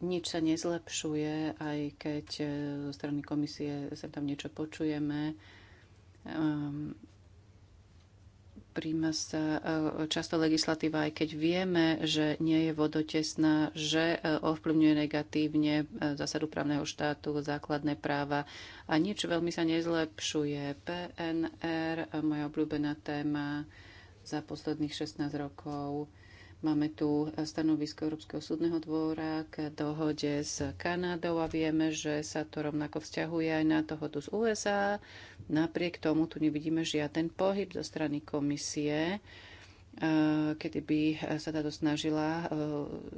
nič sa nezlepšuje, aj keď e, zo strany komisie sa tam niečo počujeme. Ehm, príjma sa e, často legislatíva, aj keď vieme, že nie je vodotesná, že e, ovplyvňuje negatívne e, zásadu právneho štátu, základné práva a nič veľmi sa nezlepšuje. PNR, moja obľúbená téma za posledných 16 rokov, Máme tu stanovisko Európskeho súdneho dvora k dohode s Kanadou a vieme, že sa to rovnako vzťahuje aj na dohodu z USA. Napriek tomu tu nevidíme žiaden pohyb zo strany komisie, eh, kedy by sa táto snažila eh,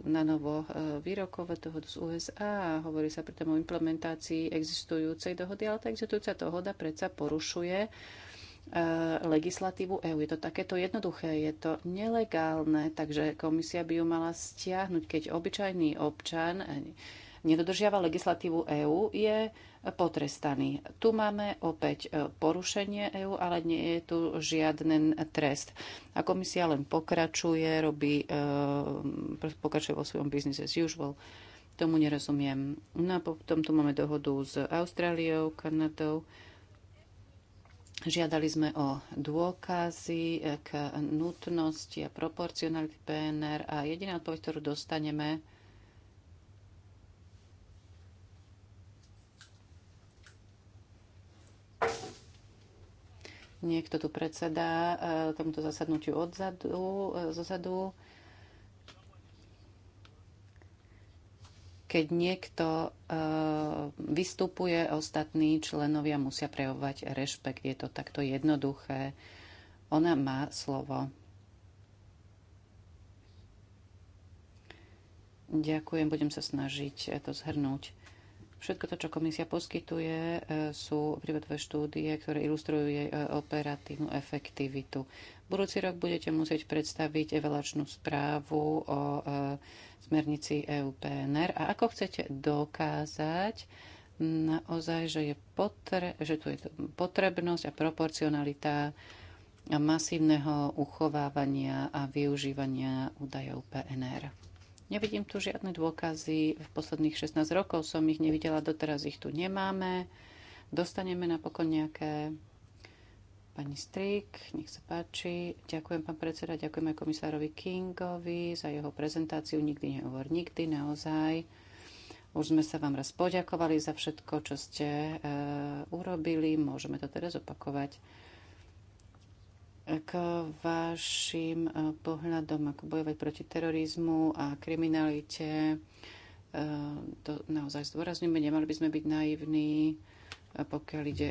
na novo eh, vyrokovať dohodu z USA. Hovorí sa pritom o implementácii existujúcej dohody, ale tá existujúca dohoda predsa porušuje Eh, legislatívu EÚ. Je to takéto jednoduché, je to nelegálne, takže komisia by ju mala stiahnuť, keď obyčajný občan eh, nedodržiava legislatívu EÚ, je potrestaný. Tu máme opäť eh, porušenie EÚ, ale nie je tu žiadny trest. A komisia len pokračuje, robí, pokračuje vo svojom business as usual. Tomu nerozumiem. No a potom tu máme dohodu s Austráliou, Kanadou, Žiadali sme o dôkazy e, k nutnosti a proporcionality PNR a jediná odpoveď, ktorú dostaneme, Niekto tu predsedá e, tomuto zasadnutiu odzadu, e, zozadu. keď niekto e, vystupuje, ostatní členovia musia prejavovať rešpekt. Je to takto jednoduché. Ona má slovo. Ďakujem, budem sa snažiť to zhrnúť. Všetko to, čo komisia poskytuje, e, sú prípadové štúdie, ktoré ilustrujú jej e, operatívnu efektivitu. Budúci rok budete musieť predstaviť evaluačnú správu o e, smernici EUPNR a ako chcete dokázať naozaj, že, je potre, že tu je potrebnosť a proporcionalita masívneho uchovávania a využívania údajov PNR. Nevidím tu žiadne dôkazy. V posledných 16 rokov som ich nevidela, doteraz ich tu nemáme. Dostaneme napokon nejaké. Pani Strik, nech sa páči. Ďakujem, pán predseda, ďakujem aj komisárovi Kingovi za jeho prezentáciu. Nikdy nehovor nikdy, naozaj. Už sme sa vám raz poďakovali za všetko, čo ste e, urobili. Môžeme to teraz opakovať k vašim e, pohľadom, ako bojovať proti terorizmu a kriminalite. E, to naozaj zdôrazňujeme, nemali by sme byť naivní, e, pokiaľ ide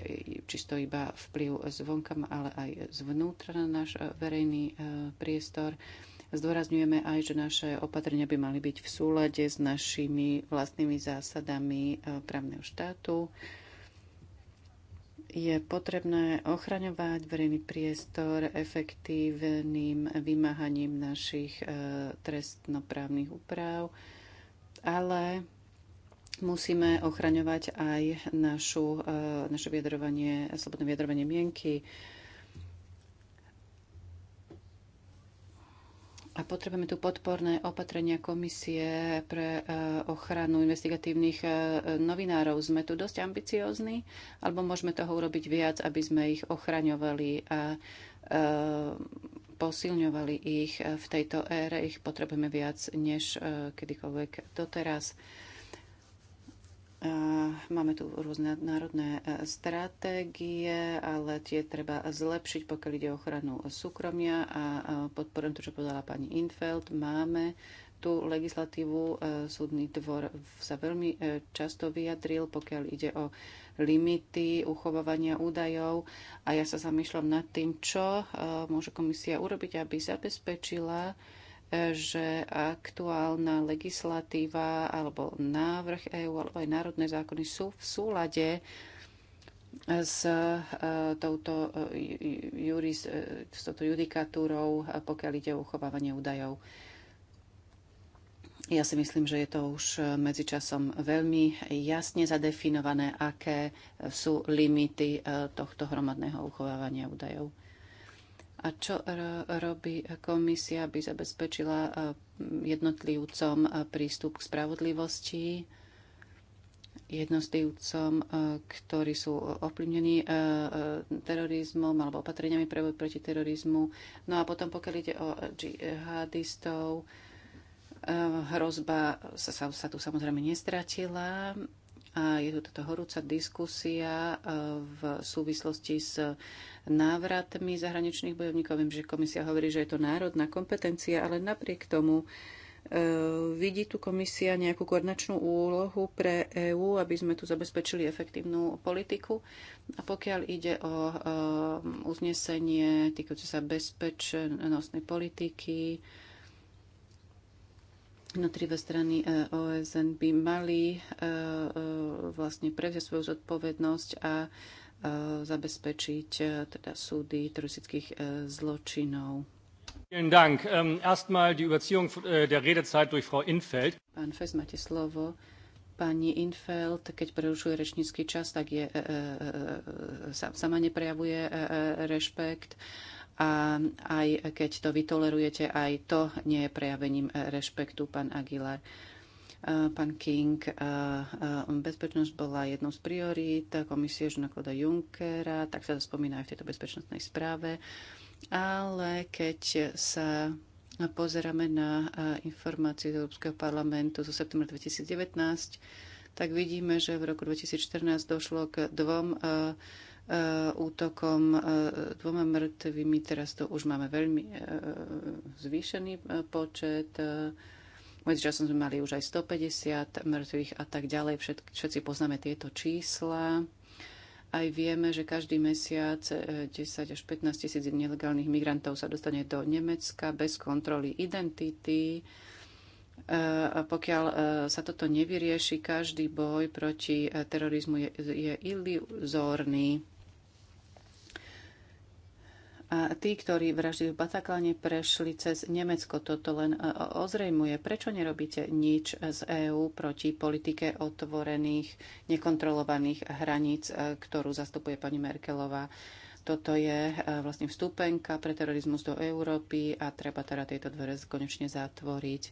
čisto iba vplyv zvonka, ale aj zvnútra na náš verejný priestor. Zdôrazňujeme aj, že naše opatrenia by mali byť v súlade s našimi vlastnými zásadami právneho štátu je potrebné ochraňovať verejný priestor efektívnym vymáhaním našich e, trestnoprávnych úprav, ale musíme ochraňovať aj našu, e, naše vyjadrovanie, slobodné vyjadrovanie mienky, A potrebujeme tu podporné opatrenia komisie pre e, ochranu investigatívnych e, novinárov. Sme tu dosť ambiciózni, alebo môžeme toho urobiť viac, aby sme ich ochraňovali a e, posilňovali ich v tejto ére. Ich potrebujeme viac než kedykoľvek doteraz. teraz Máme tu rôzne národné e, stratégie, ale tie treba zlepšiť, pokiaľ ide o ochranu súkromia a e, podporujem to, čo povedala pani Infeld. Máme tú legislatívu. E, súdny dvor sa veľmi často vyjadril, pokiaľ ide o limity uchovávania údajov a ja sa zamýšľam nad tým, čo môže komisia urobiť, aby zabezpečila že aktuálna legislatíva alebo návrh EÚ alebo aj národné zákony sú v súlade s e, touto, e, juris, e, s touto judikatúrou, pokiaľ ide o uchovávanie údajov. Ja si myslím, že je to už medzičasom veľmi jasne zadefinované, aké sú limity tohto hromadného uchovávania údajov. A čo robí komisia, aby zabezpečila e, jednotlivcom e, prístup k spravodlivosti, jednotlivcom, e, ktorí sú ovplyvnení terorizmom alebo opatreniami pre boj proti terorizmu. No a potom, pokiaľ ide o džihadistov, hrozba sa, sa tu samozrejme nestratila. A je tu táto horúca diskusia e, v súvislosti s návratmi zahraničných bojovníkov. Viem, že komisia hovorí, že je to národná kompetencia, ale napriek tomu e, vidí tu komisia nejakú koordinačnú úlohu pre EÚ, aby sme tu zabezpečili efektívnu politiku. A pokiaľ ide o e, uznesenie týkajúce sa bezpečnostnej politiky, Jednotlivé strany e, OSN by mali e, e, vlastne prevziať svoju zodpovednosť a zabezpečiť teda súdy teroristických zločinov. Vielen Dank. Ähm, erstmal die Überziehung äh, der Redezeit durch Frau Infeld. Pán Fes, máte slovo pani Infeld, keď prerušuje rečnícky čas, tak je, sama neprejavuje rešpekt a aj keď to vytolerujete, aj to nie je prejavením rešpektu, pán Aguilar. Pán King, bezpečnosť bola jednou z priorít komisie Žunakoda Junckera, tak sa to spomína aj v tejto bezpečnostnej správe. Ale keď sa pozeráme na informácie z Európskeho parlamentu zo septembra 2019, tak vidíme, že v roku 2014 došlo k dvom uh, Eh, útokom eh, dvoma mŕtvými. Teraz to už máme veľmi eh, zvýšený počet. Medzičasom sme mali už aj 150 mŕtvych a tak ďalej. Všetci poznáme tieto čísla. Aj vieme, že každý mesiac 10 až 15 tisíc nelegálnych migrantov sa dostane do Nemecka bez kontroly identity. Pokiaľ sa toto nevyrieši, každý boj proti terorizmu je, je iluzórny. A tí, ktorí vraždili v Bataklane, prešli cez Nemecko. Toto len e, ozrejmuje. Prečo nerobíte nič z EÚ proti politike otvorených, nekontrolovaných hraníc, e, ktorú zastupuje pani Merkelová? Toto je e, vlastne vstupenka pre terorizmus do Európy a treba teda tieto dvere konečne zatvoriť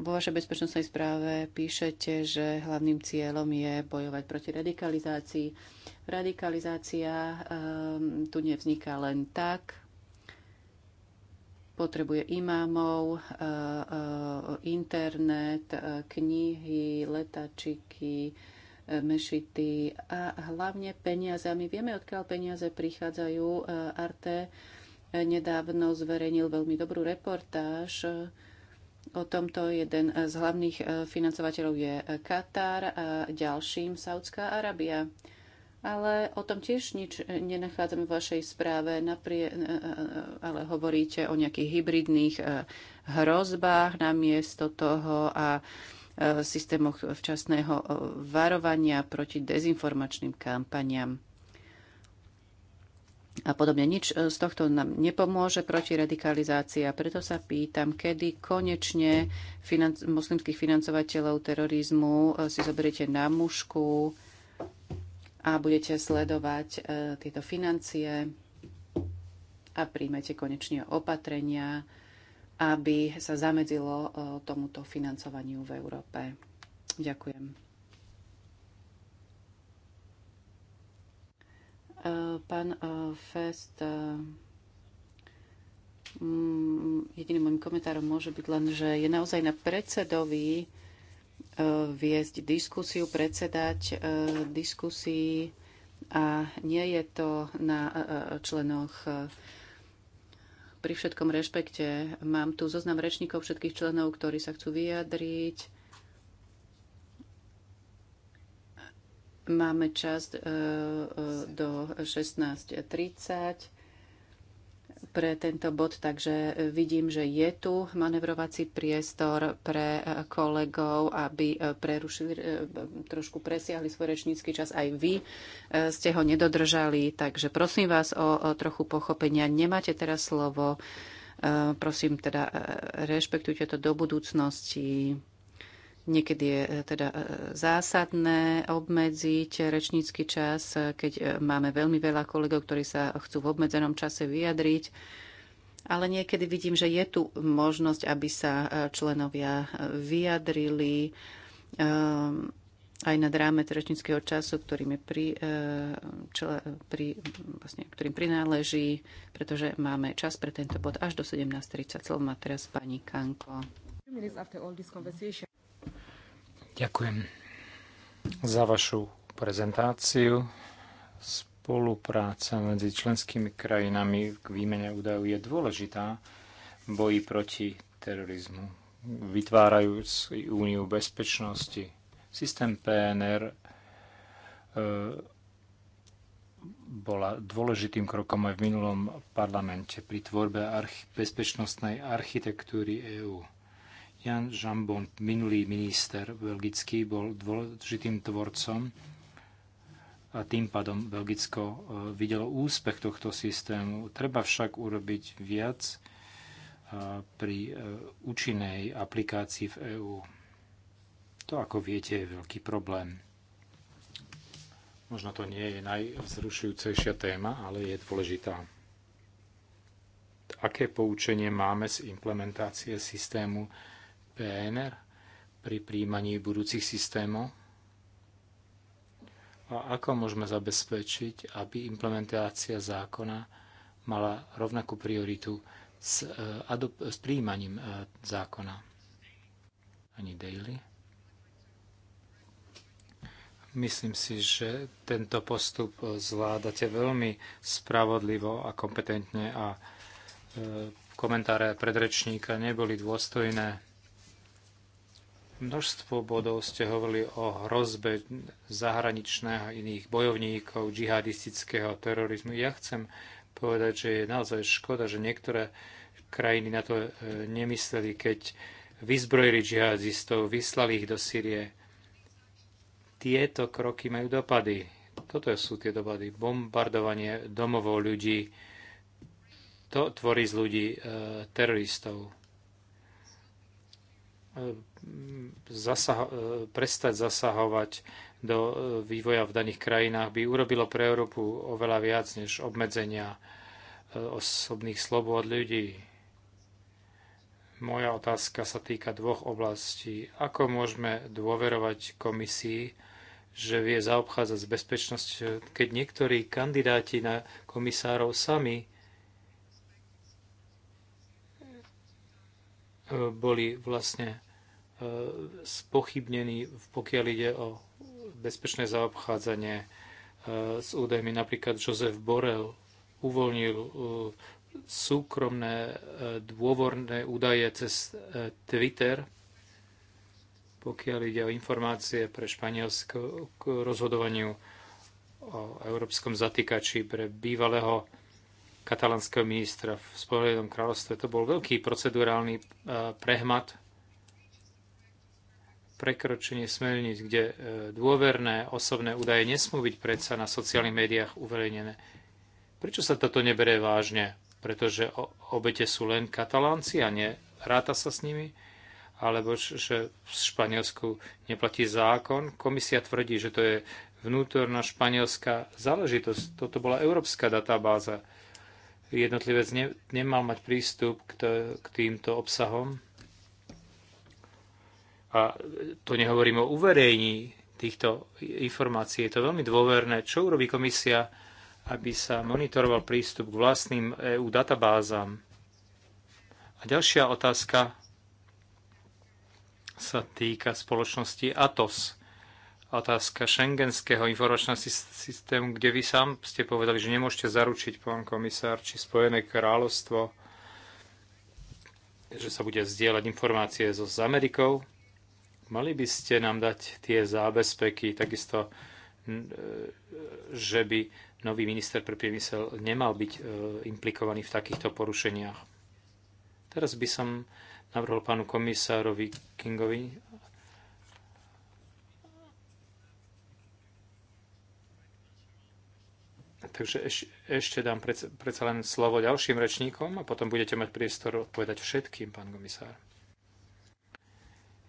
vo vašej bezpečnostnej správe píšete, že hlavným cieľom je bojovať proti radikalizácii. Radikalizácia um, tu nevzniká len tak, potrebuje imámov, eh, eh, internet, eh, knihy, letačiky, mešity a hlavne peniaze. My Vieme, odkiaľ peniaze prichádzajú. Arte nedávno zverejnil veľmi dobrú reportáž O tomto jeden z hlavných e, financovateľov je e, Katar a ďalším Saudská Arábia. Ale o tom tiež nič e, nenachádzame v vašej správe, naprie, ale hovoríte o nejakých hybridných hrozbách namiesto toho a systémoch včasného varovania proti dezinformačným kampaniam a podobne. Nič e, z tohto nám nepomôže proti radikalizácii a preto sa pýtam, kedy konečne financ- moslimských financovateľov terorizmu e, si zoberiete na mušku a budete sledovať e, tieto financie a príjmete konečne opatrenia, aby sa zamedzilo e, tomuto financovaniu v Európe. Ďakujem. Eh, pán eh, Fest, eh, mm, jediným môjim komentárom môže byť len, že je naozaj na predsedovi viesť diskusiu, predsedať diskusii a nie je to na členoch pri všetkom rešpekte. Mám tu zoznam rečníkov všetkých členov, ktorí sa chcú vyjadriť Máme čas e, e, do 16.30 pre tento bod, takže vidím, že je tu manevrovací priestor pre kolegov, aby e, prerušili, trošku presiahli svoj rečnícky čas. Aj vy ste ho nedodržali, takže prosím vás o trochu pochopenia. Nemáte teraz slovo. Prosím, teda rešpektujte to do budúcnosti. Niekedy je e, teda e, zásadné obmedziť rečnícky čas, e, keď máme veľmi veľa kolegov, ktorí sa chcú v obmedzenom čase vyjadriť. Ale niekedy vidím, že je tu možnosť, aby sa členovia vyjadrili ehm, aj nad dráme rečníckého času, ktorým, je pri, čle, pri, vlastne, ktorým prináleží, pretože máme čas pre tento bod až do 17.30. Slovo má teraz pani Kanko. Ďakujem za vašu prezentáciu. Spolupráca medzi členskými krajinami k výmene údajov je dôležitá v boji proti terorizmu. Vytvárajú úniu bezpečnosti. Systém PNR e, bola dôležitým krokom aj v minulom parlamente pri tvorbe bezpečnostnej architektúry EÚ Jan Jambon, minulý minister belgický, bol dôležitým tvorcom a tým pádom Belgicko e, videlo úspech tohto systému. Treba však urobiť viac e, pri e, účinnej aplikácii v EÚ. To, ako viete, je veľký problém. Možno to nie je najvzrušujúcejšia téma, ale je dôležitá. Aké poučenie máme z implementácie systému PNR pri príjmaní budúcich systémov? A ako môžeme zabezpečiť, aby implementácia zákona mala rovnakú prioritu s, e, s príjmaním e, zákona? Ani daily? Myslím si, že tento postup zvládate veľmi spravodlivo a kompetentne a e, komentáre predrečníka neboli dôstojné množstvo bodov ste hovorili o hrozbe zahraničného iných bojovníkov, džihadistického terorizmu. Ja chcem povedať, že je naozaj škoda, že niektoré krajiny na to e, nemysleli, keď vyzbrojili džihadistov, vyslali ich do Syrie. Tieto kroky majú dopady. Toto sú tie dopady. Bombardovanie domovou ľudí, to tvorí z ľudí e, teroristov E, zasaho- e, prestať zasahovať do e, vývoja v daných krajinách by urobilo pre Európu oveľa viac než obmedzenia osobných slobod ľudí. Moja otázka sa týka dvoch oblastí. Ako môžeme dôverovať komisii, že vie zaobchádzať s bezpečnosťou, keď niektorí kandidáti na komisárov sami boli vlastne spochybnený, pokiaľ ide o bezpečné zaobchádzanie e, s údajmi. Napríklad Josef Borel uvoľnil e, súkromné e, dôvorné údaje cez Twitter, pokiaľ ide o informácie pre Španielsko k rozhodovaniu o európskom zatýkači pre bývalého katalánskeho ministra v Spojenom kráľovstve. To bol veľký procedurálny prehmat prekročenie smerníc, kde e, dôverné osobné údaje nesmú byť predsa na sociálnych médiách uverejnené. Prečo sa toto nebere vážne? Pretože obete sú len katalánci a neráta sa s nimi? Alebo že v Španielsku neplatí zákon? Komisia tvrdí, že to je vnútorná španielská záležitosť. Toto bola európska databáza. Jednotlivec ne, nemal mať prístup k, t- k týmto obsahom a tu nehovorím o uverejní týchto informácií, je to veľmi dôverné. Čo urobí komisia, aby sa monitoroval prístup k vlastným EU databázam? A ďalšia otázka sa týka spoločnosti ATOS. Otázka šengenského informačného systému, kde vy sám ste povedali, že nemôžete zaručiť, pán komisár, či Spojené kráľovstvo, že sa bude zdieľať informácie so, s Amerikou, Mali by ste nám dať tie zábezpeky, takisto, e, že by nový minister pre priemysel nemal byť e, implikovaný v takýchto porušeniach. Teraz by som navrhol pánu komisárovi Kingovi, Takže eš, ešte dám predsa, predsa len slovo ďalším rečníkom a potom budete mať priestor odpovedať všetkým, pán komisár.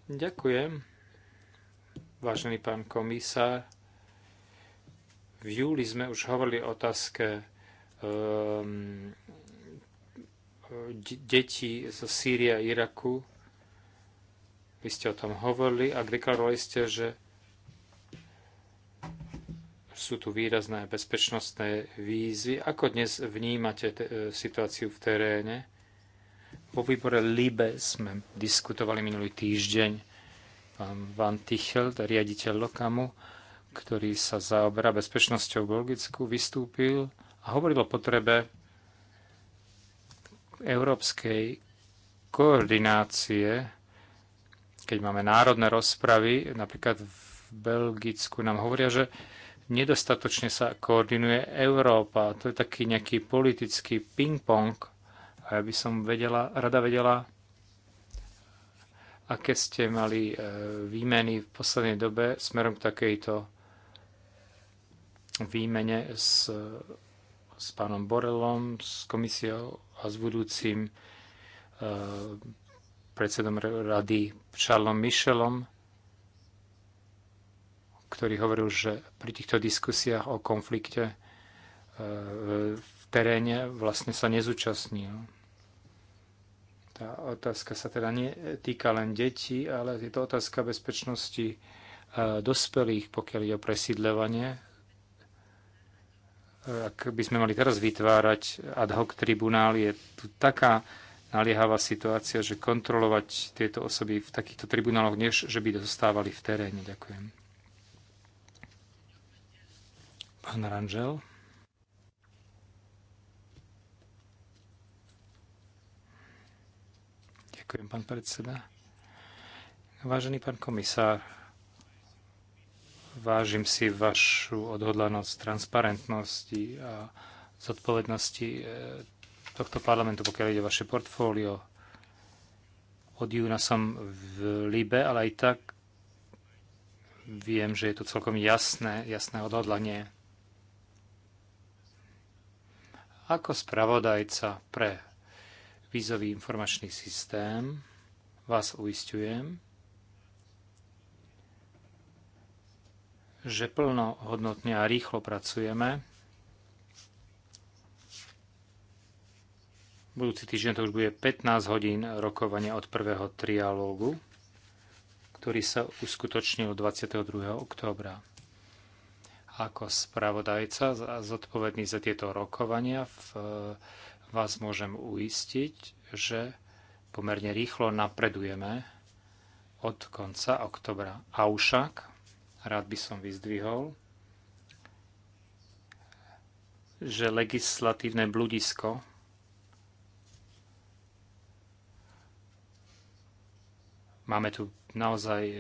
Ďakujem. Vážený pán komisár, v júli sme už hovorili o otázke um, detí zo Sýria a Iraku. Vy ste o tom hovorili a deklarovali ste, že sú tu výrazné bezpečnostné výzvy. Ako dnes vnímate situáciu v teréne? Vo výbore LIBE sme diskutovali minulý týždeň pán Van Tichel, riaditeľ Lokamu, ktorý sa zaoberá bezpečnosťou v Belgicku, vystúpil a hovoril o potrebe európskej koordinácie, keď máme národné rozpravy, napríklad v Belgicku nám hovoria, že nedostatočne sa koordinuje Európa. To je taký nejaký politický ping-pong, a ja by som vedela, rada vedela, aké ste mali e, výmeny v poslednej dobe smerom k takejto výmene s, s pánom Borelom, s komisiou a s budúcim e, predsedom rady Charlesom Michelom, ktorý hovoril, že pri týchto diskusiách o konflikte e, v teréne vlastne sa nezúčastnil. Tá otázka sa teda netýka len detí, ale je to otázka bezpečnosti e, dospelých, pokiaľ je o presídľovanie. E, ak by sme mali teraz vytvárať ad hoc tribunál, je tu taká naliehavá situácia, že kontrolovať tieto osoby v takýchto tribunáloch, než že by dostávali v teréne. Ďakujem. Pán Ranžel. Ďakujem, pán predseda. Vážený pán komisár, vážim si vašu odhodlanosť, transparentnosti a zodpovednosti eh, tohto parlamentu, pokiaľ ide vaše portfólio. Od júna som v Libe, ale aj tak viem, že je to celkom jasné, jasné odhodlanie. Ako spravodajca pre vízový informačný systém, vás uistujem, že plnohodnotne a rýchlo pracujeme. Budúci týždeň to už bude 15 hodín rokovania od prvého trialógu, ktorý sa uskutočnil 22. októbra. Ako spravodajca zodpovedný za tieto rokovania v vás môžem uistiť, že pomerne rýchlo napredujeme od konca oktobra. Avšak, rád by som vyzdvihol, že legislatívne bludisko máme tu naozaj e,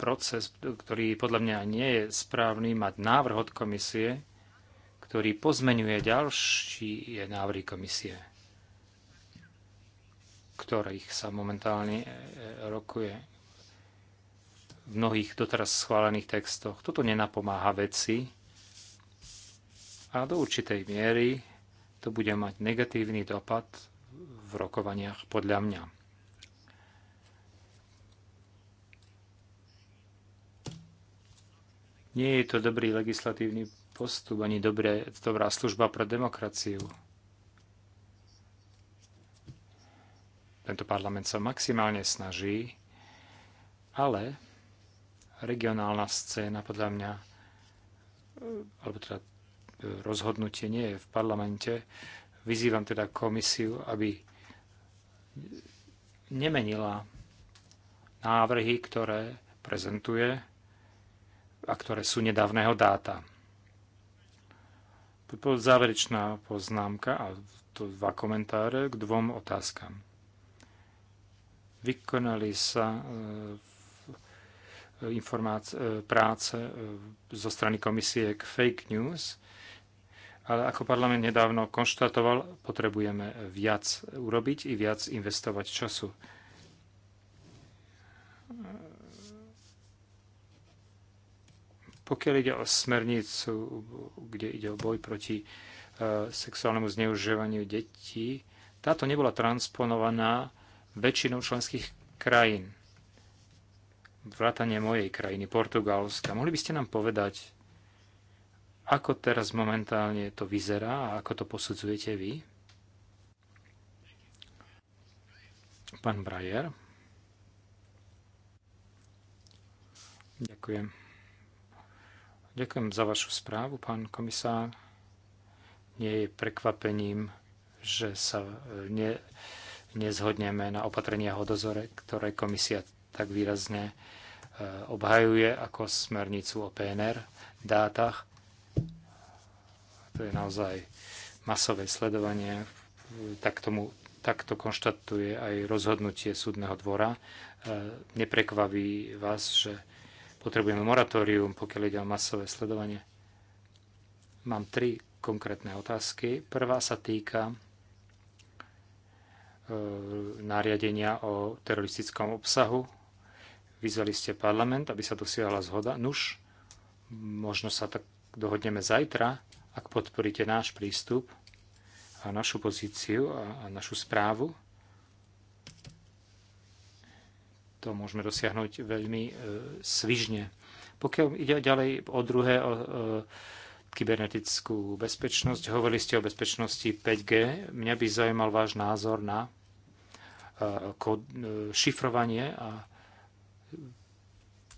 proces, ktorý podľa mňa nie je správny mať návrh od komisie, ktorý pozmenuje ďalší návrhy komisie, ktorých sa momentálne e, e, rokuje v mnohých doteraz schválených textoch. Toto nenapomáha veci a do určitej miery to bude mať negatívny dopad v rokovaniach podľa mňa. Nie je to dobrý legislatívny postup, ani dobré, dobrá služba pre demokraciu. Tento parlament sa maximálne snaží, ale regionálna scéna podľa mňa, alebo teda e, rozhodnutie nie je v parlamente. Vyzývam teda komisiu, aby nemenila návrhy, ktoré prezentuje a ktoré sú nedávneho dáta. Záverečná poznámka a to dva komentáre k dvom otázkam. Vykonali sa e, e, práce e, zo strany komisie k fake news, ale ako parlament nedávno konštatoval, potrebujeme viac urobiť i viac investovať času Pokiaľ ide o smernicu, kde ide o boj proti e, sexuálnemu zneužívaniu detí, táto nebola transponovaná väčšinou členských krajín. vrátanie mojej krajiny, Portugalska. Mohli by ste nám povedať, ako teraz momentálne to vyzerá a ako to posudzujete vy? Pán Brajer. Ďakujem. Ďakujem za vašu správu, pán komisár. Nie je prekvapením, že sa e, ne, nezhodneme na opatreniach o dozore, ktoré komisia tak výrazne e, obhajuje ako smernicu o PNR dátach. To je naozaj masové sledovanie. Tak tomu takto konštatuje aj rozhodnutie súdneho dvora. E, neprekvaví vás, že Potrebujeme moratórium, pokiaľ ide o masové sledovanie. Mám tri konkrétne otázky. Prvá sa týka e, nariadenia o teroristickom obsahu. Vyzvali ste parlament, aby sa dosiahla zhoda. Nuž, možno sa tak dohodneme zajtra, ak podporíte náš prístup a našu pozíciu a, a našu správu. To môžeme dosiahnuť veľmi e, svižne. Pokiaľ ide ďalej o druhé, o, e, kybernetickú bezpečnosť. Hovorili ste o bezpečnosti 5G. Mňa by zaujímal váš názor na e, e, šifrovanie a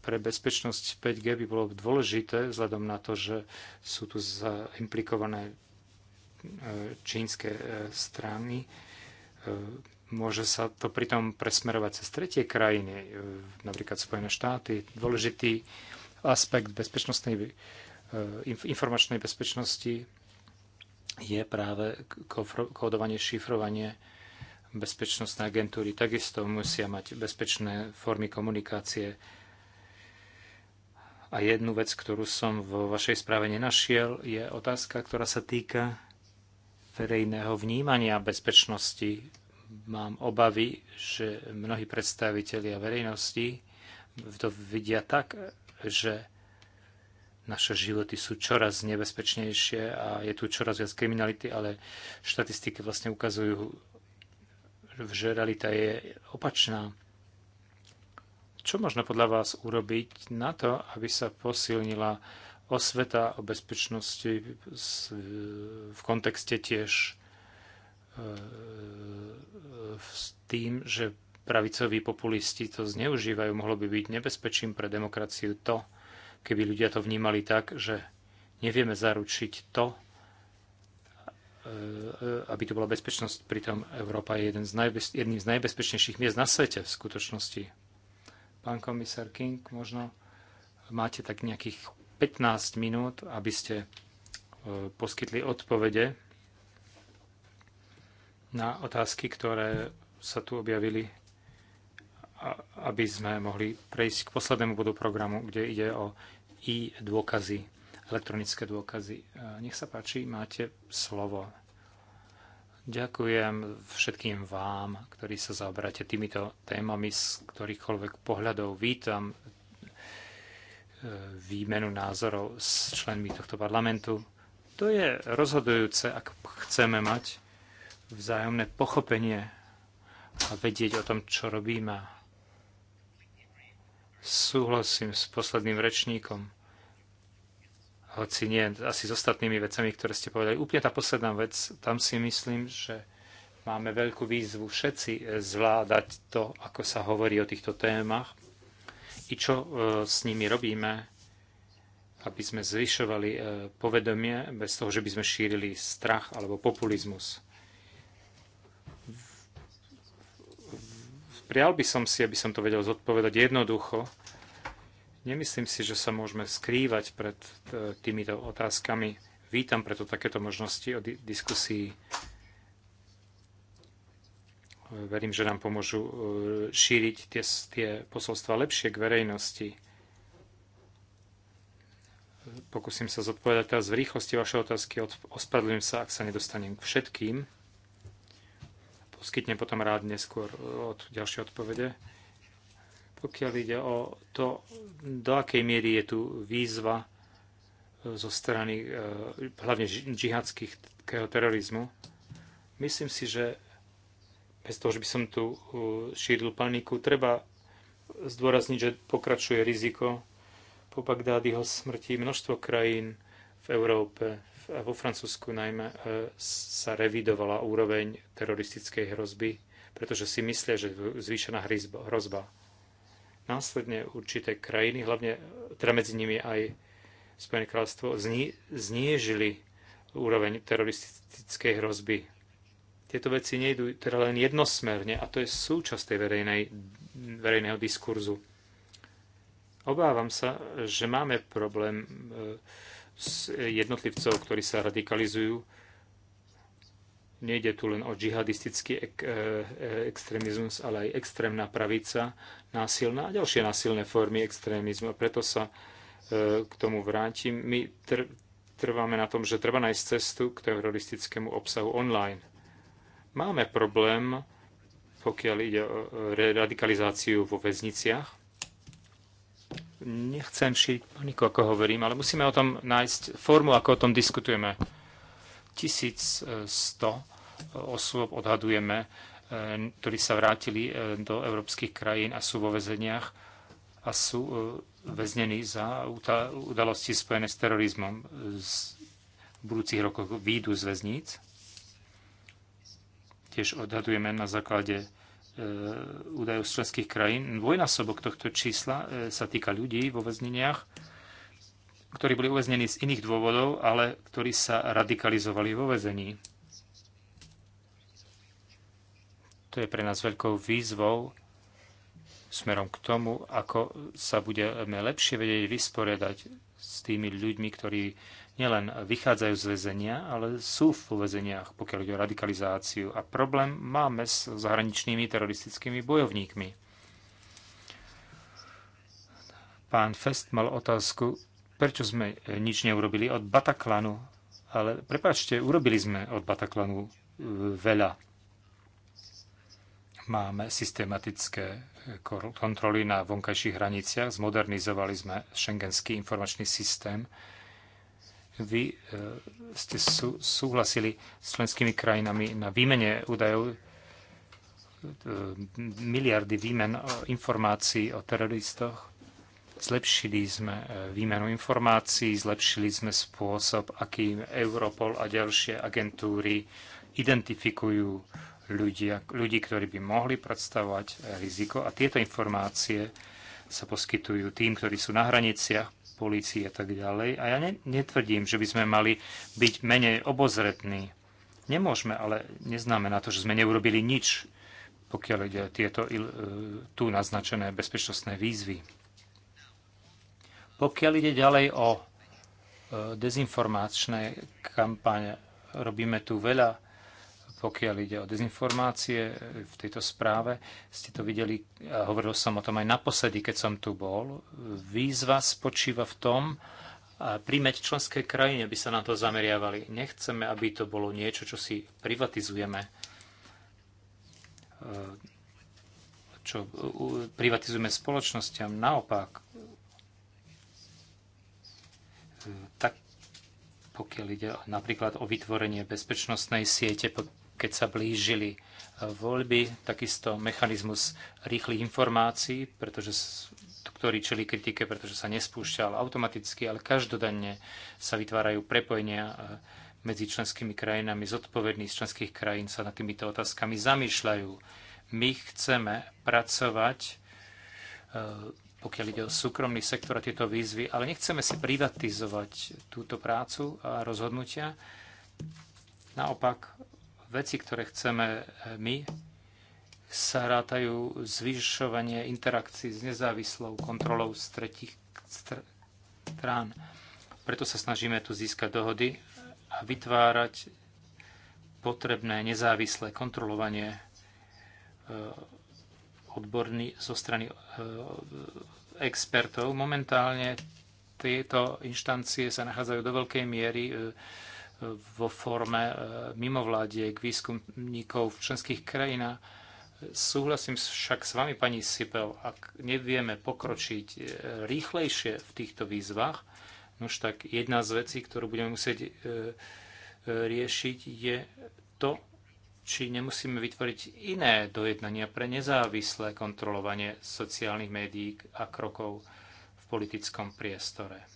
pre bezpečnosť 5G by bolo dôležité, vzhľadom na to, že sú tu implikované e, čínske strany. Môže sa to pritom presmerovať cez tretie krajiny, e, napríklad Spojené štáty. Dôležitý aspekt bezpečnostnej, e, informačnej bezpečnosti je práve kódovanie, šifrovanie bezpečnostné agentúry. Takisto musia mať bezpečné formy komunikácie. A jednu vec, ktorú som vo vašej správe nenašiel, je otázka, ktorá sa týka verejného vnímania bezpečnosti mám obavy, že mnohí predstavitelia verejnosti to vidia tak, že naše životy sú čoraz nebezpečnejšie a je tu čoraz viac kriminality, ale štatistiky vlastne ukazujú, že realita je opačná. Čo možno podľa vás urobiť na to, aby sa posilnila osveta o bezpečnosti v kontexte tiež E, e, s tým, že pravicoví populisti to zneužívajú. Mohlo by byť nebezpečím pre demokraciu to, keby ľudia to vnímali tak, že nevieme zaručiť to, e, aby tu bola bezpečnosť. Pritom Európa je jeden z najbez, jedným z najbezpečnejších miest na svete v skutočnosti. Pán komisár King, možno máte tak nejakých 15 minút, aby ste poskytli odpovede na otázky, ktoré sa tu objavili, aby sme mohli prejsť k poslednému bodu programu, kde ide o i-dôkazy, elektronické dôkazy. Nech sa páči, máte slovo. Ďakujem všetkým vám, ktorí sa zaoberáte týmito témami z ktorýchkoľvek pohľadov. Vítam e, výmenu názorov s členmi tohto parlamentu. To je rozhodujúce, ak chceme mať vzájomné pochopenie a vedieť o tom, čo robíme. Súhlasím s posledným rečníkom. Hoci nie, asi s ostatnými vecami, ktoré ste povedali. Úplne tá posledná vec, tam si myslím, že máme veľkú výzvu všetci zvládať to, ako sa hovorí o týchto témach i čo e, s nimi robíme, aby sme zvyšovali e, povedomie bez toho, že by sme šírili strach alebo populizmus. Prial by som si, aby som to vedel zodpovedať jednoducho. Nemyslím si, že sa môžeme skrývať pred e, týmito otázkami. Vítam preto takéto možnosti o diskusii. Verím, že nám pomôžu e, šíriť tie, tie posolstva lepšie k verejnosti. Pokúsim sa zodpovedať teraz v rýchlosti vaše otázky. Ospadľujem sa, ak sa nedostanem k všetkým poskytnem potom rád neskôr e, od ďalšie odpovede. Pokiaľ ide o to, do akej miery je tu výzva e, zo strany e, hlavne džihadských terorizmu, myslím si, že bez toho, že by som tu šíril paniku, treba zdôrazniť, že pokračuje riziko po Bagdádyho smrti množstvo krajín v Európe, v vo Francúzsku najmä e, sa revidovala úroveň teroristickej hrozby, pretože si myslia, že zvýšená hrozba. Následne určité krajiny, hlavne teda medzi nimi aj Spojené kráľstvo, zniežili znížili úroveň teroristickej hrozby. Tieto veci nejdú teda len jednosmerne a to je súčasť tej verejnej, verejného diskurzu. Obávam sa, že máme problém e, jednotlivcov, ktorí sa radikalizujú. Nejde tu len o džihadistický ek, e, e, extrémizmus, ale aj extrémna pravica, násilná a ďalšie násilné formy extrémizmu. A preto sa e, k tomu vrátim. My tr, trváme na tom, že treba nájsť cestu k teroristickému obsahu online. Máme problém, pokiaľ ide o radikalizáciu vo väzniciach, nechcem šiť paniku, ako hovorím, ale musíme o tom nájsť formu, ako o tom diskutujeme. 1100 osôb odhadujeme, e, ktorí sa vrátili e, do európskych krajín a sú vo väzeniach a sú e, väznení za udalosti spojené s terorizmom. V budúcich rokoch výjdu z väzníc. Tiež odhadujeme na základe Eh, údajov z členských krajín. Dvojnásobok tohto čísla eh, sa týka ľudí vo väzneniach, ktorí boli uväznení z iných dôvodov, ale ktorí sa radikalizovali vo väzení. To je pre nás veľkou výzvou smerom k tomu, ako sa budeme lepšie vedieť vysporiadať s tými ľuďmi, ktorí nielen vychádzajú z väzenia, ale sú v väzeniach, pokiaľ ide o radikalizáciu. A problém máme s zahraničnými teroristickými bojovníkmi. Pán Fest mal otázku, prečo sme nič neurobili od Bataklanu. Ale prepáčte, urobili sme od Bataklanu e, veľa. Máme systematické e, kontroly na vonkajších hraniciach, zmodernizovali sme šengenský informačný systém, vy e, ste sú, súhlasili s členskými krajinami na výmene údajov e, miliardy výmen informácií o teroristoch. Zlepšili sme e, výmenu informácií, zlepšili sme spôsob, akým Europol a ďalšie agentúry identifikujú ľudia, ľudí, ktorí by mohli predstavovať riziko. A tieto informácie sa poskytujú tým, ktorí sú na hraniciach, polícii a tak ďalej. A ja netvrdím, že by sme mali byť menej obozretní. Nemôžeme, ale neznamená to, že sme neurobili nič, pokiaľ ide tieto e, tu naznačené bezpečnostné výzvy. Pokiaľ ide ďalej o e, dezinformačné kampane, robíme tu veľa pokiaľ ide o dezinformácie e, v tejto správe. Ste to videli, a hovoril som o tom aj naposledy, keď som tu bol. Výzva spočíva v tom, a príjmeť členské krajiny, aby sa na to zameriavali. Nechceme, aby to bolo niečo, čo si privatizujeme, e, čo privatizujeme spoločnosťam. Naopak, e, tak pokiaľ ide napríklad o vytvorenie bezpečnostnej siete keď sa blížili eh, voľby, takisto mechanizmus rýchlych informácií, pretože, ktorý čeli kritike, pretože sa nespúšťal automaticky, ale každodanne sa vytvárajú prepojenia eh, medzi členskými krajinami. Zodpovední z členských krajín sa nad týmito otázkami zamýšľajú. My chceme pracovať, eh, pokiaľ ide o súkromný sektor a tieto výzvy, ale nechceme si privatizovať túto prácu a rozhodnutia. Naopak, veci, ktoré chceme e, my, sa rátajú zvyšovanie interakcií s nezávislou kontrolou z tretich strán. Preto sa snažíme tu získať dohody a vytvárať potrebné nezávislé kontrolovanie e, odborný, zo strany e, expertov. Momentálne tieto inštancie sa nachádzajú do veľkej miery vo forme e, mimovládiek, výskumníkov v členských krajinách. Súhlasím však s vami, pani Sipel, ak nevieme pokročiť e, rýchlejšie v týchto výzvach, už tak jedna z vecí, ktorú budeme musieť e, riešiť, je to, či nemusíme vytvoriť iné dojednania pre nezávislé kontrolovanie sociálnych médií a krokov v politickom priestore.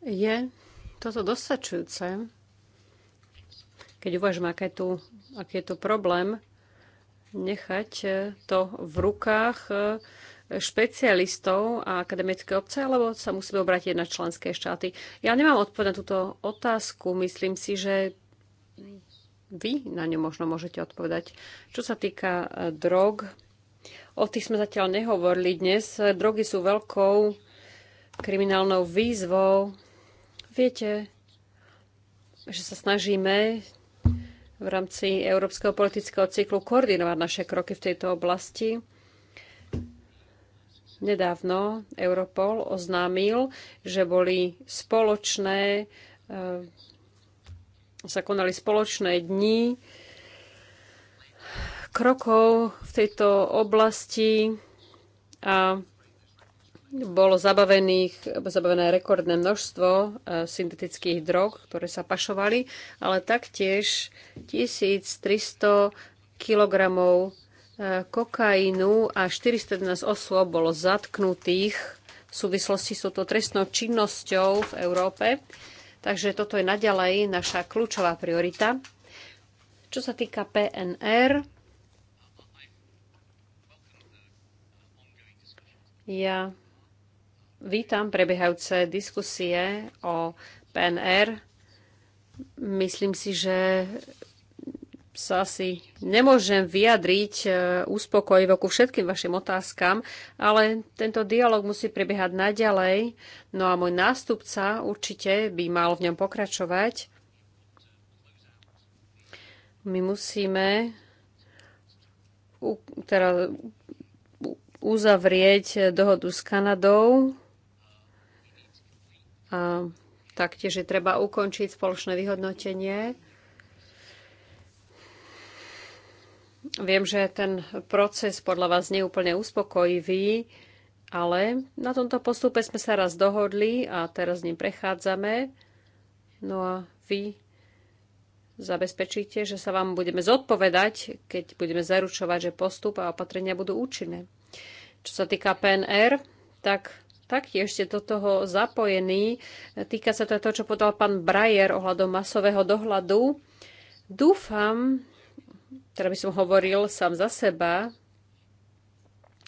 Je toto dostačujúce, keď uvažím, aký aký je tu problém, nechať e, to v rukách e, špecialistov a akademické obce, alebo sa musíme obrátiť na členské štáty. Ja nemám odpoveď na túto otázku. Myslím si, že vy na ňu možno môžete odpovedať. Čo sa týka e, drog, o tých sme zatiaľ nehovorili dnes. Drogy sú veľkou kriminálnou výzvou, Viete, že sa snažíme v rámci Európskeho politického cyklu koordinovať naše kroky v tejto oblasti. Nedávno Europol oznámil, že boli spoločné, eh, sa konali spoločné dni krokov v tejto oblasti a bolo zabavených, zabavené rekordné množstvo e, syntetických drog, ktoré sa pašovali, ale taktiež 1300 kg e, kokainu a 411 osôb bolo zatknutých v súvislosti s touto trestnou činnosťou v Európe. Takže toto je naďalej naša kľúčová priorita. Čo sa týka PNR, ja Vítam prebiehajúce diskusie o PNR. Myslím si, že sa asi nemôžem vyjadriť e, uspokojivo ku všetkým vašim otázkam, ale tento dialog musí prebiehať naďalej. No a môj nástupca určite by mal v ňom pokračovať. My musíme teda uzavrieť dohodu s Kanadou a taktiež je treba ukončiť spoločné vyhodnotenie. Viem, že ten proces podľa vás nie je úplne uspokojivý, ale na tomto postupe sme sa raz dohodli a teraz s ním prechádzame. No a vy zabezpečíte, že sa vám budeme zodpovedať, keď budeme zaručovať, že postup a opatrenia budú účinné. Čo sa týka PNR, tak taktiež ste do toho zapojení. Týka sa to toho, čo podal pán Brajer ohľadom masového dohľadu. Dúfam, teda by som hovoril sám za seba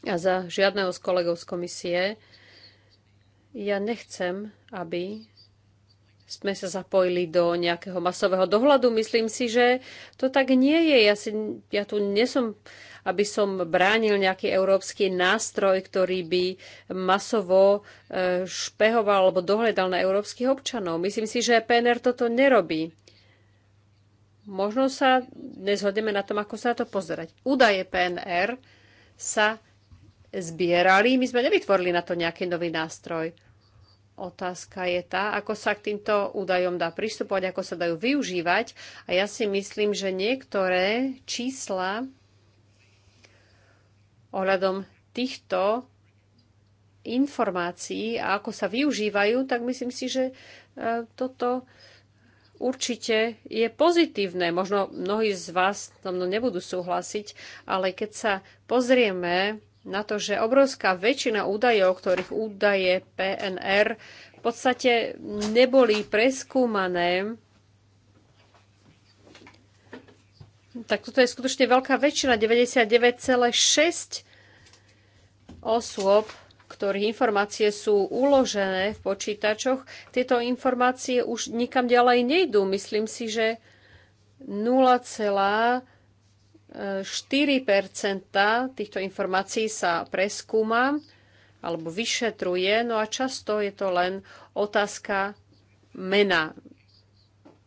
a za žiadneho z kolegov z komisie, ja nechcem, aby sme sa zapojili do nejakého masového dohľadu. Myslím si, že to tak nie je. Ja, si, ja tu nesom, aby som bránil nejaký európsky nástroj, ktorý by masovo e, špehoval alebo dohľadal na európskych občanov. Myslím si, že PNR toto nerobí. Možno sa nezhodneme na tom, ako sa na to pozerať. Údaje PNR sa zbierali, my sme nevytvorili na to nejaký nový nástroj Otázka je tá, ako sa k týmto údajom dá pristupovať, ako sa dajú využívať. A ja si myslím, že niektoré čísla ohľadom týchto informácií a ako sa využívajú, tak myslím si, že e, toto určite je pozitívne. Možno mnohí z vás so mnou nebudú súhlasiť, ale keď sa pozrieme na to, že obrovská väčšina údajov, ktorých údaje PNR v podstate neboli preskúmané, tak toto je skutočne veľká väčšina, 99,6 osôb, ktorých informácie sú uložené v počítačoch. Tieto informácie už nikam ďalej nejdú. Myslím si, že 0, 4 týchto informácií sa preskúma alebo vyšetruje, no a často je to len otázka mena,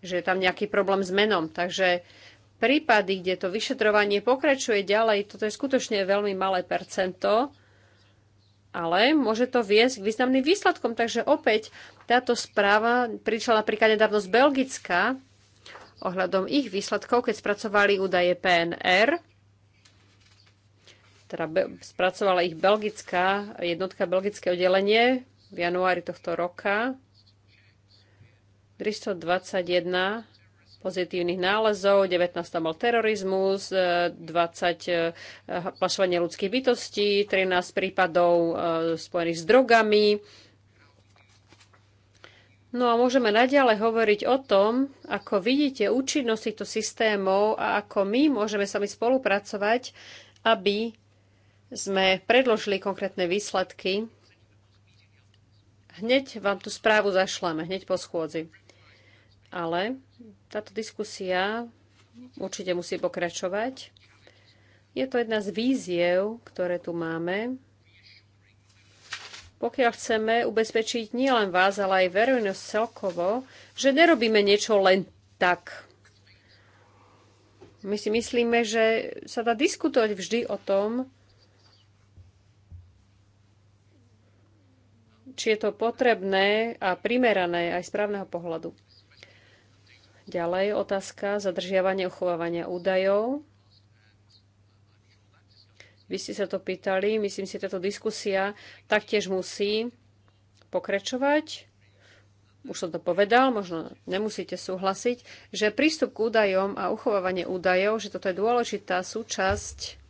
že je tam nejaký problém s menom. Takže prípady, kde to vyšetrovanie pokračuje ďalej, toto je skutočne veľmi malé percento, ale môže to viesť k významným výsledkom. Takže opäť táto správa prišla napríklad nedávno z Belgicka, ohľadom ich výsledkov, keď spracovali údaje PNR, teda spracovala ich belgická jednotka belgické oddelenie v januári tohto roka. 321 pozitívnych nálezov, 19 tam bol terorizmus, 20 e, e, plašovanie ľudských bytostí, 13 prípadov e, spojených s drogami, No a môžeme naďalej hovoriť o tom, ako vidíte účinnosť týchto systémov a ako my môžeme sami spolupracovať, aby sme predložili konkrétne výsledky. Hneď vám tú správu zašleme, hneď po schôdzi. Ale táto diskusia určite musí pokračovať. Je to jedna z víziev, ktoré tu máme pokiaľ chceme ubezpečiť nielen vás, ale aj verejnosť celkovo, že nerobíme niečo len tak. My si myslíme, že sa dá diskutovať vždy o tom, či je to potrebné a primerané aj z právneho pohľadu. Ďalej otázka zadržiavania uchovávania údajov. Vy ste sa to pýtali, myslím si, táto diskusia taktiež musí pokračovať. Už som to povedal, možno nemusíte súhlasiť, že prístup k údajom a uchovávanie údajov, že toto je dôležitá súčasť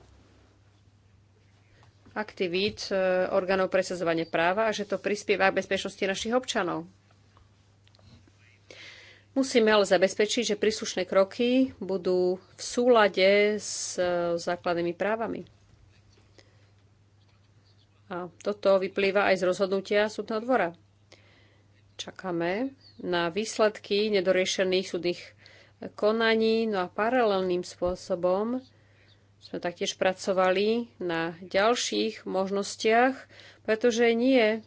aktivít e, orgánov presadzovania práva a že to prispieva k bezpečnosti našich občanov. Musíme ale zabezpečiť, že príslušné kroky budú v súlade s e, základnými právami. A toto vyplýva aj z rozhodnutia súdneho dvora. Čakáme na výsledky nedoriešených súdnych konaní, no a paralelným spôsobom sme taktiež pracovali na ďalších možnostiach, pretože nie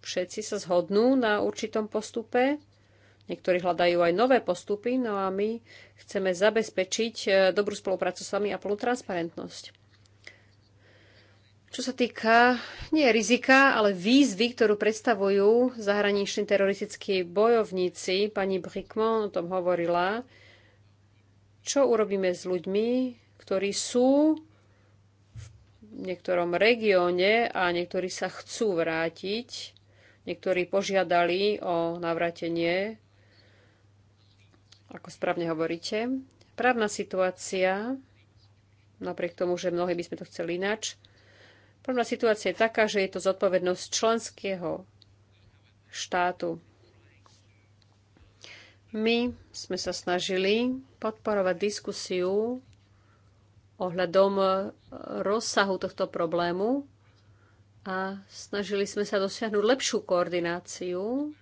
všetci sa zhodnú na určitom postupe. Niektorí hľadajú aj nové postupy, no a my chceme zabezpečiť eh, dobrú spoluprácu s vami a plnú transparentnosť čo sa týka nie rizika, ale výzvy, ktorú predstavujú zahraniční teroristickí bojovníci. Pani Brickman o tom hovorila. Čo urobíme s ľuďmi, ktorí sú v niektorom regióne a niektorí sa chcú vrátiť, niektorí požiadali o navrátenie, ako správne hovoríte. Právna situácia, napriek tomu, že mnohí by sme to chceli inač, Prvná situácia je taká, že je to zodpovednosť členského štátu. My sme sa snažili podporovať diskusiu ohľadom eh, rozsahu tohto problému a snažili sme sa dosiahnuť lepšiu koordináciu.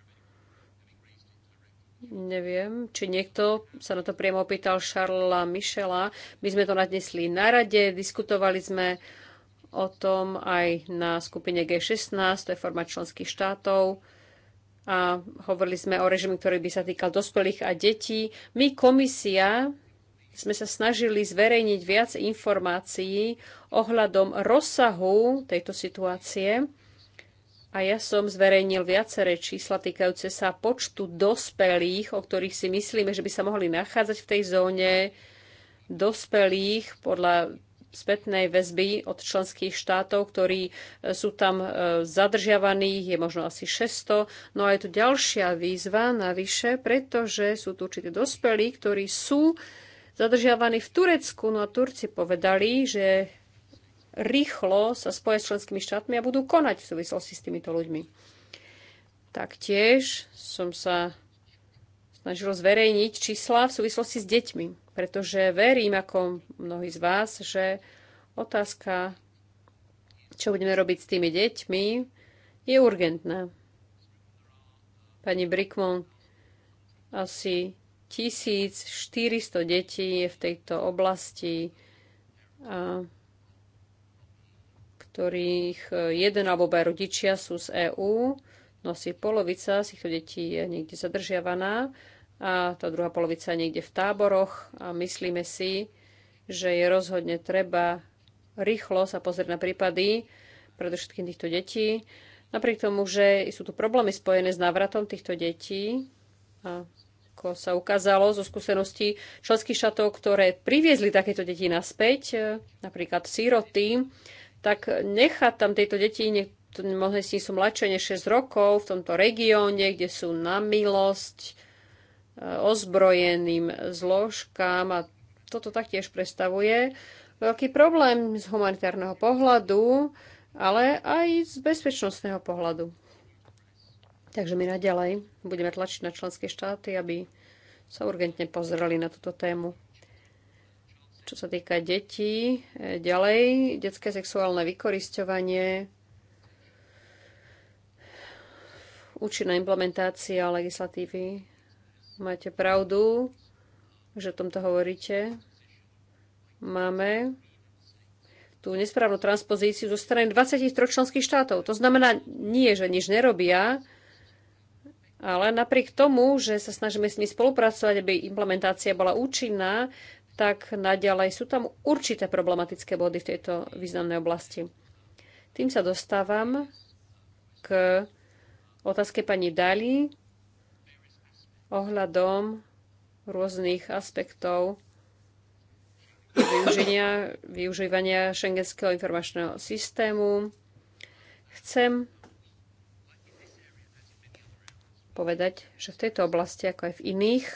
Neviem, či niekto sa na to priamo opýtal Šarla Michela. My sme to nadnesli na rade, diskutovali sme o tom aj na skupine G16, to je forma členských štátov. A hovorili sme o režime, ktorý by sa týkal dospelých a detí. My, komisia, sme sa snažili zverejniť viac informácií ohľadom rozsahu tejto situácie. A ja som zverejnil viaceré čísla týkajúce sa počtu dospelých, o ktorých si myslíme, že by sa mohli nachádzať v tej zóne dospelých podľa spätnej väzby od členských štátov, ktorí e, sú tam e, zadržiavaní, je možno asi 600. No a je tu ďalšia výzva navyše, pretože sú tu určite dospelí, ktorí sú zadržiavaní v Turecku. No a Turci povedali, že rýchlo sa spoja s členskými štátmi a budú konať v súvislosti s týmito ľuďmi. Taktiež som sa snažil zverejniť čísla v súvislosti s deťmi pretože verím, ako mnohí z vás, že otázka, čo budeme robiť s tými deťmi, je urgentná. Pani Brickmon, asi 1400 detí je v tejto oblasti, a ktorých jeden alebo obaja rodičia sú z EÚ, no asi polovica z týchto detí je niekde zadržiavaná a tá druhá polovica niekde v táboroch a myslíme si, že je rozhodne treba rýchlo sa pozrieť na prípady predovšetkým týchto detí. Napriek tomu, že sú tu problémy spojené s návratom týchto detí, a ako sa ukázalo zo skúseností členských šatov, ktoré priviezli takéto deti naspäť, napríklad síroty, tak nechať tam tieto deti, možno s sú mladšie než 6 rokov, v tomto regióne, kde sú na milosť ozbrojeným zložkám a toto taktiež predstavuje veľký problém z humanitárneho pohľadu, ale aj z bezpečnostného pohľadu. Takže my naďalej budeme tlačiť na členské štáty, aby sa urgentne pozreli na túto tému. Čo sa týka detí, ďalej detské sexuálne vykorisťovanie, účinná implementácia legislatívy Máte pravdu, že o tomto hovoríte. Máme tú nesprávnu transpozíciu zo strany 23 členských štátov. To znamená nie, že nič nerobia, ale napriek tomu, že sa snažíme s nimi spolupracovať, aby implementácia bola účinná, tak naďalej sú tam určité problematické body v tejto významnej oblasti. Tým sa dostávam k otázke pani Dali ohľadom rôznych aspektov využenia, využívania šengenského informačného systému. Chcem povedať, že v tejto oblasti, ako aj v iných,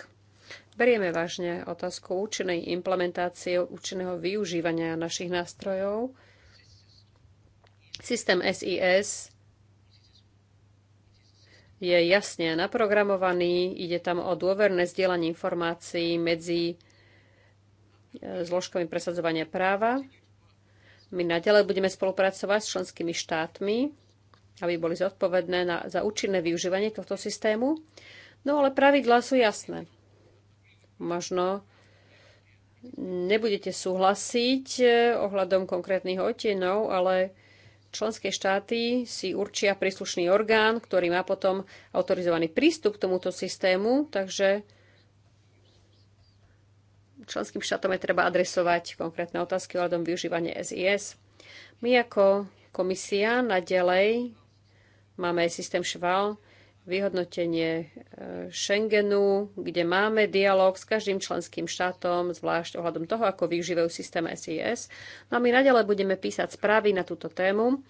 berieme vážne otázku účinnej implementácie, účinného využívania našich nástrojov. Systém SIS je jasne naprogramovaný. Ide tam o dôverné zdieľanie informácií medzi e, zložkami presadzovania práva. My naďalej budeme spolupracovať s členskými štátmi, aby boli zodpovedné na, za účinné využívanie tohto systému. No ale pravidlá sú jasné. Možno nebudete súhlasiť e, ohľadom konkrétnych otienov, ale členské štáty si určia príslušný orgán, ktorý má potom autorizovaný prístup k tomuto systému, takže členským štátom je treba adresovať konkrétne otázky o využívania SIS. My ako komisia naďalej máme systém ŠVAL, vyhodnotenie e, Schengenu, kde máme dialog s každým členským štátom, zvlášť ohľadom toho, ako využívajú systém SIS. No a my naďalej budeme písať správy na túto tému.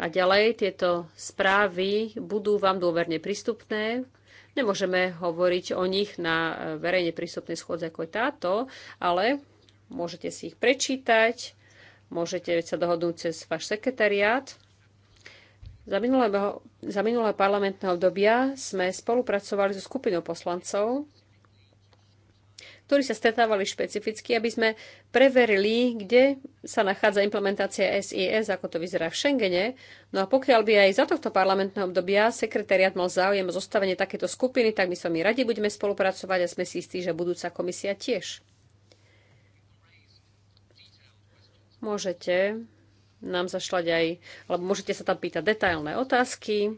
Naďalej tieto správy budú vám dôverne prístupné. Nemôžeme hovoriť o nich na e, verejne prístupnej schôdze ako je táto, ale môžete si ich prečítať, môžete sa dohodnúť cez váš sekretariát za minulého, za minulé parlamentné obdobia sme spolupracovali so skupinou poslancov, ktorí sa stretávali špecificky, aby sme preverili, kde sa nachádza implementácia SIS, ako to vyzerá v Schengene. No a pokiaľ by aj za tohto parlamentného obdobia sekretariat mal záujem o zostavenie takéto skupiny, tak my s vami radi budeme spolupracovať a sme si istí, že budúca komisia tiež. Môžete nám zašľať aj, alebo môžete sa tam pýtať detailné otázky.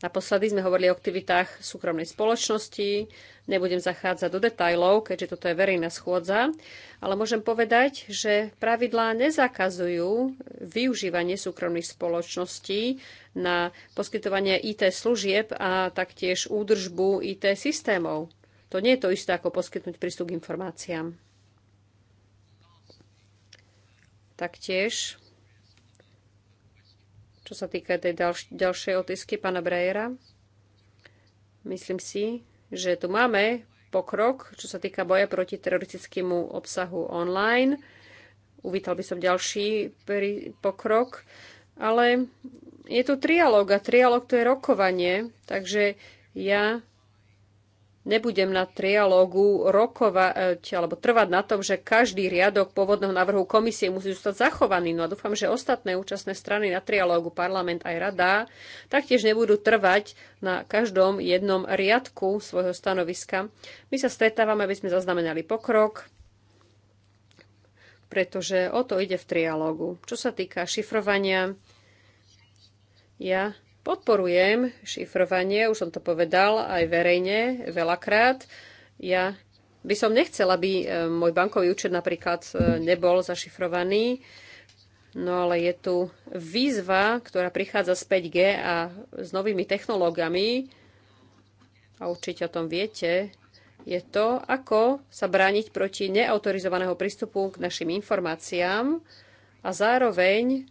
Naposledy sme hovorili o aktivitách súkromnej spoločnosti. Nebudem zachádzať do detajlov, keďže toto je verejná schôdza, ale môžem povedať, že pravidlá nezakazujú využívanie súkromných spoločností na poskytovanie IT služieb a taktiež údržbu IT systémov. To nie je to isté, ako poskytnúť prístup k informáciám. Taktiež, čo sa týka tej ďalš- ďalšej otisky pána Brejera, myslím si, že tu máme pokrok, čo sa týka boja proti teroristickému obsahu online. Uvítal by som ďalší pokrok, ale je tu trialóg a trialóg to je rokovanie, takže ja nebudem na trialógu rokovať eh, alebo trvať na tom, že každý riadok pôvodného návrhu komisie musí zostať zachovaný. No a dúfam, že ostatné účastné strany na trialógu, parlament aj rada, taktiež nebudú trvať na každom jednom riadku svojho stanoviska. My sa stretávame, aby sme zaznamenali pokrok, pretože o to ide v trialógu. Čo sa týka šifrovania, ja Podporujem šifrovanie, už som to povedal aj verejne veľakrát. Ja by som nechcela, aby e, môj bankový účet napríklad e, nebol zašifrovaný, no ale je tu výzva, ktorá prichádza z 5G a s novými technológiami, a určite o tom viete, je to, ako sa brániť proti neautorizovaného prístupu k našim informáciám a zároveň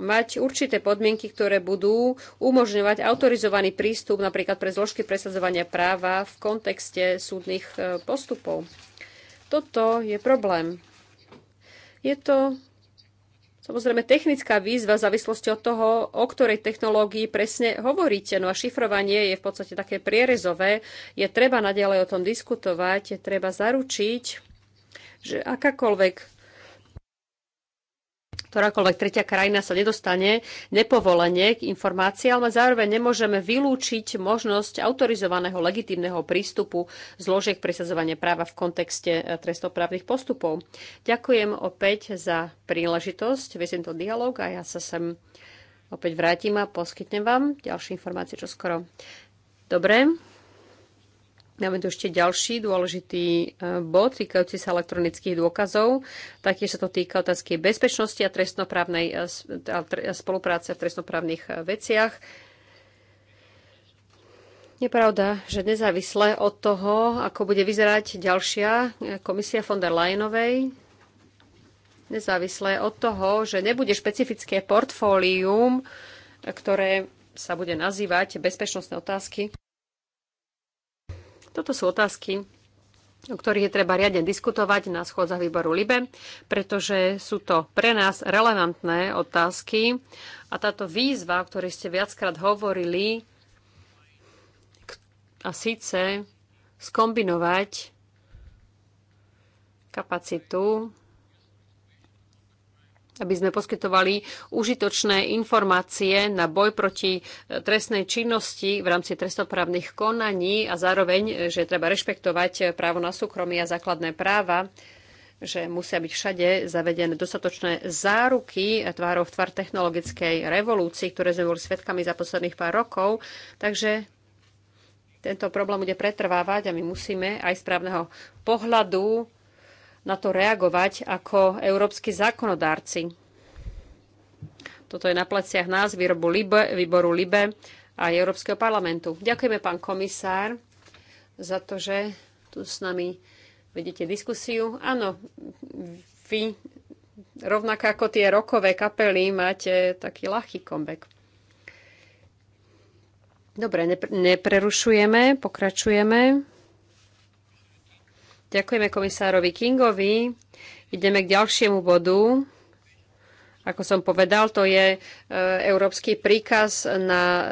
mať určité podmienky, ktoré budú umožňovať autorizovaný prístup napríklad pre zložky presadzovania práva v kontexte súdnych e, postupov. Toto je problém. Je to Samozrejme, technická výzva v závislosti od toho, o ktorej technológii presne hovoríte. No a šifrovanie je v podstate také prierezové. Je treba nadalej o tom diskutovať, je treba zaručiť, že akákoľvek ktorákoľvek tretia krajina sa nedostane nepovolenie k informáciám, ale zároveň nemôžeme vylúčiť možnosť autorizovaného legitímneho prístupu zložiek presadzovania práva v kontexte eh, trestnoprávnych postupov. Ďakujem opäť za príležitosť, viesť to dialog a ja sa sem opäť vrátim a poskytnem vám ďalšie informácie čoskoro. Dobre, Máme tu ešte ďalší dôležitý e, bod týkajúci sa elektronických dôkazov. Taktiež sa to týka otázky bezpečnosti a trestnoprávnej e, a spolupráce v trestnoprávnych e, veciach. Je pravda, že nezávisle od toho, ako bude vyzerať ďalšia komisia von der Leyenovej, nezávisle od toho, že nebude špecifické portfólium, ktoré sa bude nazývať bezpečnostné otázky, toto sú otázky, o ktorých je treba riadne diskutovať na schôdzach výboru LIBE, pretože sú to pre nás relevantné otázky a táto výzva, o ktorej ste viackrát hovorili, a síce skombinovať kapacitu aby sme poskytovali užitočné informácie na boj proti e, trestnej činnosti v rámci trestoprávnych konaní a zároveň, e, že treba rešpektovať e, právo na súkromie a základné práva že musia byť všade zavedené dostatočné záruky tvárov v tvár technologickej revolúcii, ktoré sme boli svetkami za posledných pár rokov. Takže tento problém bude pretrvávať a my musíme aj z právneho pohľadu na to reagovať ako európsky zákonodárci. Toto je na pleciach nás, výrobu LIBE, výboru LIBE a Európskeho parlamentu. Ďakujeme, pán komisár, za to, že tu s nami vedete diskusiu. Áno, vy rovnako ako tie rokové kapely máte taký ľahký comeback. Dobre, neprerušujeme, pokračujeme. Ďakujeme komisárovi Kingovi. Ideme k ďalšiemu bodu. Ako som povedal, to je e, európsky príkaz na e,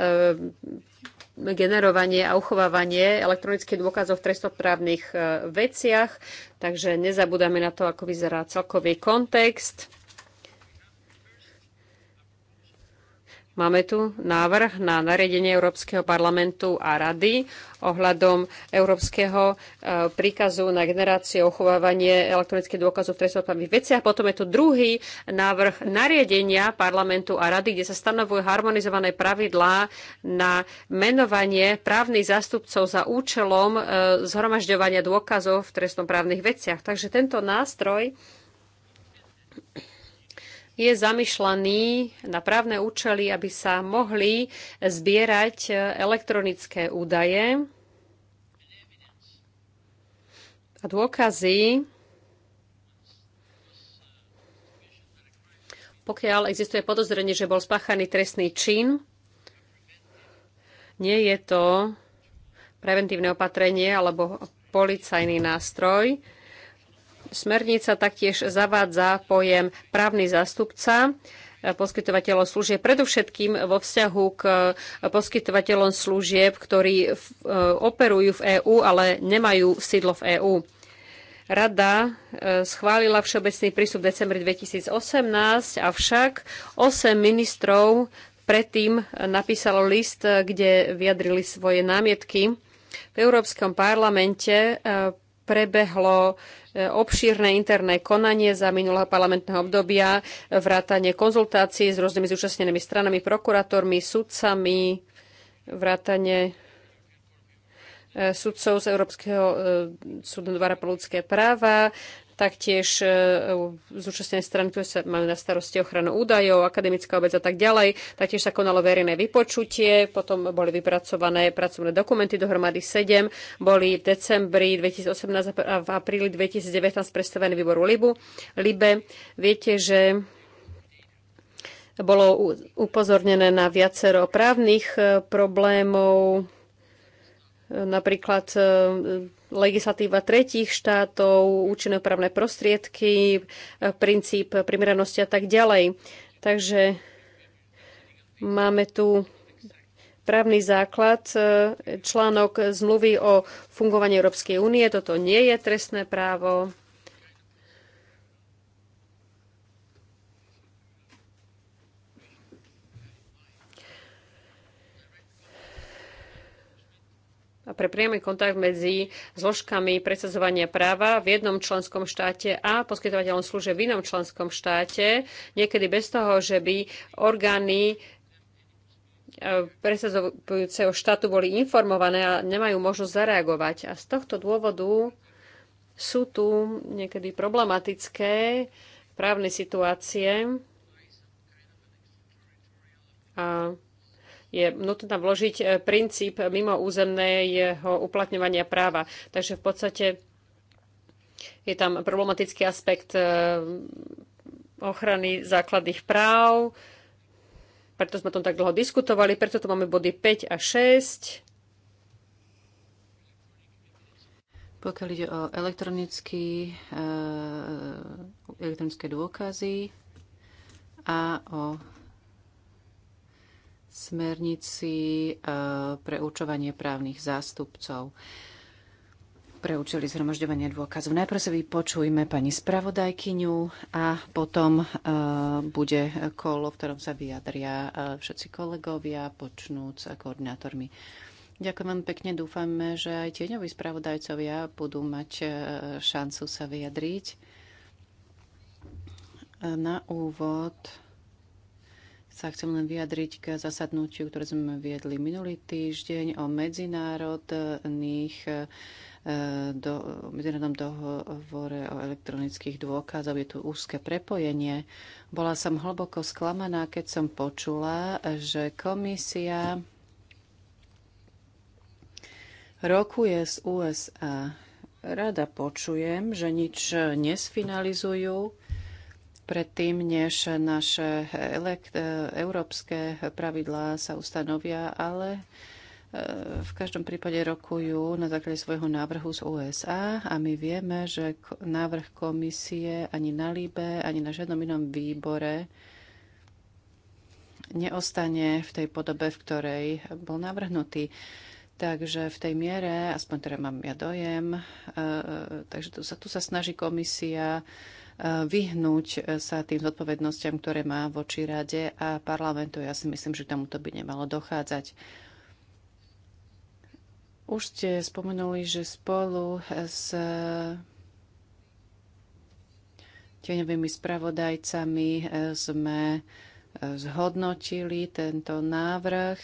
generovanie a uchovávanie elektronických dôkazov v trestoprávnych e, veciach, takže nezabúdame na to, ako vyzerá celkový kontext. Máme tu návrh na nariadenie Európskeho parlamentu a rady ohľadom Európskeho e, príkazu na generáciu ochovávanie elektronických dôkazov v trestnoprávnych veciach. Potom je tu druhý návrh nariadenia parlamentu a rady, kde sa stanovujú harmonizované pravidlá na menovanie právnych zástupcov za účelom e, zhromažďovania dôkazov v trestnoprávnych veciach. Takže tento nástroj je zamýšľaný na právne účely, aby sa mohli zbierať elektronické údaje a dôkazy, pokiaľ existuje podozrenie, že bol spáchaný trestný čin. Nie je to preventívne opatrenie alebo policajný nástroj. Smernica taktiež zavádza pojem právny zástupca e, poskytovateľov služieb, predovšetkým vo vzťahu k poskytovateľom služieb, ktorí e, operujú v EÚ, ale nemajú sídlo v EÚ. Rada e, schválila všeobecný prístup v decembri 2018, avšak 8 ministrov predtým napísalo list, kde vyjadrili svoje námietky. V Európskom parlamente prebehlo e, obšírne interné konanie za minulého parlamentného obdobia, vrátanie konzultácií s rôznymi zúčastnenými stranami, prokurátormi, sudcami, vrátanie e, sudcov z Európskeho e, súdu dvora pre ľudské práva, taktiež e, e, zúčastnené strany, ktoré sa majú na starosti ochranu údajov, akademická obec a tak ďalej. Taktiež sa konalo verejné vypočutie, potom boli vypracované pracovné dokumenty, dohromady 7, boli v decembri 2018 a v apríli 2019 predstavené výboru Libu. Libe, viete, že bolo upozornené na viacero právnych e, problémov, napríklad legislatíva tretích štátov, účinné právne prostriedky, princíp primeranosti a tak ďalej. Takže máme tu právny základ, e, článok zmluvy o fungovaní Európskej únie. Toto nie je trestné právo. pre priamy kontakt medzi zložkami presadzovania práva v jednom členskom štáte a poskytovateľom služieb v inom členskom štáte, niekedy bez toho, že by orgány e, presadzujúceho štátu boli informované a nemajú možnosť zareagovať. A z tohto dôvodu sú tu niekedy problematické právne situácie a je nutné tam vložiť e, princíp mimo územné jeho uplatňovania práva. Takže v podstate je tam problematický aspekt e, ochrany základných práv, preto sme tom tak dlho diskutovali, preto tu máme body 5 a 6. Pokiaľ ide o elektronický, e, elektronické dôkazy a o smernici e, pre určovanie právnych zástupcov pre účely zhromažďovania dôkazov. Najprv sa vypočujme pani spravodajkyňu a potom e, bude kolo, v ktorom sa vyjadria e, všetci kolegovia, počnúc koordinátormi. Ďakujem vám pekne, dúfame, že aj tieňoví spravodajcovia budú mať šancu sa vyjadriť. Na úvod sa chcem len vyjadriť k zasadnutiu, ktoré sme viedli minulý týždeň o medzinárodných e, do, medzinárodnom dohovore o elektronických dôkazov, Je tu úzke prepojenie. Bola som hlboko sklamaná, keď som počula, že komisia rokuje z USA. Rada počujem, že nič nesfinalizujú predtým, než naše elekt, európske pravidlá sa ustanovia, ale eh, v každom prípade rokujú na základe svojho návrhu z USA a my vieme, že návrh komisie ani na Líbe, ani na žiadnom inom výbore neostane v tej podobe, v ktorej bol navrhnutý. Takže v tej miere, aspoň teda mám ja dojem, eh, eh, takže tu sa, tu sa snaží komisia Eh, vyhnúť eh, sa tým zodpovednostiam, ktoré má voči rade a parlamentu. Ja si myslím, že tomuto by nemalo dochádzať. Už ste spomenuli, že spolu s eh, tieňovými spravodajcami sme zhodnotili tento návrh,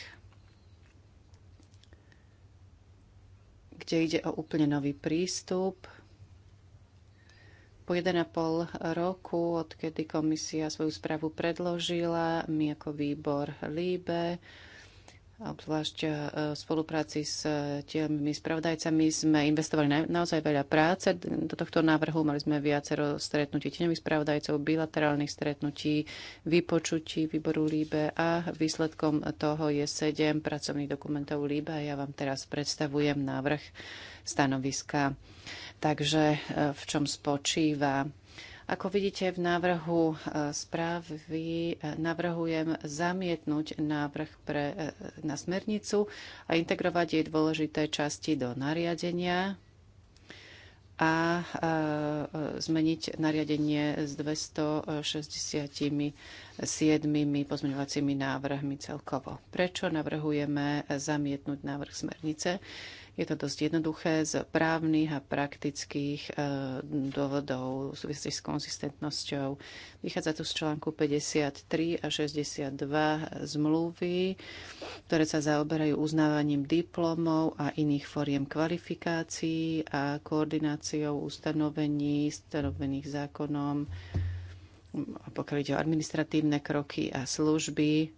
kde ide o úplne nový prístup po 1,5 roku, odkedy komisia svoju správu predložila, my ako výbor LIBE obzvlášť e, v spolupráci s e, tými spravodajcami sme investovali na, naozaj veľa práce do tohto návrhu. Mali sme viacero stretnutí tieňových spravodajcov, bilaterálnych stretnutí, vypočutí výboru Líbe a výsledkom toho je 7 pracovných dokumentov Líbe a ja vám teraz predstavujem návrh stanoviska. Takže e, v čom spočíva ako vidíte v návrhu eh, správy, eh, navrhujem zamietnúť návrh pre, eh, na smernicu a integrovať jej dôležité časti do nariadenia a zmeniť nariadenie s 267 pozmeňovacími návrhmi celkovo. Prečo navrhujeme zamietnúť návrh smernice? Je to dosť jednoduché z právnych a praktických e, dôvodov súvisí s konzistentnosťou. Vychádza tu z článku 53 a 62 zmluvy, ktoré sa zaoberajú uznávaním diplomov a iných foriem kvalifikácií a koordináciou ustanovení stanovených zákonom pokiaľ ide o administratívne kroky a služby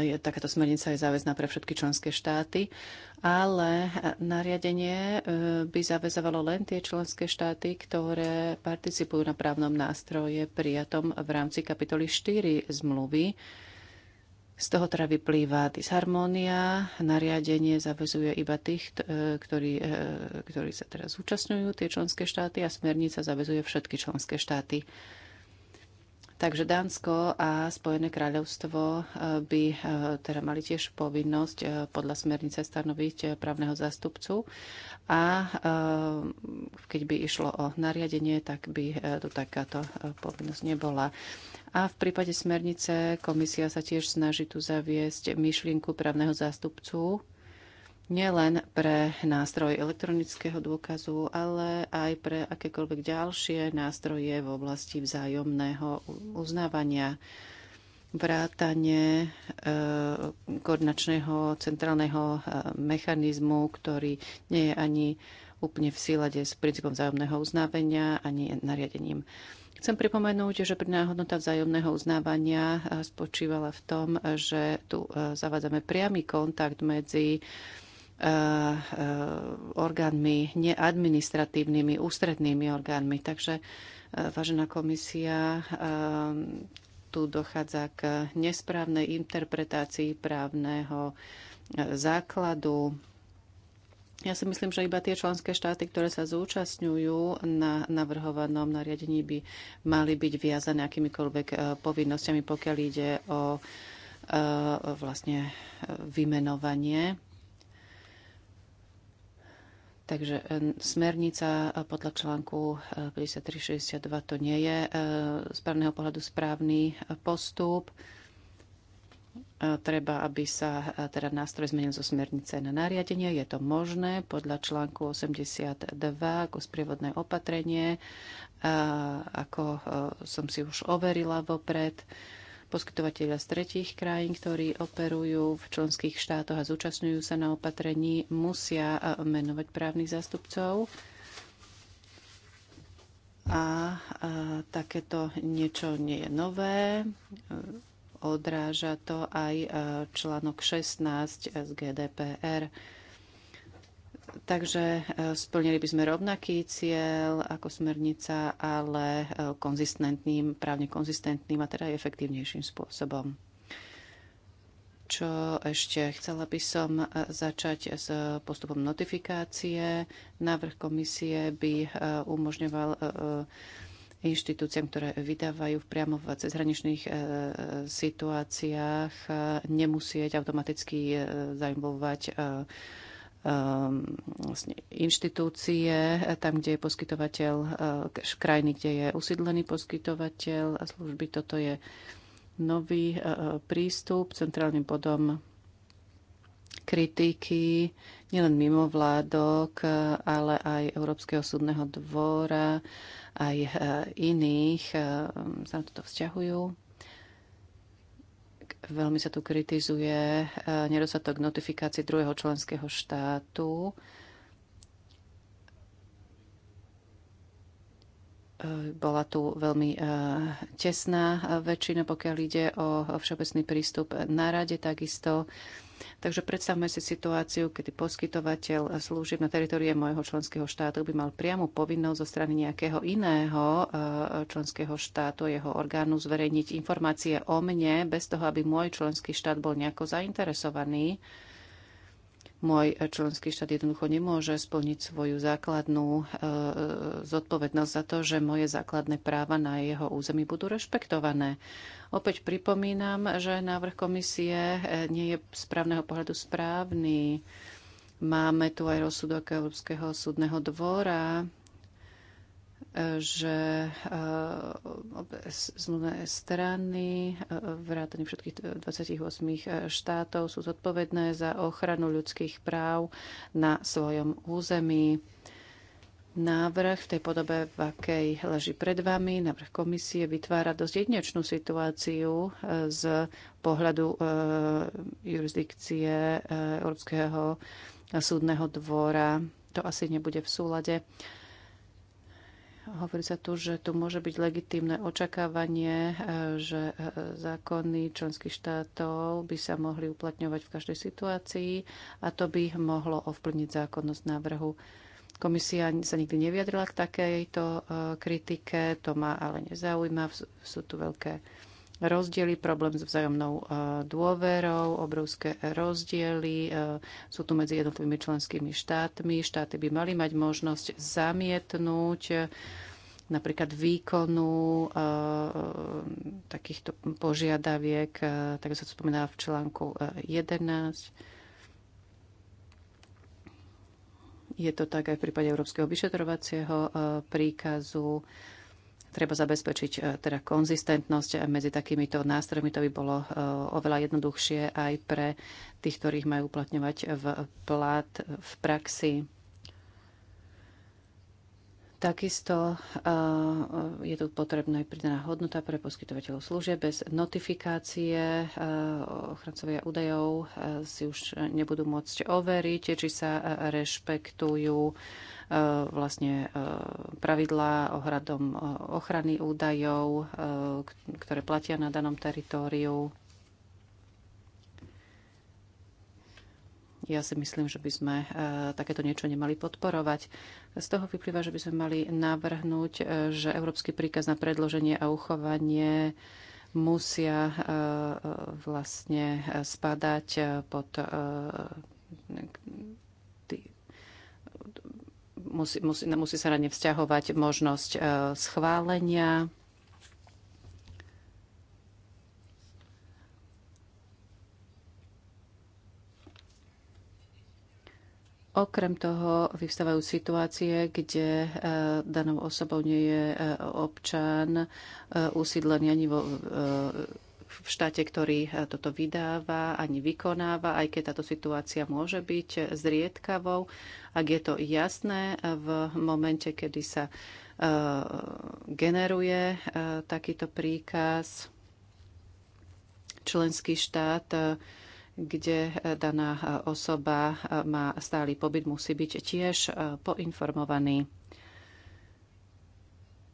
je, takáto smernica je záväzná pre všetky členské štáty, ale nariadenie e, by zavezovalo len tie členské štáty, ktoré participujú na právnom nástroje prijatom v rámci kapitoly 4 zmluvy. Z toho teda vyplýva disharmónia, nariadenie zavezuje iba tých, e, ktorí, e, ktorí sa teraz zúčastňujú, tie členské štáty, a smernica zavezuje všetky členské štáty. Takže Dánsko a Spojené kráľovstvo eh, by eh, teda mali tiež povinnosť eh, podľa smernice stanoviť právneho zástupcu a keď by išlo o nariadenie, tak by tu takáto povinnosť nebola. A v prípade smernice komisia sa tiež snaží tu zaviesť myšlienku právneho zástupcu, nielen pre nástroj elektronického dôkazu, ale aj pre akékoľvek ďalšie nástroje v oblasti vzájomného uznávania vrátanie e, koordinačného centrálneho e, mechanizmu, ktorý nie je ani úplne v sílade s princípom vzájomného uznávania ani nariadením. Chcem pripomenúť, že pridaná hodnota vzájomného uznávania e, spočívala v tom, že tu zavádzame priamy kontakt medzi Eh, orgánmi neadministratívnymi, ústrednými orgánmi. Takže, eh, vážená komisia, eh, tu dochádza k nesprávnej interpretácii právneho základu. Ja si myslím, že iba tie členské štáty, ktoré sa zúčastňujú na navrhovanom nariadení, by mali byť viazané akýmikoľvek povinnosťami, pokiaľ ide o vlastne vymenovanie Takže e, smernica e, podľa článku 5362 e, to nie je z právneho pohľadu správny postup. Treba, aby sa teda nástroj zmenil zo smernice na nariadenie. Je to možné podľa článku 82 ako sprievodné opatrenie, ako som si už overila vopred poskytovateľa z tretích krajín, ktorí operujú v členských štátoch a zúčastňujú sa na opatrení, musia e, menovať právnych zástupcov. A, a e, takéto niečo nie je nové. E, odráža to aj článok 16 z GDPR. Takže e, splnili by sme rovnaký cieľ ako smernica, ale e, konzistentným, právne konzistentným a teda aj efektívnejším spôsobom. Čo ešte? Chcela by som e, začať s postupom notifikácie. Návrh komisie by umožňoval inštitúciám, ktoré vydávajú priamo v cezhraničných situáciách, nemusieť automaticky zainvolvovať Ehm, vlastne inštitúcie, eh, tam, kde je poskytovateľ, eh, krajiny, kde je usídlený poskytovateľ a služby. Toto je nový eh, prístup. Centrálnym bodom kritiky nielen mimo vládok, ale aj Európskeho súdneho dvora, aj iných sa na toto vzťahujú. Veľmi sa tu kritizuje eh, nedostatok notifikácií druhého členského štátu. Eh, bola tu veľmi eh, tesná väčšina, pokiaľ ide o všeobecný prístup na rade. Takisto Takže predstavme si situáciu, kedy poskytovateľ služieb na teritorie môjho členského štátu by mal priamu povinnosť zo strany nejakého iného eh, členského štátu, jeho orgánu zverejniť informácie o mne bez toho, aby môj členský štát bol nejako zainteresovaný môj členský štát jednoducho nemôže splniť svoju základnú e, zodpovednosť za to, že moje základné práva na jeho území budú rešpektované. Opäť pripomínam, že návrh komisie e, nie je správneho pohľadu správny. Máme tu aj rozsudok Európskeho súdneho dvora, že eh, zmluvné strany eh, vrátane všetkých 28 štátov sú zodpovedné za ochranu ľudských práv na svojom území. Návrh v tej podobe, v akej leží pred vami, návrh komisie vytvára dosť jedinečnú situáciu eh, z pohľadu jurisdikcie Európskeho súdneho dvora. To asi nebude v súlade Hovorí sa tu, že tu môže byť legitímne očakávanie, e, že e, zákony členských štátov by sa mohli uplatňovať v každej situácii a to by mohlo ovplyvniť zákonnosť návrhu. Komisia sa nikdy neviadrila k takejto e, kritike, to má ale nezaujíma, sú tu veľké rozdiely, problém s vzájomnou e, dôverou, obrovské rozdiely e, sú tu medzi jednotlivými členskými štátmi. Štáty by mali mať možnosť zamietnúť e, napríklad výkonu e, takýchto požiadaviek, e, tak sa to spomína v článku 11. Je to tak aj v prípade Európskeho vyšetrovacieho e, príkazu. E, Treba zabezpečiť e, teda konzistentnosť e, medzi takýmito nástrojmi. To by bolo e, oveľa jednoduchšie aj pre tých, ktorých majú uplatňovať v, plat, v praxi. Takisto eh, je tu potrebná pridaná hodnota pre poskytovateľov služieb. Bez notifikácie eh, ochrancovia údajov eh, si už nebudú môcť overiť, či sa rešpektujú vlastne pravidlá ohradom ochrany údajov, ktoré platia na danom teritóriu Ja si myslím, že by sme e, takéto niečo nemali podporovať. Z toho vyplýva, že by sme mali navrhnúť, e, že Európsky príkaz na predloženie a uchovanie musia e, vlastne spadať pod musí, musí, musí sa na ne vzťahovať možnosť schválenia Okrem toho vyvstávajú situácie, kde e, danou osobou nie je e, občan e, usídlený ani vo v štáte, ktorý toto vydáva ani vykonáva, aj keď táto situácia môže byť zriedkavou, ak je to jasné v momente, kedy sa generuje takýto príkaz. Členský štát kde eh, daná eh, osoba eh, má stály pobyt, musí byť tiež poinformovaný.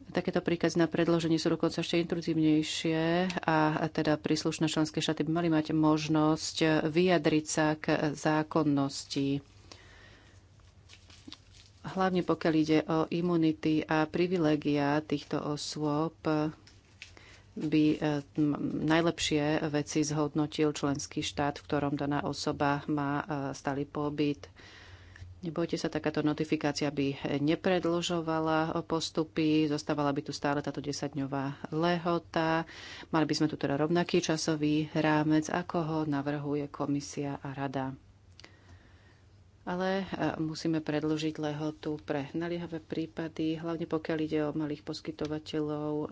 Takéto príkazy na predloženie sú dokonca ešte intruzívnejšie a teda príslušné členské štáty by mali mať možnosť vyjadriť sa k zákonnosti hlavne pokiaľ ide o imunity a privilegia týchto osôb, by e, najlepšie veci zhodnotil členský štát, v ktorom daná osoba má e, stály pobyt. Nebojte sa, takáto notifikácia by nepredložovala postupy, zostávala by tu stále táto 10-dňová lehota. Mali by sme tu teda rovnaký časový rámec, ako ho navrhuje komisia a rada ale e, musíme predložiť lehotu pre naliehavé prípady, hlavne pokiaľ ide o malých poskytovateľov e,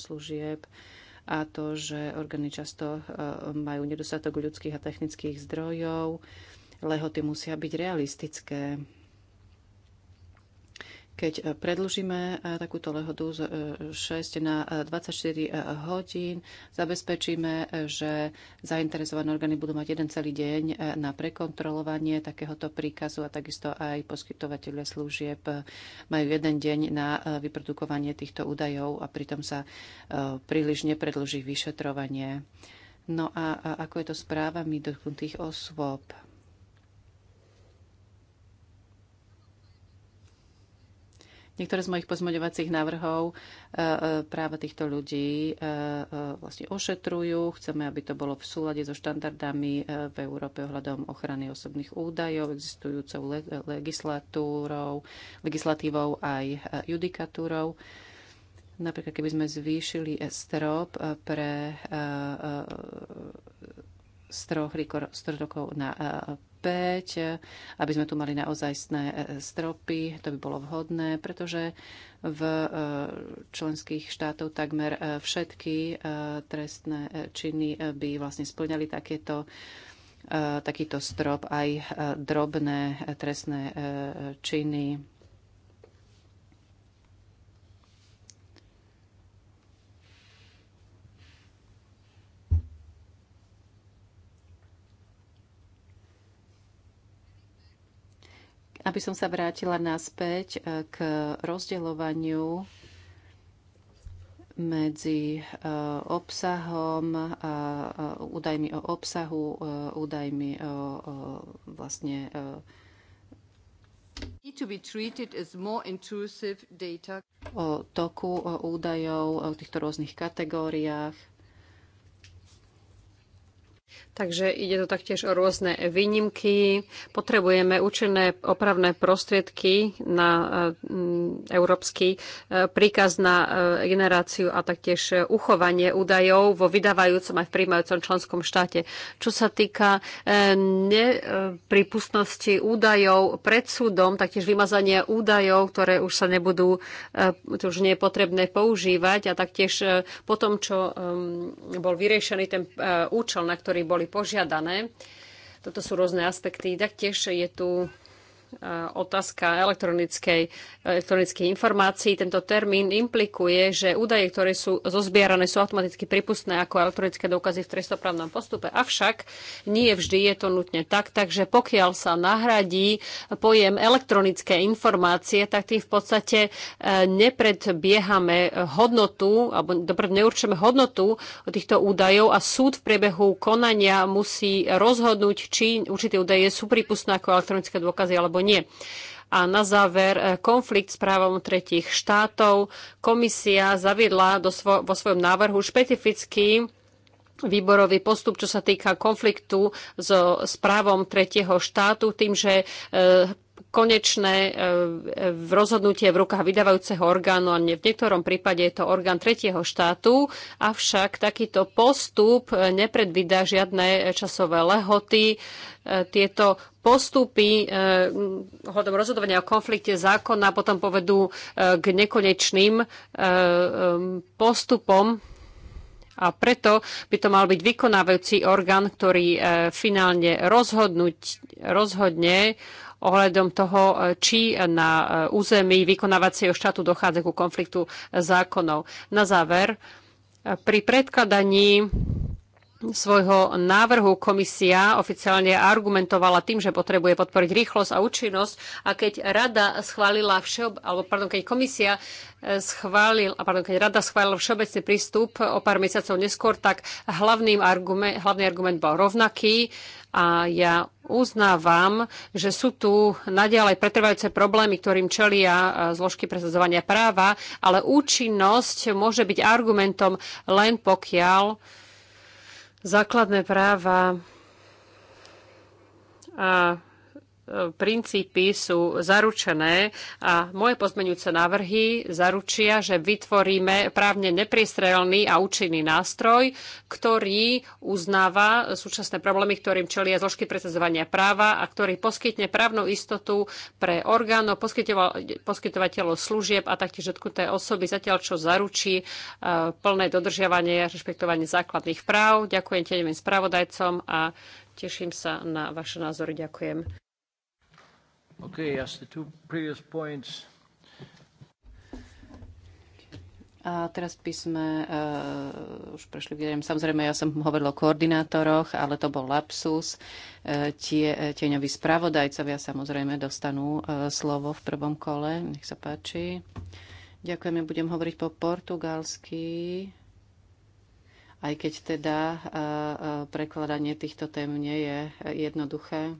služieb a to, že orgány často e, majú nedostatok ľudských a technických zdrojov. Lehoty musia byť realistické keď e, predlžíme e, takúto lehodu z 6 e, na 24 hodín, zabezpečíme, že zainteresované orgány budú mať jeden celý deň na prekontrolovanie takéhoto príkazu a takisto aj poskytovateľe služieb majú jeden deň na vyprodukovanie týchto údajov a pritom sa príliš nepredlží vyšetrovanie. No a ako je to s právami dotknutých osôb? Niektoré z mojich pozmeňovacích návrhov e, e, práva týchto ľudí e, vlastne ošetrujú. Chceme, aby to bolo v súlade so štandardami v Európe ohľadom ochrany osobných údajov, existujúcou legislatúrou, legislatívou aj judikatúrou. Napríklad, keby sme zvýšili strop pre z troch rokov na E, aby sme tu mali naozajstné e, stropy. To by bolo vhodné, pretože v e, členských štátov takmer všetky trestné činy by vlastne splňali takéto takýto strop aj drobné trestné činy Aby som sa vrátila naspäť e, k rozdeľovaniu medzi e, obsahom, a údajmi o obsahu, e, údajmi o, vlastne, intrusive vlastne o toku o údajov, o týchto rôznych kategóriách. Takže ide to taktiež o rôzne výnimky. Potrebujeme účinné opravné prostriedky na eh, európsky eh, príkaz na eh, generáciu a taktiež uchovanie údajov vo vydávajúcom aj v príjmajúcom členskom štáte. Čo sa týka nepripustnosti údajov pred súdom, taktiež vymazanie údajov, ktoré už sa nebudú, to už nie je potrebné používať a taktiež po tom, čo bol vyriešený ten účel, na ktorý boli požiadané. Toto sú rôzne aspekty. Taktiež je tu E, otázka elektronickej, elektronickej informácií. Tento termín implikuje, že údaje, ktoré sú zozbierané, sú automaticky pripustné ako elektronické dôkazy v trestoprávnom postupe. Avšak nie vždy je to nutne tak, takže pokiaľ sa nahradí pojem elektronické informácie, tak tým v podstate e, nepredbiehame hodnotu, alebo dobre, neurčujeme hodnotu týchto údajov a súd v priebehu konania musí rozhodnúť, či určité údaje sú pripustné ako elektronické dôkazy alebo nie. A na záver, eh, konflikt s právom tretich štátov. Komisia zaviedla do svo- vo svojom návrhu špecifický výborový postup, čo sa týka konfliktu so, s právom tretieho štátu, tým, že e, konečné e, rozhodnutie v rukách vydávajúceho orgánu a v niektorom prípade je to orgán tretieho štátu, avšak takýto postup nepredvída žiadne časové lehoty. E, tieto postupy e, hodom rozhodovania o konflikte zákona potom povedú k nekonečným postupom a preto by to mal byť vykonávajúci orgán, ktorý finálne rozhodnúť, rozhodne ohľadom toho, e, či na e, území vykonávacieho štátu dochádza ku konfliktu zákonov. Na záver, e, pri predkladaní svojho návrhu komisia oficiálne argumentovala tým, že potrebuje podporiť rýchlosť a účinnosť a keď rada schválila všeob... alebo pardon, keď komisia e, schválil, a pardon, keď rada schválila všeobecný prístup o pár mesiacov neskôr, tak hlavným argument, hlavný argument bol rovnaký a ja uznávam, že sú tu naďalej pretrvajúce problémy, ktorým čelia e, zložky presadzovania práva, ale účinnosť môže byť argumentom len pokiaľ základné práva a princípy sú zaručené a moje pozmeňujúce návrhy zaručia, že vytvoríme právne nepriestrelný a účinný nástroj, ktorý uznáva súčasné problémy, ktorým čelia zložky presadzovania práva a ktorý poskytne právnu istotu pre orgánov, poskytovateľov služieb a taktiež odkuté osoby, zatiaľ čo zaručí e, plné dodržiavanie a rešpektovanie základných práv. Ďakujem tieňovým spravodajcom a teším sa na vaše názory. Ďakujem. Okay, as the two previous points. A teraz by sme uh, už prešli k Samozrejme, ja som hovoril o koordinátoroch, ale to bol lapsus. Eh, tie, eh, tieňoví spravodajcovia samozrejme dostanú uh, slovo v prvom kole. Nech sa páči. Ďakujeme, budem hovoriť po portugalsky. Aj keď teda uh, uh, prekladanie týchto tém nie je jednoduché.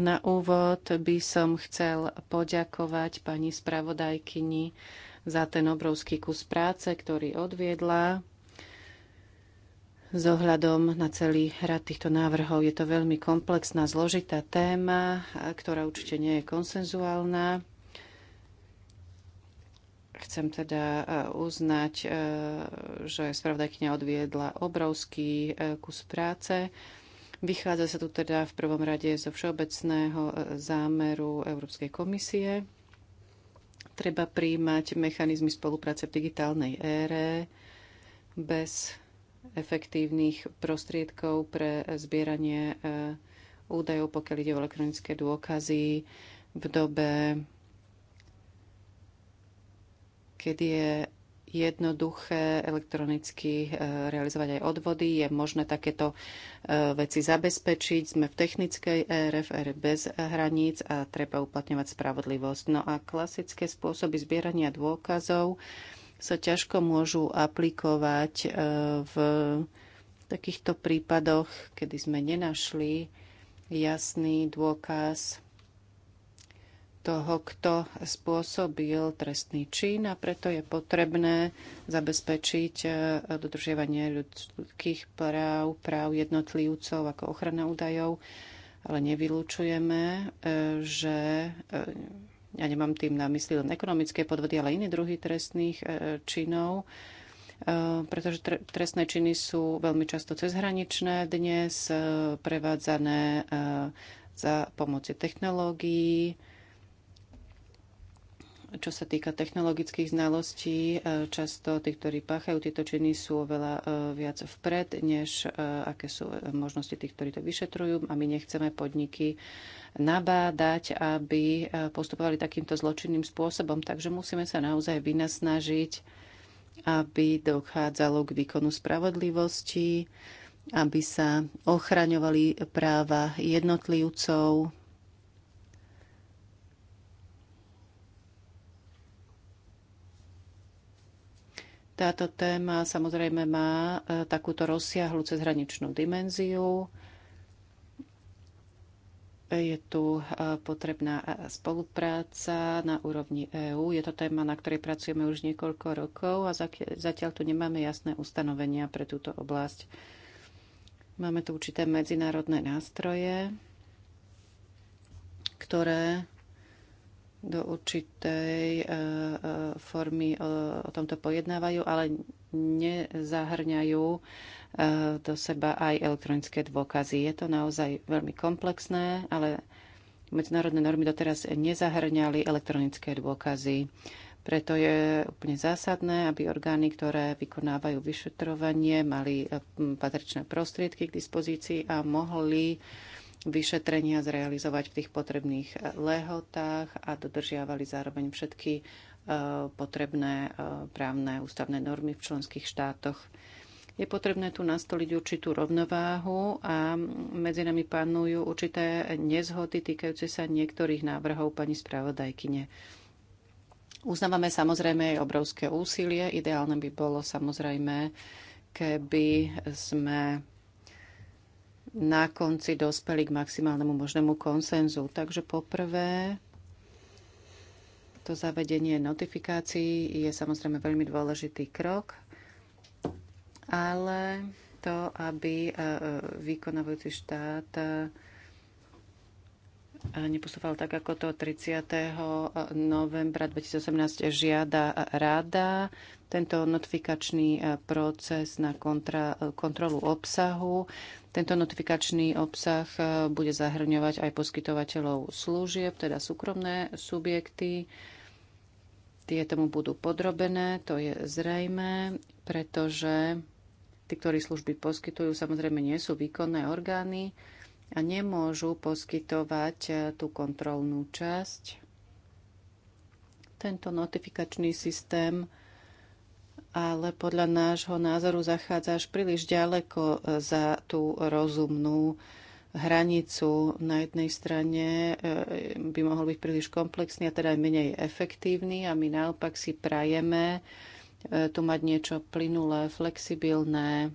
Na úvod by som chcel poďakovať pani spravodajkyni za ten obrovský kus práce, ktorý odviedla. S ohľadom na celý rad týchto návrhov je to veľmi komplexná, zložitá téma, ktorá určite nie je konsenzuálna. Chcem teda e, uznať, e, že spravodajkynia odviedla obrovský e, kus práce Vychádza sa tu teda v prvom rade zo všeobecného e, zámeru Európskej komisie. Treba príjmať mechanizmy spolupráce v digitálnej ére bez efektívnych prostriedkov pre zbieranie e, údajov, pokiaľ ide o elektronické dôkazy v dobe, kedy je jednoduché elektronicky e, realizovať aj odvody. Je možné takéto e, veci zabezpečiť. Sme v technickej ére, v ére bez hraníc a treba uplatňovať spravodlivosť. No a klasické spôsoby zbierania dôkazov sa ťažko môžu aplikovať e, v takýchto prípadoch, kedy sme nenašli jasný dôkaz toho, kto spôsobil trestný čin a preto je potrebné zabezpečiť e, dodržiavanie ľudských práv, práv jednotlivcov ako ochrana údajov, ale nevylučujeme, e, že e, ja nemám tým na mysli len ekonomické podvody, ale iné druhy trestných činov, pretože trestné činy sú veľmi často cezhraničné dnes, prevádzané za pomoci technológií, čo sa týka technologických znalostí, e, často tí, ktorí páchajú tieto činy, sú oveľa e, viac vpred, než e, aké sú možnosti tých, ktorí to vyšetrujú. A my nechceme podniky nabádať, aby postupovali takýmto zločinným spôsobom. Takže musíme sa naozaj vynasnažiť, aby dochádzalo k výkonu spravodlivosti, aby sa ochraňovali práva jednotlivcov, Táto téma samozrejme má e, takúto rozsiahlu cezhraničnú dimenziu. Je tu e, potrebná e, spolupráca na úrovni EÚ. Je to téma, na ktorej pracujeme už niekoľko rokov a zatiaľ tu nemáme jasné ustanovenia pre túto oblasť. Máme tu určité medzinárodné nástroje, ktoré do určitej e, e, formy e, o tomto pojednávajú, ale nezahrňajú do seba aj elektronické dôkazy. Je to naozaj veľmi komplexné, ale medzinárodné normy doteraz nezahrňali elektronické dôkazy. Preto je úplne zásadné, aby orgány, ktoré vykonávajú vyšetrovanie, mali patričné prostriedky k dispozícii a mohli vyšetrenia zrealizovať v tých potrebných eh, lehotách a dodržiavali zároveň všetky eh, potrebné eh, právne ústavné normy v členských štátoch. Je potrebné tu nastoliť určitú rovnováhu a medzi nami panujú určité nezhody týkajúce sa niektorých návrhov pani spravodajkyne. Uznávame samozrejme aj obrovské úsilie. Ideálne by bolo samozrejme, keby sme na konci dospeli k maximálnemu možnému konsenzu. Takže poprvé, to zavedenie notifikácií je samozrejme veľmi dôležitý krok, ale to, aby e, e, vykonávajúci štát e, nepostupoval tak, ako to 30. novembra 2018 žiada rada. Tento notifikačný e, proces na kontra, e, kontrolu obsahu. Tento notifikačný obsah e, bude zahrňovať aj poskytovateľov služieb, teda súkromné subjekty. Tie tomu budú podrobené, to je zrejme, pretože tí, ktorí služby poskytujú, samozrejme nie sú výkonné orgány, a nemôžu poskytovať e, tú kontrolnú časť. Tento notifikačný systém ale podľa nášho názoru zachádza až príliš ďaleko e, za tú rozumnú hranicu. Na jednej strane e, by mohol byť príliš komplexný a teda aj menej efektívny a my naopak si prajeme tu mať niečo plynulé, flexibilné,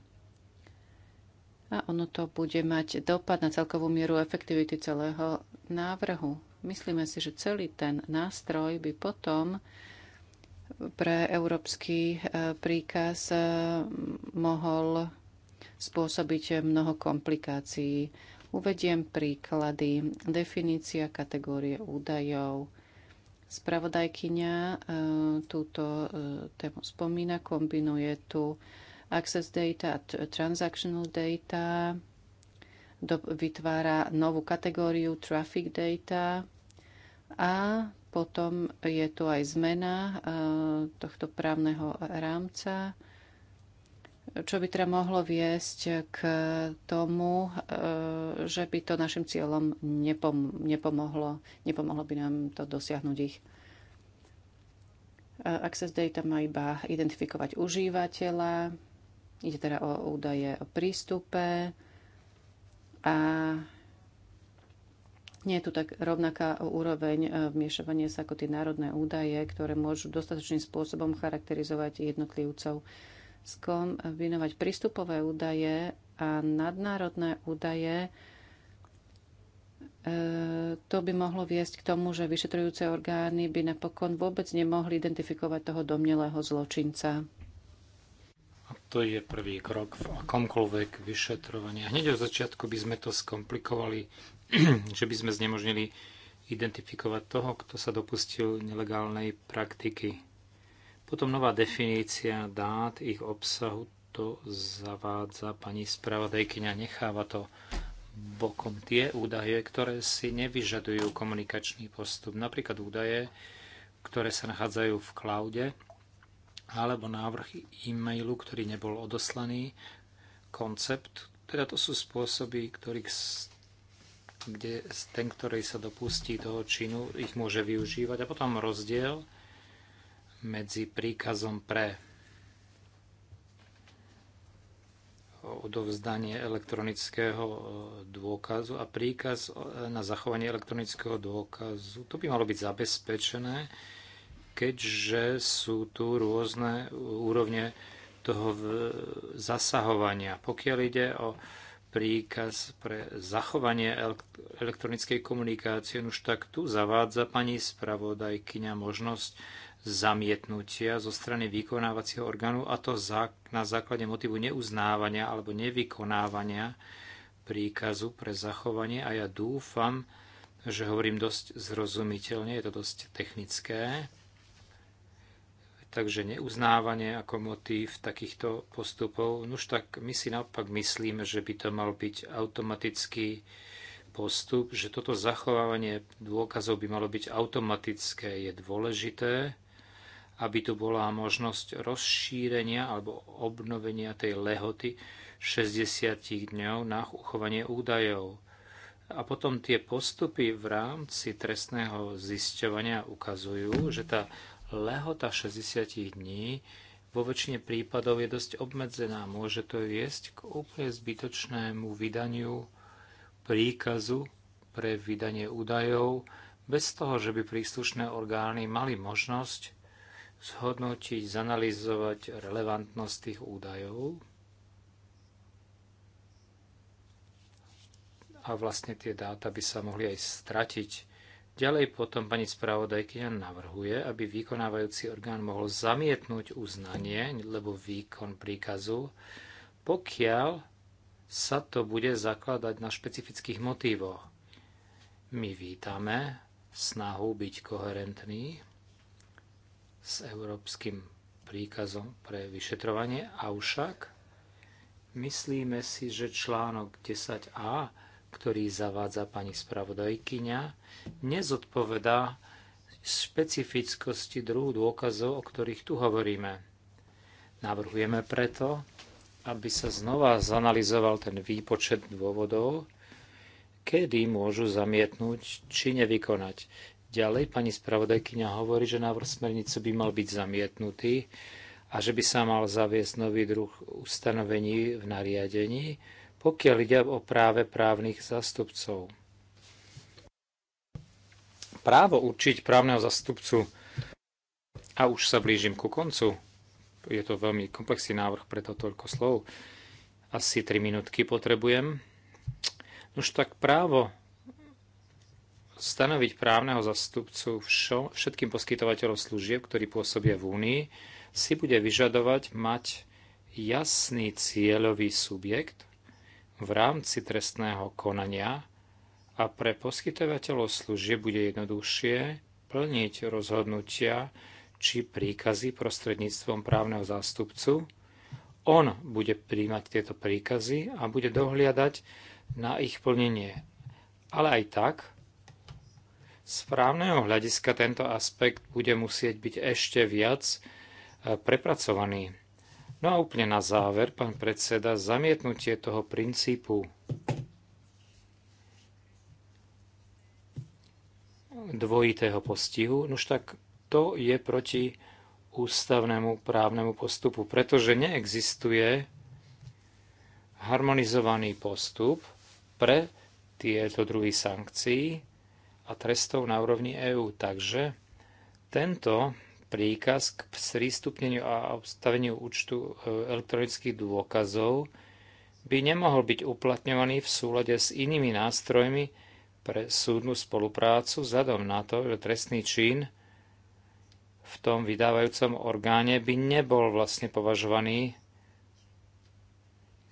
a ono to bude mať dopad na celkovú mieru efektivity celého návrhu. Myslíme si, že celý ten nástroj by potom pre európsky e, príkaz e, mohol spôsobiť mnoho komplikácií. Uvediem príklady. Definícia kategórie údajov. Spravodajkyňa e, túto tému spomína, kombinuje tu Access data, a transactional data, do, vytvára novú kategóriu traffic data a potom je tu aj zmena e, tohto právneho rámca, čo by teda mohlo viesť k tomu, e, že by to našim cieľom nepom- nepomohlo, nepomohlo by nám to dosiahnuť ich. E, access Data má iba identifikovať užívateľa, Ide teda o údaje o prístupe a nie je tu tak rovnaká úroveň e, vmiešovania sa ako tie národné údaje, ktoré môžu dostatočným spôsobom charakterizovať jednotlivcov. E, vynovať prístupové údaje a nadnárodné údaje e, to by mohlo viesť k tomu, že vyšetrujúce orgány by napokon vôbec nemohli identifikovať toho domnelého zločinca to je prvý krok v akomkoľvek vyšetrovaní. A hneď od začiatku by sme to skomplikovali, že by sme znemožnili identifikovať toho, kto sa dopustil nelegálnej praktiky. Potom nová definícia dát, ich obsahu, to zavádza pani spravodajkyňa, necháva to bokom tie údaje, ktoré si nevyžadujú komunikačný postup. Napríklad údaje, ktoré sa nachádzajú v cloude, alebo návrh e-mailu, ktorý nebol odoslaný, koncept. Teda to sú spôsoby, ktorých, kde ten, ktorý sa dopustí toho činu, ich môže využívať. A potom rozdiel medzi príkazom pre odovzdanie elektronického e, dôkazu a príkaz e, na zachovanie elektronického dôkazu. To by malo byť zabezpečené keďže sú tu rôzne úrovne toho zasahovania. Pokiaľ ide o príkaz pre zachovanie elektronickej komunikácie, už tak tu zavádza pani spravodajkyňa možnosť zamietnutia zo strany vykonávacieho orgánu a to na základe motivu neuznávania alebo nevykonávania príkazu pre zachovanie a ja dúfam, že hovorím dosť zrozumiteľne, je to dosť technické. Takže neuznávanie ako motív takýchto postupov, nuž tak my si naopak myslíme, že by to mal byť automatický postup, že toto zachovávanie dôkazov by malo byť automatické, je dôležité, aby tu bola možnosť rozšírenia alebo obnovenia tej lehoty 60 dňov na uchovanie údajov. A potom tie postupy v rámci trestného zisťovania ukazujú, že tá Lehota 60 dní vo väčšine prípadov je dosť obmedzená. Môže to viesť k úplne zbytočnému vydaniu príkazu pre vydanie údajov, bez toho, že by príslušné orgány mali možnosť zhodnotiť, zanalizovať relevantnosť tých údajov a vlastne tie dáta by sa mohli aj stratiť Ďalej potom pani spravodajkyňa navrhuje, aby vykonávajúci orgán mohol zamietnúť uznanie, lebo výkon príkazu, pokiaľ sa to bude zakladať na špecifických motívoch. My vítame snahu byť koherentný s európskym príkazom pre vyšetrovanie, avšak myslíme si, že článok 10a ktorý zavádza pani spravodajkyňa, nezodpovedá špecifickosti druhú dôkazov, o ktorých tu hovoríme. Navrhujeme preto, aby sa znova zanalizoval ten výpočet dôvodov, kedy môžu zamietnúť či nevykonať. Ďalej pani spravodajkyňa hovorí, že návrh smernice by mal byť zamietnutý a že by sa mal zaviesť nový druh ustanovení v nariadení, pokiaľ ide o práve právnych zastupcov. Právo určiť právneho zastupcu, a už sa blížim ku koncu, je to veľmi komplexný návrh, preto toľko slov, asi 3 minútky potrebujem. Už tak právo stanoviť právneho zastupcu všo, všetkým poskytovateľom služieb, ktorí pôsobia v Únii, si bude vyžadovať mať jasný cieľový subjekt, v rámci trestného konania a pre poskytovateľov služieb bude jednoduchšie plniť rozhodnutia či príkazy prostredníctvom právneho zástupcu. On bude príjmať tieto príkazy a bude dohliadať na ich plnenie. Ale aj tak, z právneho hľadiska tento aspekt bude musieť byť ešte viac e, prepracovaný No a úplne na záver, pán predseda, zamietnutie toho princípu dvojitého postihu, nož tak to je proti ústavnému právnemu postupu, pretože neexistuje harmonizovaný postup pre tieto druhy sankcií a trestov na úrovni EÚ. Takže tento príkaz k prístupneniu a obstaveniu účtu e, elektronických dôkazov by nemohol byť uplatňovaný v súlade s inými nástrojmi pre súdnu spoluprácu vzhľadom na to, že trestný čin v tom vydávajúcom orgáne by nebol vlastne považovaný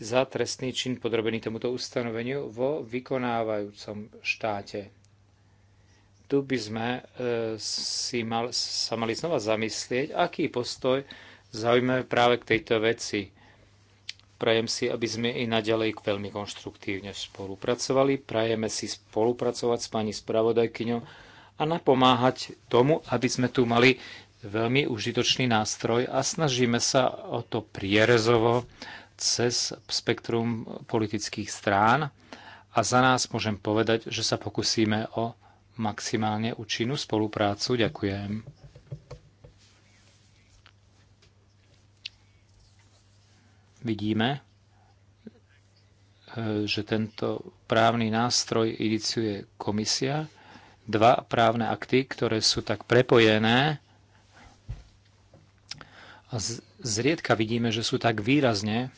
za trestný čin podrobený tomuto ustanoveniu vo vykonávajúcom štáte tu by sme e, si mal, sa mali znova zamyslieť, aký postoj zaujímavé práve k tejto veci. Prajem si, aby sme i naďalej veľmi konštruktívne spolupracovali. Prajeme si spolupracovať s pani spravodajkyňou a napomáhať tomu, aby sme tu mali veľmi užitočný nástroj a snažíme sa o to prierezovo cez spektrum politických strán a za nás môžem povedať, že sa pokusíme o maximálne účinnú spoluprácu. Ďakujem. Vidíme, e, že tento právny nástroj iniciuje komisia. Dva právne akty, ktoré sú tak prepojené a zriedka vidíme, že sú tak výrazne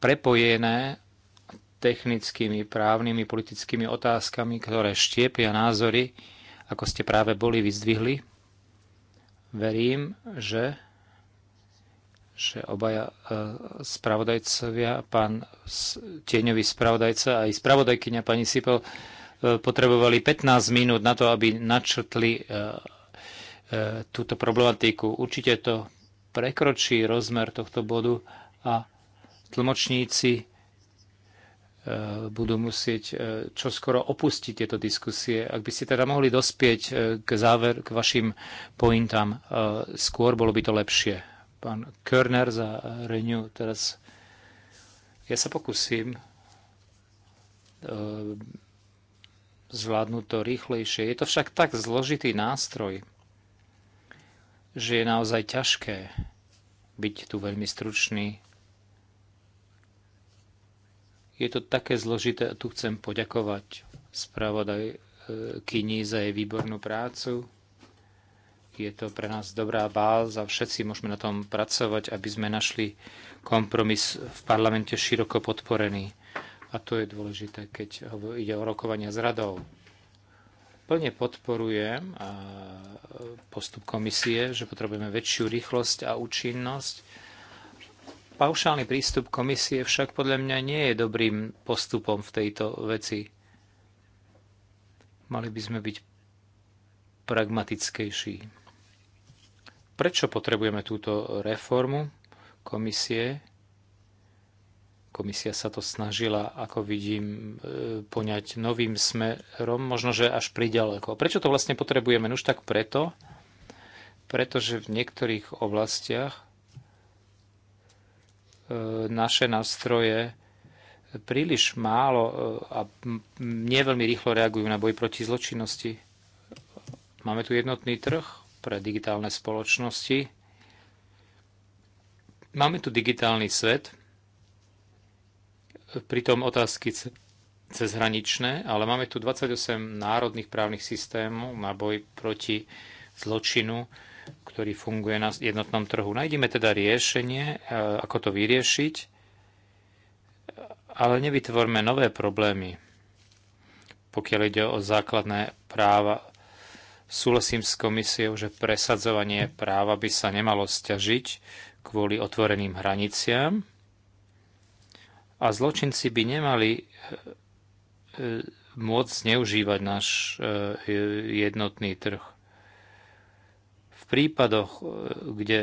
prepojené technickými, právnymi, politickými otázkami, ktoré štiepia názory, ako ste práve boli vyzdvihli. Verím, že, že obaja e, spravodajcovia, pán tieňový spravodajca a aj spravodajkyňa pani Sipel, e, potrebovali 15 minút na to, aby načrtli e, túto problematiku. Určite to prekročí rozmer tohto bodu a tlmočníci budú musieť e, čoskoro opustiť tieto diskusie. Ak by ste teda mohli dospieť e, k záver, k vašim pointám, e, skôr bolo by to lepšie. Pán Körner za Renew teraz. Ja sa pokúsim zvládnuť to rýchlejšie. Je to však tak zložitý nástroj, že je naozaj ťažké byť tu veľmi stručný je to také zložité a tu chcem poďakovať spravodaj Kini za jej výbornú prácu. Je to pre nás dobrá báza, všetci môžeme na tom pracovať, aby sme našli kompromis v parlamente široko podporený. A to je dôležité, keď ide o rokovania s radou. Plne podporujem e, postup komisie, že potrebujeme väčšiu rýchlosť a účinnosť Paušálny prístup komisie však podľa mňa nie je dobrým postupom v tejto veci. Mali by sme byť pragmatickejší. Prečo potrebujeme túto reformu komisie? Komisia sa to snažila, ako vidím, e, poňať novým smerom, možno, že až priďaleko. Prečo to vlastne potrebujeme? Už tak preto, pretože v niektorých oblastiach E, naše nástroje príliš málo e, a nie veľmi rýchlo reagujú na boj proti zločinnosti. Máme tu jednotný trh pre digitálne spoločnosti. Máme tu digitálny svet, pritom otázky cezhraničné, ale máme tu 28 národných právnych systémov na boj proti zločinu ktorý funguje na jednotnom trhu. Najdeme teda riešenie, e, ako to vyriešiť, ale nevytvorme nové problémy, pokiaľ ide o základné práva. Súhlasím s komisiou, že presadzovanie práva by sa nemalo stiažiť kvôli otvoreným hraniciám a zločinci by nemali e, e, môcť zneužívať náš jednotný trh prípadoch, e, kde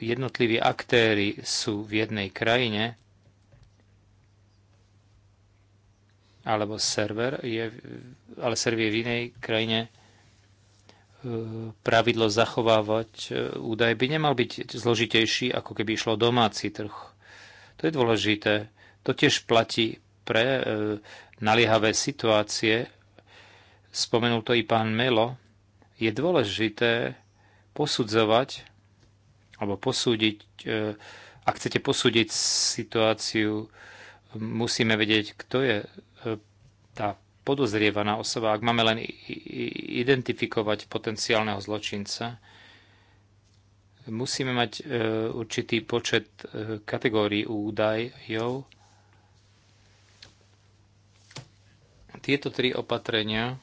jednotliví aktéry sú v jednej krajine, alebo server je, ale server je v inej krajine, e, pravidlo zachovávať e, údaj by nemal byť zložitejší, ako keby išlo domáci trh. To je dôležité. To tiež platí pre naliehavé situácie. Spomenul to i pán Melo je dôležité posudzovať alebo posúdiť, e, ak chcete posúdiť situáciu, musíme vedieť, kto je e, tá podozrievaná osoba. Ak máme len identifikovať potenciálneho zločinca, musíme mať e, určitý počet kategórií údajov. Tieto tri opatrenia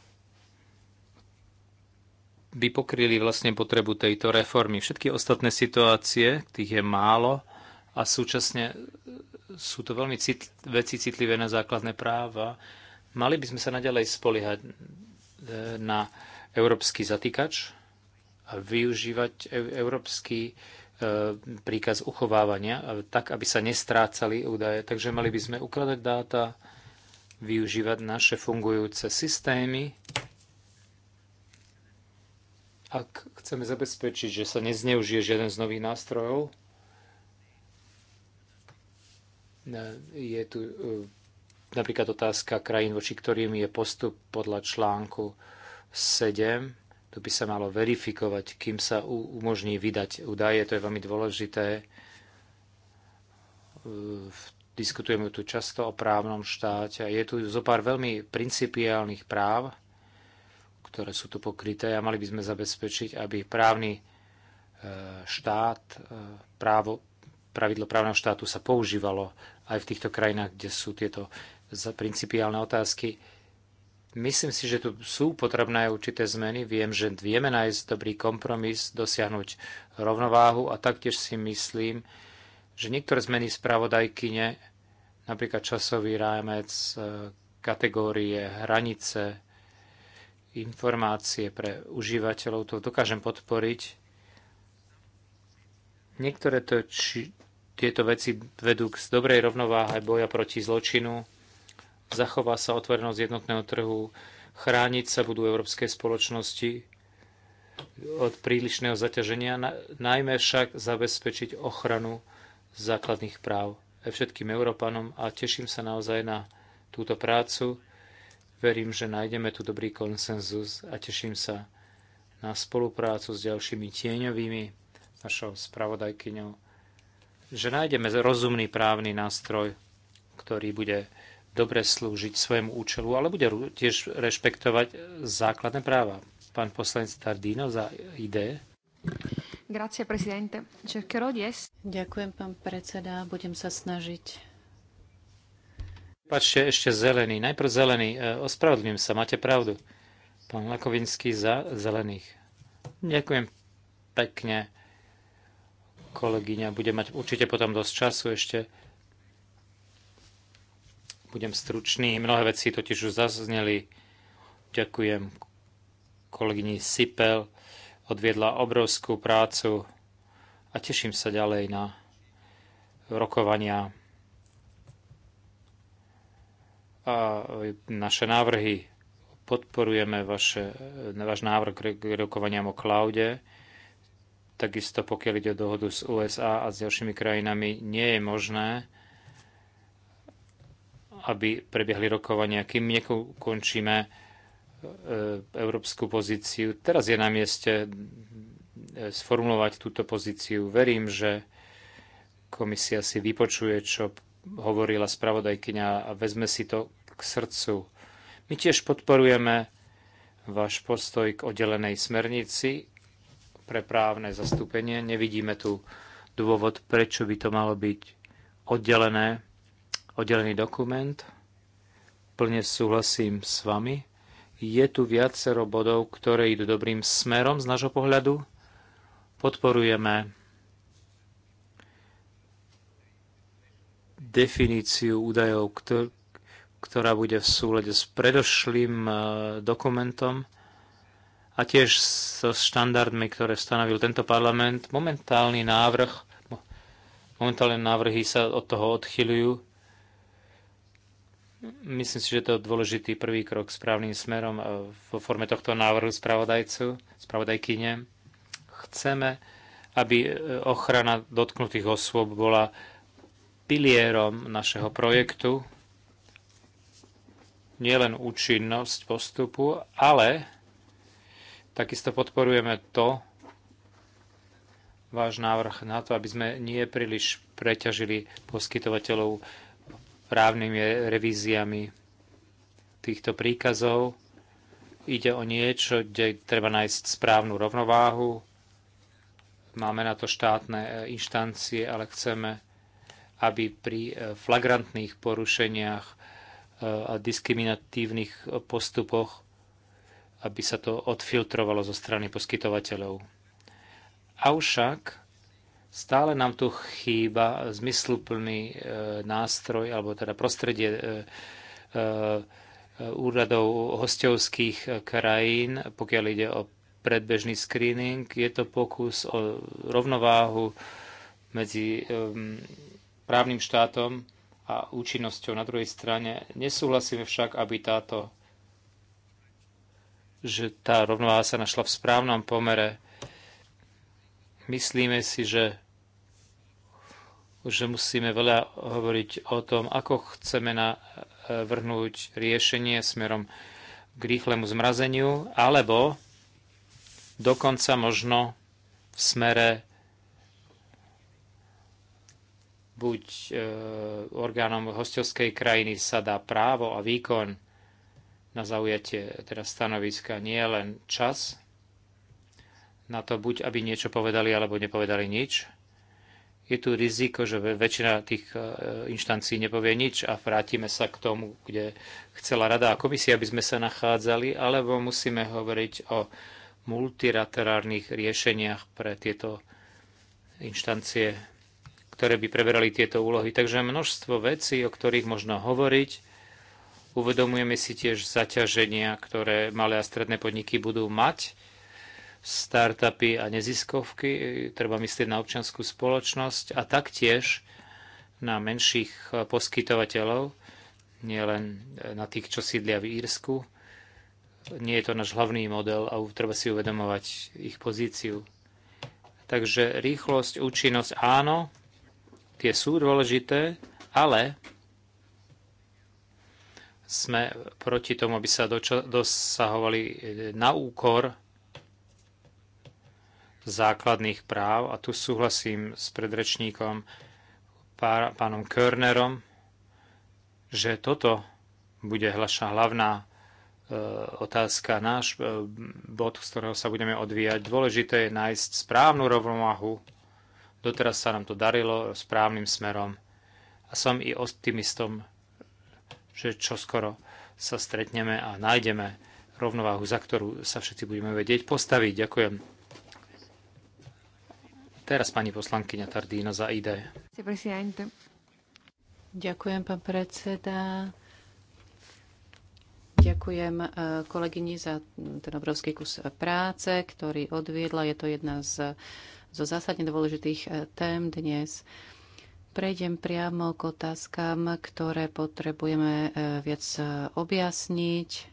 by pokryli vlastne potrebu tejto reformy. Všetky ostatné situácie, tých je málo a súčasne sú to veľmi cit- veci citlivé na základné práva. Mali by sme sa naďalej spoliehať e, na európsky zatýkač a využívať e európsky e, príkaz uchovávania, e, tak, aby sa nestrácali údaje. Takže mali by sme ukladať dáta, využívať naše fungujúce systémy, ak chceme zabezpečiť, že sa nezneužije žiaden z nových nástrojov, je tu e, napríklad otázka krajín, voči ktorým je postup podľa článku 7. Tu by sa malo verifikovať, kým sa umožní vydať údaje. To je veľmi dôležité. E, diskutujeme tu často o právnom štáte. Je tu zo pár veľmi principiálnych práv, ktoré sú tu pokryté a mali by sme zabezpečiť, aby právny e, štát, e, právo, pravidlo právneho štátu sa používalo aj v týchto krajinách, kde sú tieto principiálne otázky. Myslím si, že tu sú potrebné určité zmeny. Viem, že vieme nájsť dobrý kompromis, dosiahnuť rovnováhu a taktiež si myslím, že niektoré zmeny spravodajkyne, napríklad časový rámec, e, kategórie, hranice, informácie pre užívateľov, to dokážem podporiť. Niektoré to, či, tieto veci vedú k dobrej rovnováhe boja proti zločinu, zachová sa otvorenosť jednotného trhu, chrániť sa budú európske spoločnosti od prílišného zaťaženia, najmä však zabezpečiť ochranu základných práv všetkým Európanom a teším sa naozaj na túto prácu. Verím, že nájdeme tu dobrý konsenzus a teším sa na spoluprácu s ďalšími tieňovými, našou spravodajkyňou, že nájdeme rozumný právny nástroj, ktorý bude dobre slúžiť svojmu účelu, ale bude tiež rešpektovať základné práva. Pán poslanec Tardino za ID. Grazie, presidente. Ďakujem, pán predseda. Budem sa snažiť Prepačte, ešte zelený. Najprv zelený. E, ospravedlňujem sa, máte pravdu. Pán Lakovinský za zelených. Ďakujem pekne. Kolegyňa bude mať určite potom dosť času ešte. Budem stručný. Mnohé veci totiž už zazneli. Ďakujem kolegyni Sipel. Odviedla obrovskú prácu a teším sa ďalej na rokovania a e, naše návrhy. Podporujeme vaše, e, váš návrh k rokovaniam o cloude. Takisto pokiaľ ide o dohodu s USA a s ďalšími krajinami, nie je možné, aby prebiehli rokovania, kým nekončíme e, európsku pozíciu. Teraz je na mieste sformulovať túto pozíciu. Verím, že komisia si vypočuje, čo hovorila spravodajkyňa a vezme si to k srdcu. My tiež podporujeme váš postoj k oddelenej smernici pre právne zastúpenie. Nevidíme tu dôvod, prečo by to malo byť oddelené, oddelený dokument. Plne súhlasím s vami. Je tu viacero bodov, ktoré idú dobrým smerom z nášho pohľadu. Podporujeme definíciu údajov, ktorá bude v súlede s predošlým e, dokumentom a tiež so štandardmi, ktoré stanovil tento parlament. Momentálny návrh, momentálne návrhy sa od toho odchyľujú. Myslím si, že to je dôležitý prvý krok správnym smerom e, vo forme tohto návrhu spravodajcu, spravodajkyne. Chceme, aby e, ochrana dotknutých osôb bola pilierom našeho projektu nielen účinnosť postupu, ale takisto podporujeme to, váš návrh na to, aby sme nie príliš preťažili poskytovateľov právnymi revíziami týchto príkazov. Ide o niečo, kde treba nájsť správnu rovnováhu. Máme na to štátne inštancie, ale chceme aby pri e, flagrantných porušeniach e, a diskriminatívnych postupoch, aby sa to odfiltrovalo zo strany poskytovateľov. Avšak stále nám tu chýba zmysluplný e, nástroj, alebo teda prostredie úradov hostovských krajín, pokiaľ ide o predbežný screening. Je to pokus o rovnováhu medzi právnym štátom a účinnosťou na druhej strane. Nesúhlasíme však, aby táto že tá rovnováha sa našla v správnom pomere. Myslíme si, že, že musíme veľa hovoriť o tom, ako chceme navrhnúť e, riešenie smerom k rýchlemu zmrazeniu, alebo dokonca možno v smere buď e, orgánom hostovskej krajiny sa dá právo a výkon na zaujatie teda stanoviska, nie len čas na to, buď aby niečo povedali, alebo nepovedali nič. Je tu riziko, že väčšina tých e, inštancií nepovie nič a vrátime sa k tomu, kde chcela rada a komisia, aby sme sa nachádzali, alebo musíme hovoriť o multilaterárnych riešeniach pre tieto inštancie ktoré by preberali tieto úlohy. Takže množstvo vecí, o ktorých možno hovoriť. Uvedomujeme si tiež zaťaženia, ktoré malé a stredné podniky budú mať, startupy a neziskovky, treba myslieť na občianskú spoločnosť a taktiež na menších poskytovateľov, nielen na tých, čo sídlia v Írsku. Nie je to náš hlavný model a treba si uvedomovať ich pozíciu. Takže rýchlosť, účinnosť áno, Tie sú dôležité, ale sme proti tomu, aby sa doča- dosahovali e, na úkor základných práv. A tu súhlasím s predrečníkom pár, pánom Körnerom, že toto bude hlaša hlavná e, otázka, náš e, bod, z ktorého sa budeme odvíjať. Dôležité je nájsť správnu rovnováhu Doteraz sa nám to darilo správnym smerom a som i optimistom, že čoskoro sa stretneme a nájdeme rovnováhu, za ktorú sa všetci budeme vedieť postaviť. Ďakujem. Teraz pani poslankyňa Tardína za ID. Ďakujem, pán predseda. Ďakujem eh, kolegyni za ten obrovský kus práce, ktorý odviedla. Je to jedna z zo zásadne dôležitých e, tém dnes. Prejdem priamo k otázkam, ktoré potrebujeme e, viac e, objasniť.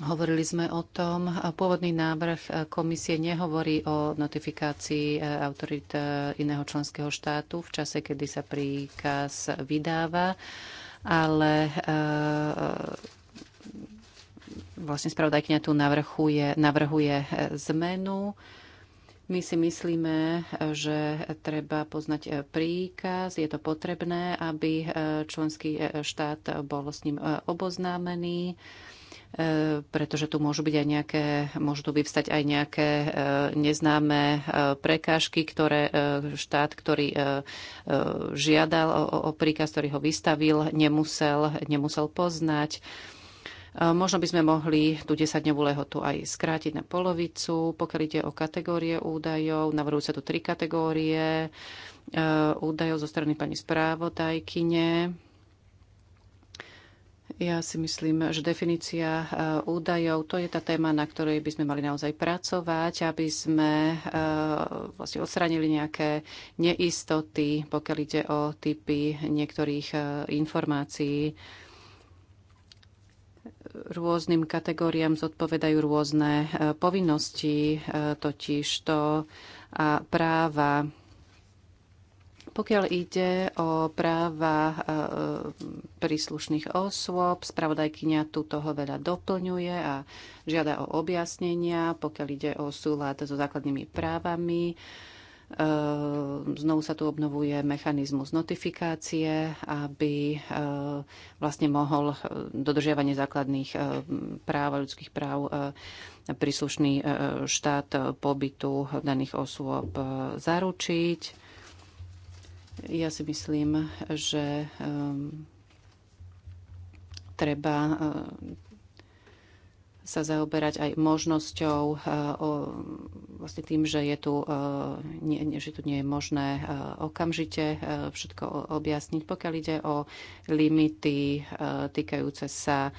Hovorili sme o tom. Pôvodný návrh komisie nehovorí o notifikácii autorít iného členského štátu v čase, kedy sa príkaz vydáva, ale vlastne spravodajkňa tu navrhuje, navrhuje zmenu. My si myslíme, že treba poznať e, príkaz, je to potrebné, aby e, členský e, štát bol s ním oboznámený pretože tu môžu byť aj nejaké, môžu tu vyvstať aj nejaké neznáme prekážky, ktoré štát, ktorý žiadal o, príkaz, ktorý ho vystavil, nemusel, nemusel poznať. Eh, možno by sme mohli tú 10-dňovú lehotu aj skrátiť na polovicu. Pokiaľ ide o kategórie údajov, navrhujú sa tu tri kategórie eh, údajov zo strany pani správodajkyne. Ja si myslím, že definícia eh, údajov, to je tá téma, na ktorej by sme mali naozaj pracovať, aby sme vlastne odstranili nejaké neistoty, pokiaľ ide o typy niektorých informácií rôznym kategóriám zodpovedajú rôzne e, povinnosti, e, totiž to a práva. Pokiaľ ide o práva e, príslušných osôb, spravodajkynia túto toho veľa doplňuje a žiada o objasnenia, pokiaľ ide o súlad so základnými právami Ehm, znovu sa tu obnovuje mechanizmus notifikácie, aby ehm, vlastne mohol e, dodržiavanie základných ehm, práv a ľudských práv e, príslušný e, štát pobytu daných osôb zaručiť. Ja si myslím, že treba sa zaoberať aj možnosťou, eh, vlastne tým, že, je tu, eh, nie, že tu nie je možné eh, okamžite všetko objasniť. Pokiaľ ide o limity týkajúce sa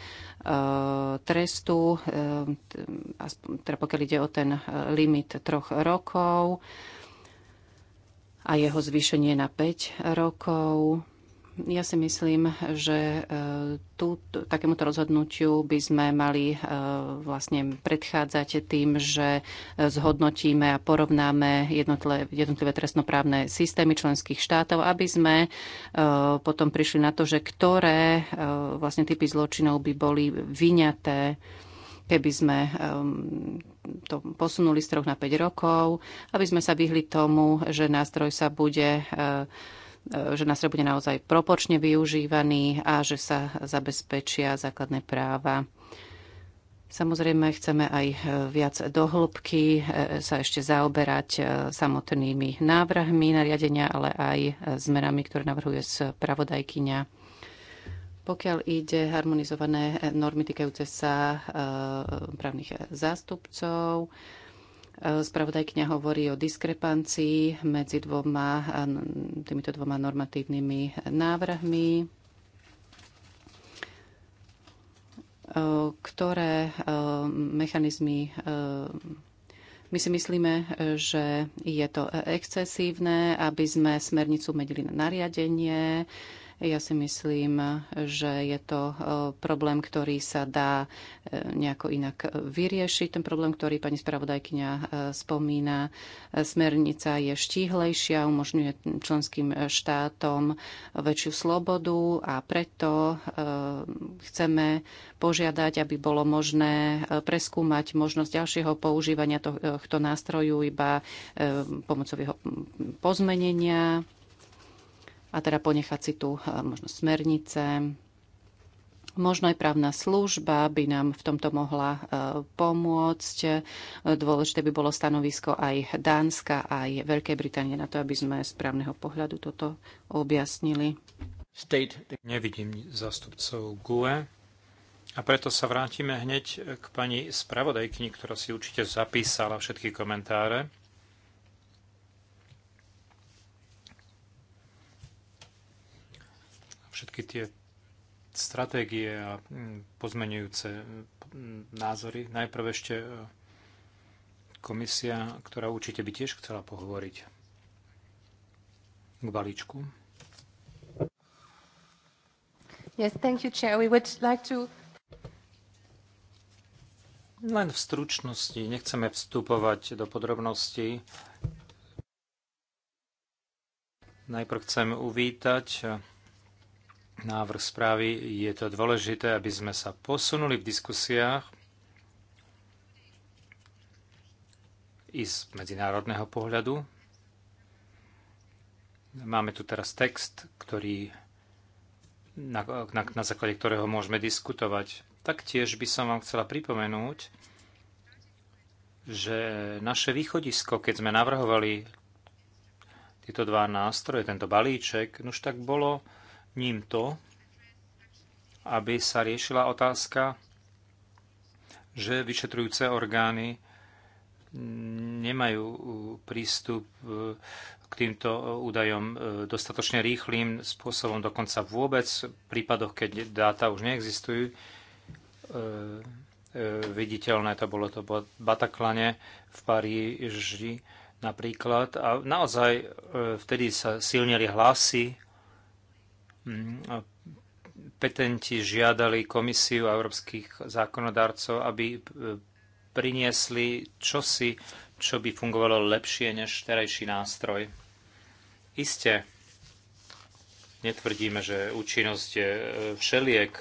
trestu, teda pokiaľ ide o ten limit troch rokov a jeho zvýšenie na 5 rokov, ja si myslím, že e, tu, takémuto rozhodnutiu by sme mali e, vlastne predchádzať tým, že e, zhodnotíme a porovnáme jednotlivé, jednotlivé trestnoprávne systémy členských štátov, aby sme potom prišli na to, že ktoré vlastne typy zločinov by boli vyňaté keby sme to posunuli z troch na 5 rokov, aby sme sa vyhli tomu, že nástroj sa bude E, že nástroj bude naozaj propočne využívaný a že sa zabezpečia základné práva. Samozrejme, chceme aj e, viac dohlbky e, sa ešte zaoberať samotnými návrhmi nariadenia, ale aj zmenami, ktoré navrhuje spravodajkyňa. Pokiaľ ide harmonizované normy týkajúce sa právnych zástupcov, Spravodajkňa hovorí o diskrepancii medzi dvoma, týmito dvoma normatívnymi návrhmi, ktoré eh, mechanizmy eh, my si myslíme, že je to excesívne, aby sme smernicu medili na nariadenie. Ja si myslím, že je to e, problém, ktorý sa dá e, nejako inak vyriešiť. Ten problém, ktorý pani spravodajkynia e, spomína, smernica je štíhlejšia, umožňuje členským štátom väčšiu slobodu a preto chceme požiadať, aby bolo možné preskúmať možnosť ďalšieho používania tohto nástroju iba pomocou jeho pozmenenia a teda ponechať si tu e, možno smernice. Možno aj právna služba by nám v tomto mohla e, pomôcť. E, dôležité by bolo stanovisko aj Dánska, aj Veľkej Británie na to, aby sme z právneho pohľadu toto objasnili. State. Nevidím zástupcov GUE. A preto sa vrátime hneď k pani spravodajkyni, ktorá si určite zapísala všetky komentáre. všetky tie stratégie a mm, pozmenujúce mm, názory. Najprv ešte e, komisia, ktorá určite by tiež chcela pohovoriť k balíčku. Yes, thank you, Chair. We would like to... Len v stručnosti, nechceme vstupovať do podrobností. Najprv chcem uvítať návrh správy. Je to dôležité, aby sme sa posunuli v diskusiách i z medzinárodného pohľadu. Máme tu teraz text, ktorý, na, na, na základe ktorého môžeme diskutovať. Taktiež by som vám chcela pripomenúť, že naše východisko, keď sme navrhovali tieto dva nástroje, tento balíček, už tak bolo ním to, aby sa riešila otázka, že vyšetrujúce orgány nemajú uh, prístup uh, k týmto uh, údajom dostatočne rýchlým spôsobom, dokonca vôbec v prípadoch, keď dáta už neexistujú. Viditeľné to bolo to Bataklane, v Paríži napríklad. A naozaj vtedy sa silnili hlasy Petenti žiadali komisiu a európskych zákonodárcov, aby e, priniesli čosi, čo by fungovalo lepšie než terajší nástroj. Isté, netvrdíme, že účinnosť je všeliek.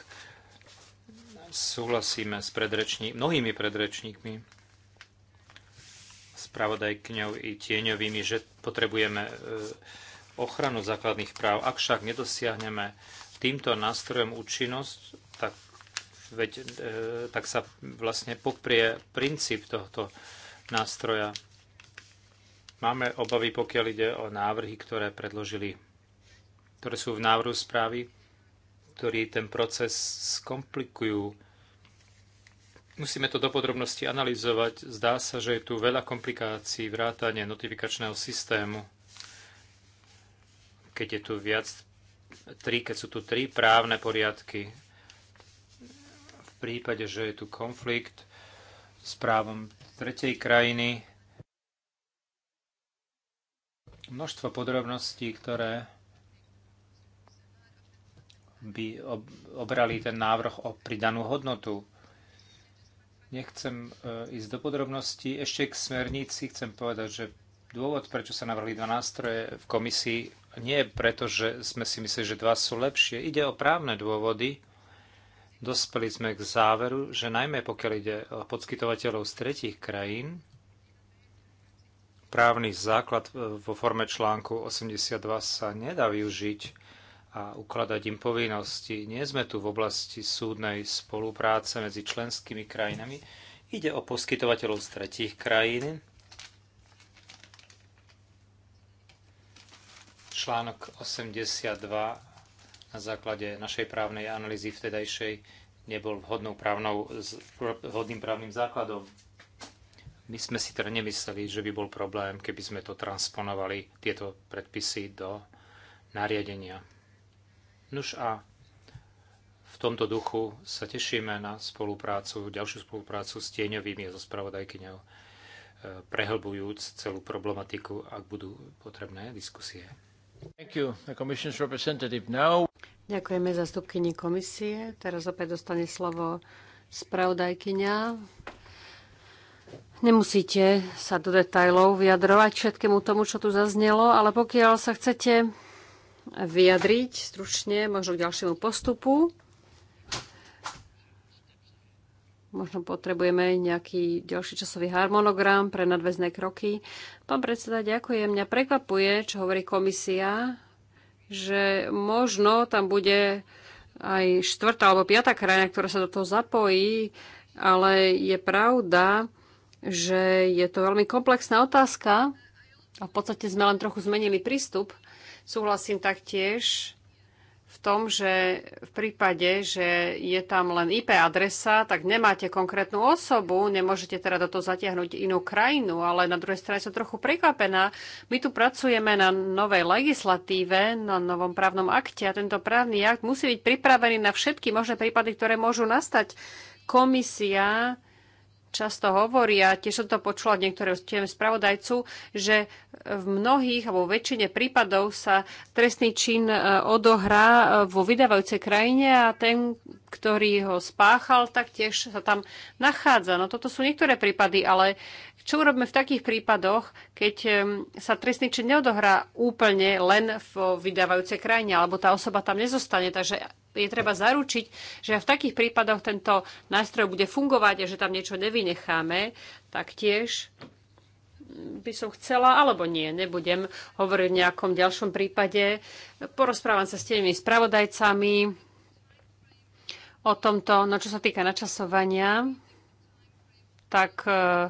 Súhlasíme s predrečník, mnohými predrečníkmi, spravodajkňou i tieňovými, že potrebujeme e, ochranu základných práv. Ak však nedosiahneme týmto nástrojom účinnosť, tak, veď, e, tak sa vlastne poprie princíp tohto nástroja. Máme obavy, pokiaľ ide o návrhy, ktoré predložili, ktoré sú v návrhu správy, ktorí ten proces skomplikujú. Musíme to do podrobnosti analyzovať. Zdá sa, že je tu veľa komplikácií vrátane notifikačného systému keď je tu viac, tri, keď sú tu tri právne poriadky. V prípade, že je tu konflikt s právom tretej krajiny, množstvo podrobností, ktoré by obrali ten návrh o pridanú hodnotu. Nechcem e, ísť do podrobností. Ešte k smernici chcem povedať, že dôvod, prečo sa navrhli dva nástroje v komisii, nie preto, že sme si mysleli, že dva sú lepšie. Ide o právne dôvody. Dospeli sme k záveru, že najmä pokiaľ ide o podskytovateľov z tretich krajín, právny základ e, vo forme článku 82 sa nedá využiť a ukladať im povinnosti. Nie sme tu v oblasti súdnej spolupráce medzi členskými krajinami. Ide o poskytovateľov z tretích krajín, článok 82 na základe našej právnej analýzy vtedajšej nebol vhodnou právnou, vhodným právnym základom. My sme si teda nemysleli, že by bol problém, keby sme to transponovali, tieto predpisy do nariadenia. Nuž a v tomto duchu sa tešíme na spoluprácu, ďalšiu spoluprácu s tieňovými a so spravodajkyňou, e, prehlbujúc celú problematiku, ak budú potrebné diskusie. Ďakujeme zastupkyni komisie. Teraz opäť dostane slovo spravodajkyňa. Nemusíte sa do detajlov vyjadrovať všetkému tomu, čo tu zaznelo, ale pokiaľ sa chcete vyjadriť stručne možno k ďalšiemu postupu, Možno potrebujeme nejaký ďalší časový harmonogram pre nadväzné kroky. Pán predseda, ďakujem. Mňa prekvapuje, čo hovorí komisia, že možno tam bude aj štvrtá alebo piatá krajina, ktorá sa do toho zapojí, ale je pravda, že je to veľmi komplexná otázka a v podstate sme len trochu zmenili prístup. Súhlasím taktiež v tom, že v prípade, že je tam len IP adresa, tak nemáte konkrétnu osobu, nemôžete teda do toho zatiahnuť inú krajinu, ale na druhej strane som trochu prekvapená. My tu pracujeme na novej legislatíve, na novom právnom akte a tento právny akt musí byť pripravený na všetky možné prípady, ktoré môžu nastať. Komisia často hovorí, a tiež som to počula od niektorého spravodajcu, že v mnohých alebo väčšine prípadov sa trestný čin e, odohrá e, vo vydávajúcej krajine a ten ktorý ho spáchal, tak tiež sa tam nachádza. No toto sú niektoré prípady, ale čo urobíme v takých prípadoch, keď sa trestný čin neodohrá úplne len v vydávajúcej krajine, alebo tá osoba tam nezostane. Takže je treba zaručiť, že v takých prípadoch tento nástroj bude fungovať a že tam niečo nevynecháme, tak tiež by som chcela, alebo nie, nebudem hovoriť v nejakom ďalšom prípade. Porozprávam sa s tými spravodajcami, o tomto, no čo sa týka načasovania, tak e,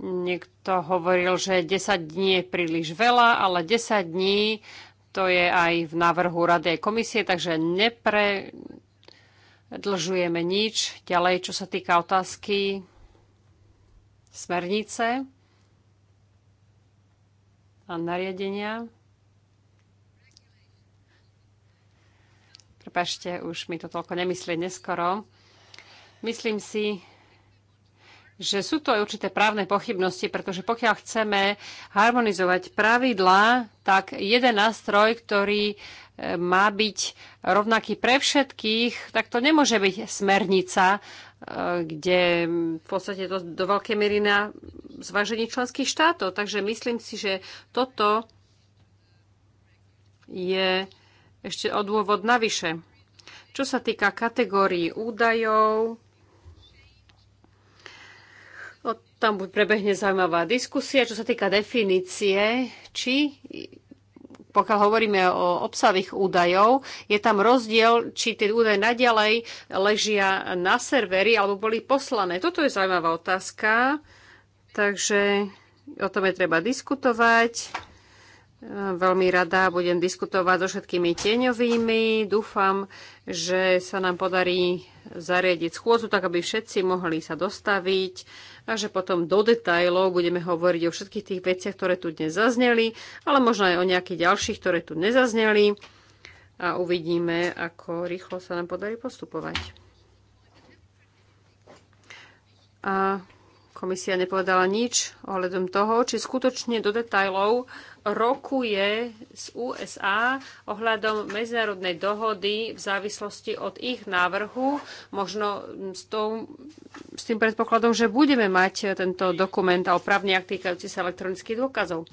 niekto hovoril, že 10 dní je príliš veľa, ale 10 dní to je aj v návrhu Rady aj komisie, takže nepredlžujeme nič. Ďalej, čo sa týka otázky smernice a nariadenia. Prepašte, už mi to toľko nemyslí neskoro. Myslím si, že sú to aj určité právne pochybnosti, pretože pokiaľ chceme harmonizovať pravidlá, tak jeden nástroj, ktorý e, má byť rovnaký pre všetkých, tak to nemôže byť smernica, e, kde v podstate to do veľkej miery na zvážení členských štátov. Takže myslím si, že toto je ešte o dôvod navyše. Čo sa týka kategórií údajov, tam prebehne zaujímavá diskusia, čo sa týka definície, či pokiaľ hovoríme o obsahových údajov, je tam rozdiel, či tie údaje naďalej ležia na serveri alebo boli poslané. Toto je zaujímavá otázka, takže o tom je treba diskutovať. Veľmi rada budem diskutovať so všetkými tieňovými. Dúfam, že sa nám podarí zariadiť schôzu, tak aby všetci mohli sa dostaviť a že potom do detajlov budeme hovoriť o všetkých tých veciach, ktoré tu dnes zazneli, ale možno aj o nejakých ďalších, ktoré tu nezazneli a uvidíme, ako rýchlo sa nám podarí postupovať. A komisia nepovedala nič ohľadom toho, či skutočne do detajlov rokuje s USA ohľadom medzinárodnej dohody v závislosti od ich návrhu, možno s, tou, s tým predpokladom, že budeme mať tento dokument a opravne týkajúci sa elektronických dôkazov.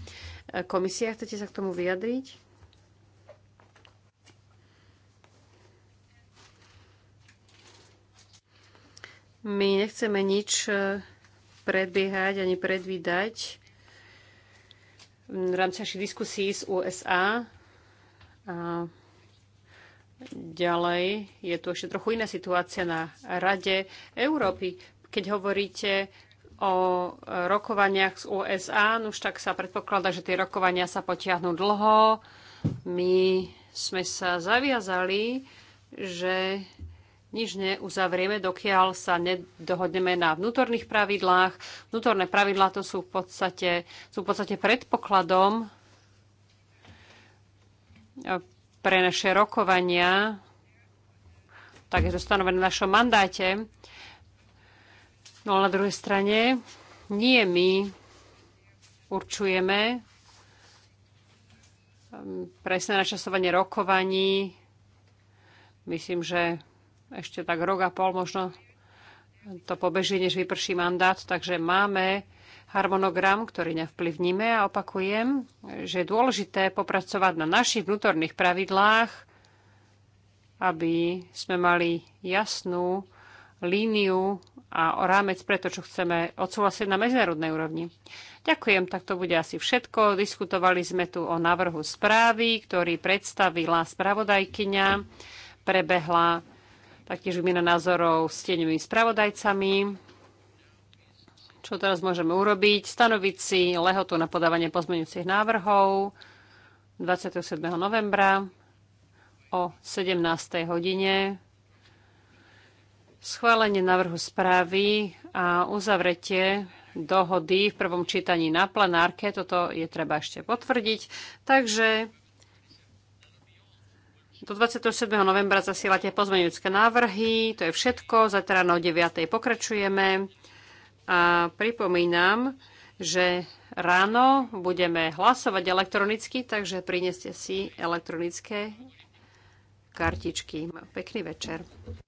Komisia, chcete sa k tomu vyjadriť? My nechceme nič predbiehať ani predvídať v rámci našich diskusí z USA. A ďalej je tu ešte trochu iná situácia na Rade Európy. Keď hovoríte o rokovaniach z USA, no už tak sa predpokladá, že tie rokovania sa potiahnú dlho. My sme sa zaviazali, že nič neuzavrieme, dokiaľ sa nedohodneme na vnútorných pravidlách. Vnútorné pravidlá to sú v podstate, sú v podstate predpokladom e, pre naše rokovania, tak je to stanovené v našom mandáte. No ale na druhej strane nie my určujeme e, presné načasovanie rokovaní. Myslím, že ešte tak rok a pol možno to pobeží, než vyprší mandát, takže máme harmonogram, ktorý nevplyvníme a opakujem, že je dôležité popracovať na našich vnútorných pravidlách, aby sme mali jasnú líniu a rámec pre to, čo chceme odsúhlasiť na medzinárodnej úrovni. Ďakujem, tak to bude asi všetko. Diskutovali sme tu o návrhu správy, ktorý predstavila spravodajkyňa. Prebehla taktiež výmena názorov s tieňovými spravodajcami. Čo teraz môžeme urobiť? Stanoviť si lehotu na podávanie pozmeňujúcich návrhov 27. novembra o 17. hodine. Schválenie návrhu správy a uzavretie dohody v prvom čítaní na plenárke. Toto je treba ešte potvrdiť. Takže do 27. novembra zasielate pozmeňujúcké návrhy. To je všetko. Zajtra na 9. pokračujeme. A pripomínam, že ráno budeme hlasovať elektronicky, takže prineste si elektronické kartičky. Pekný večer.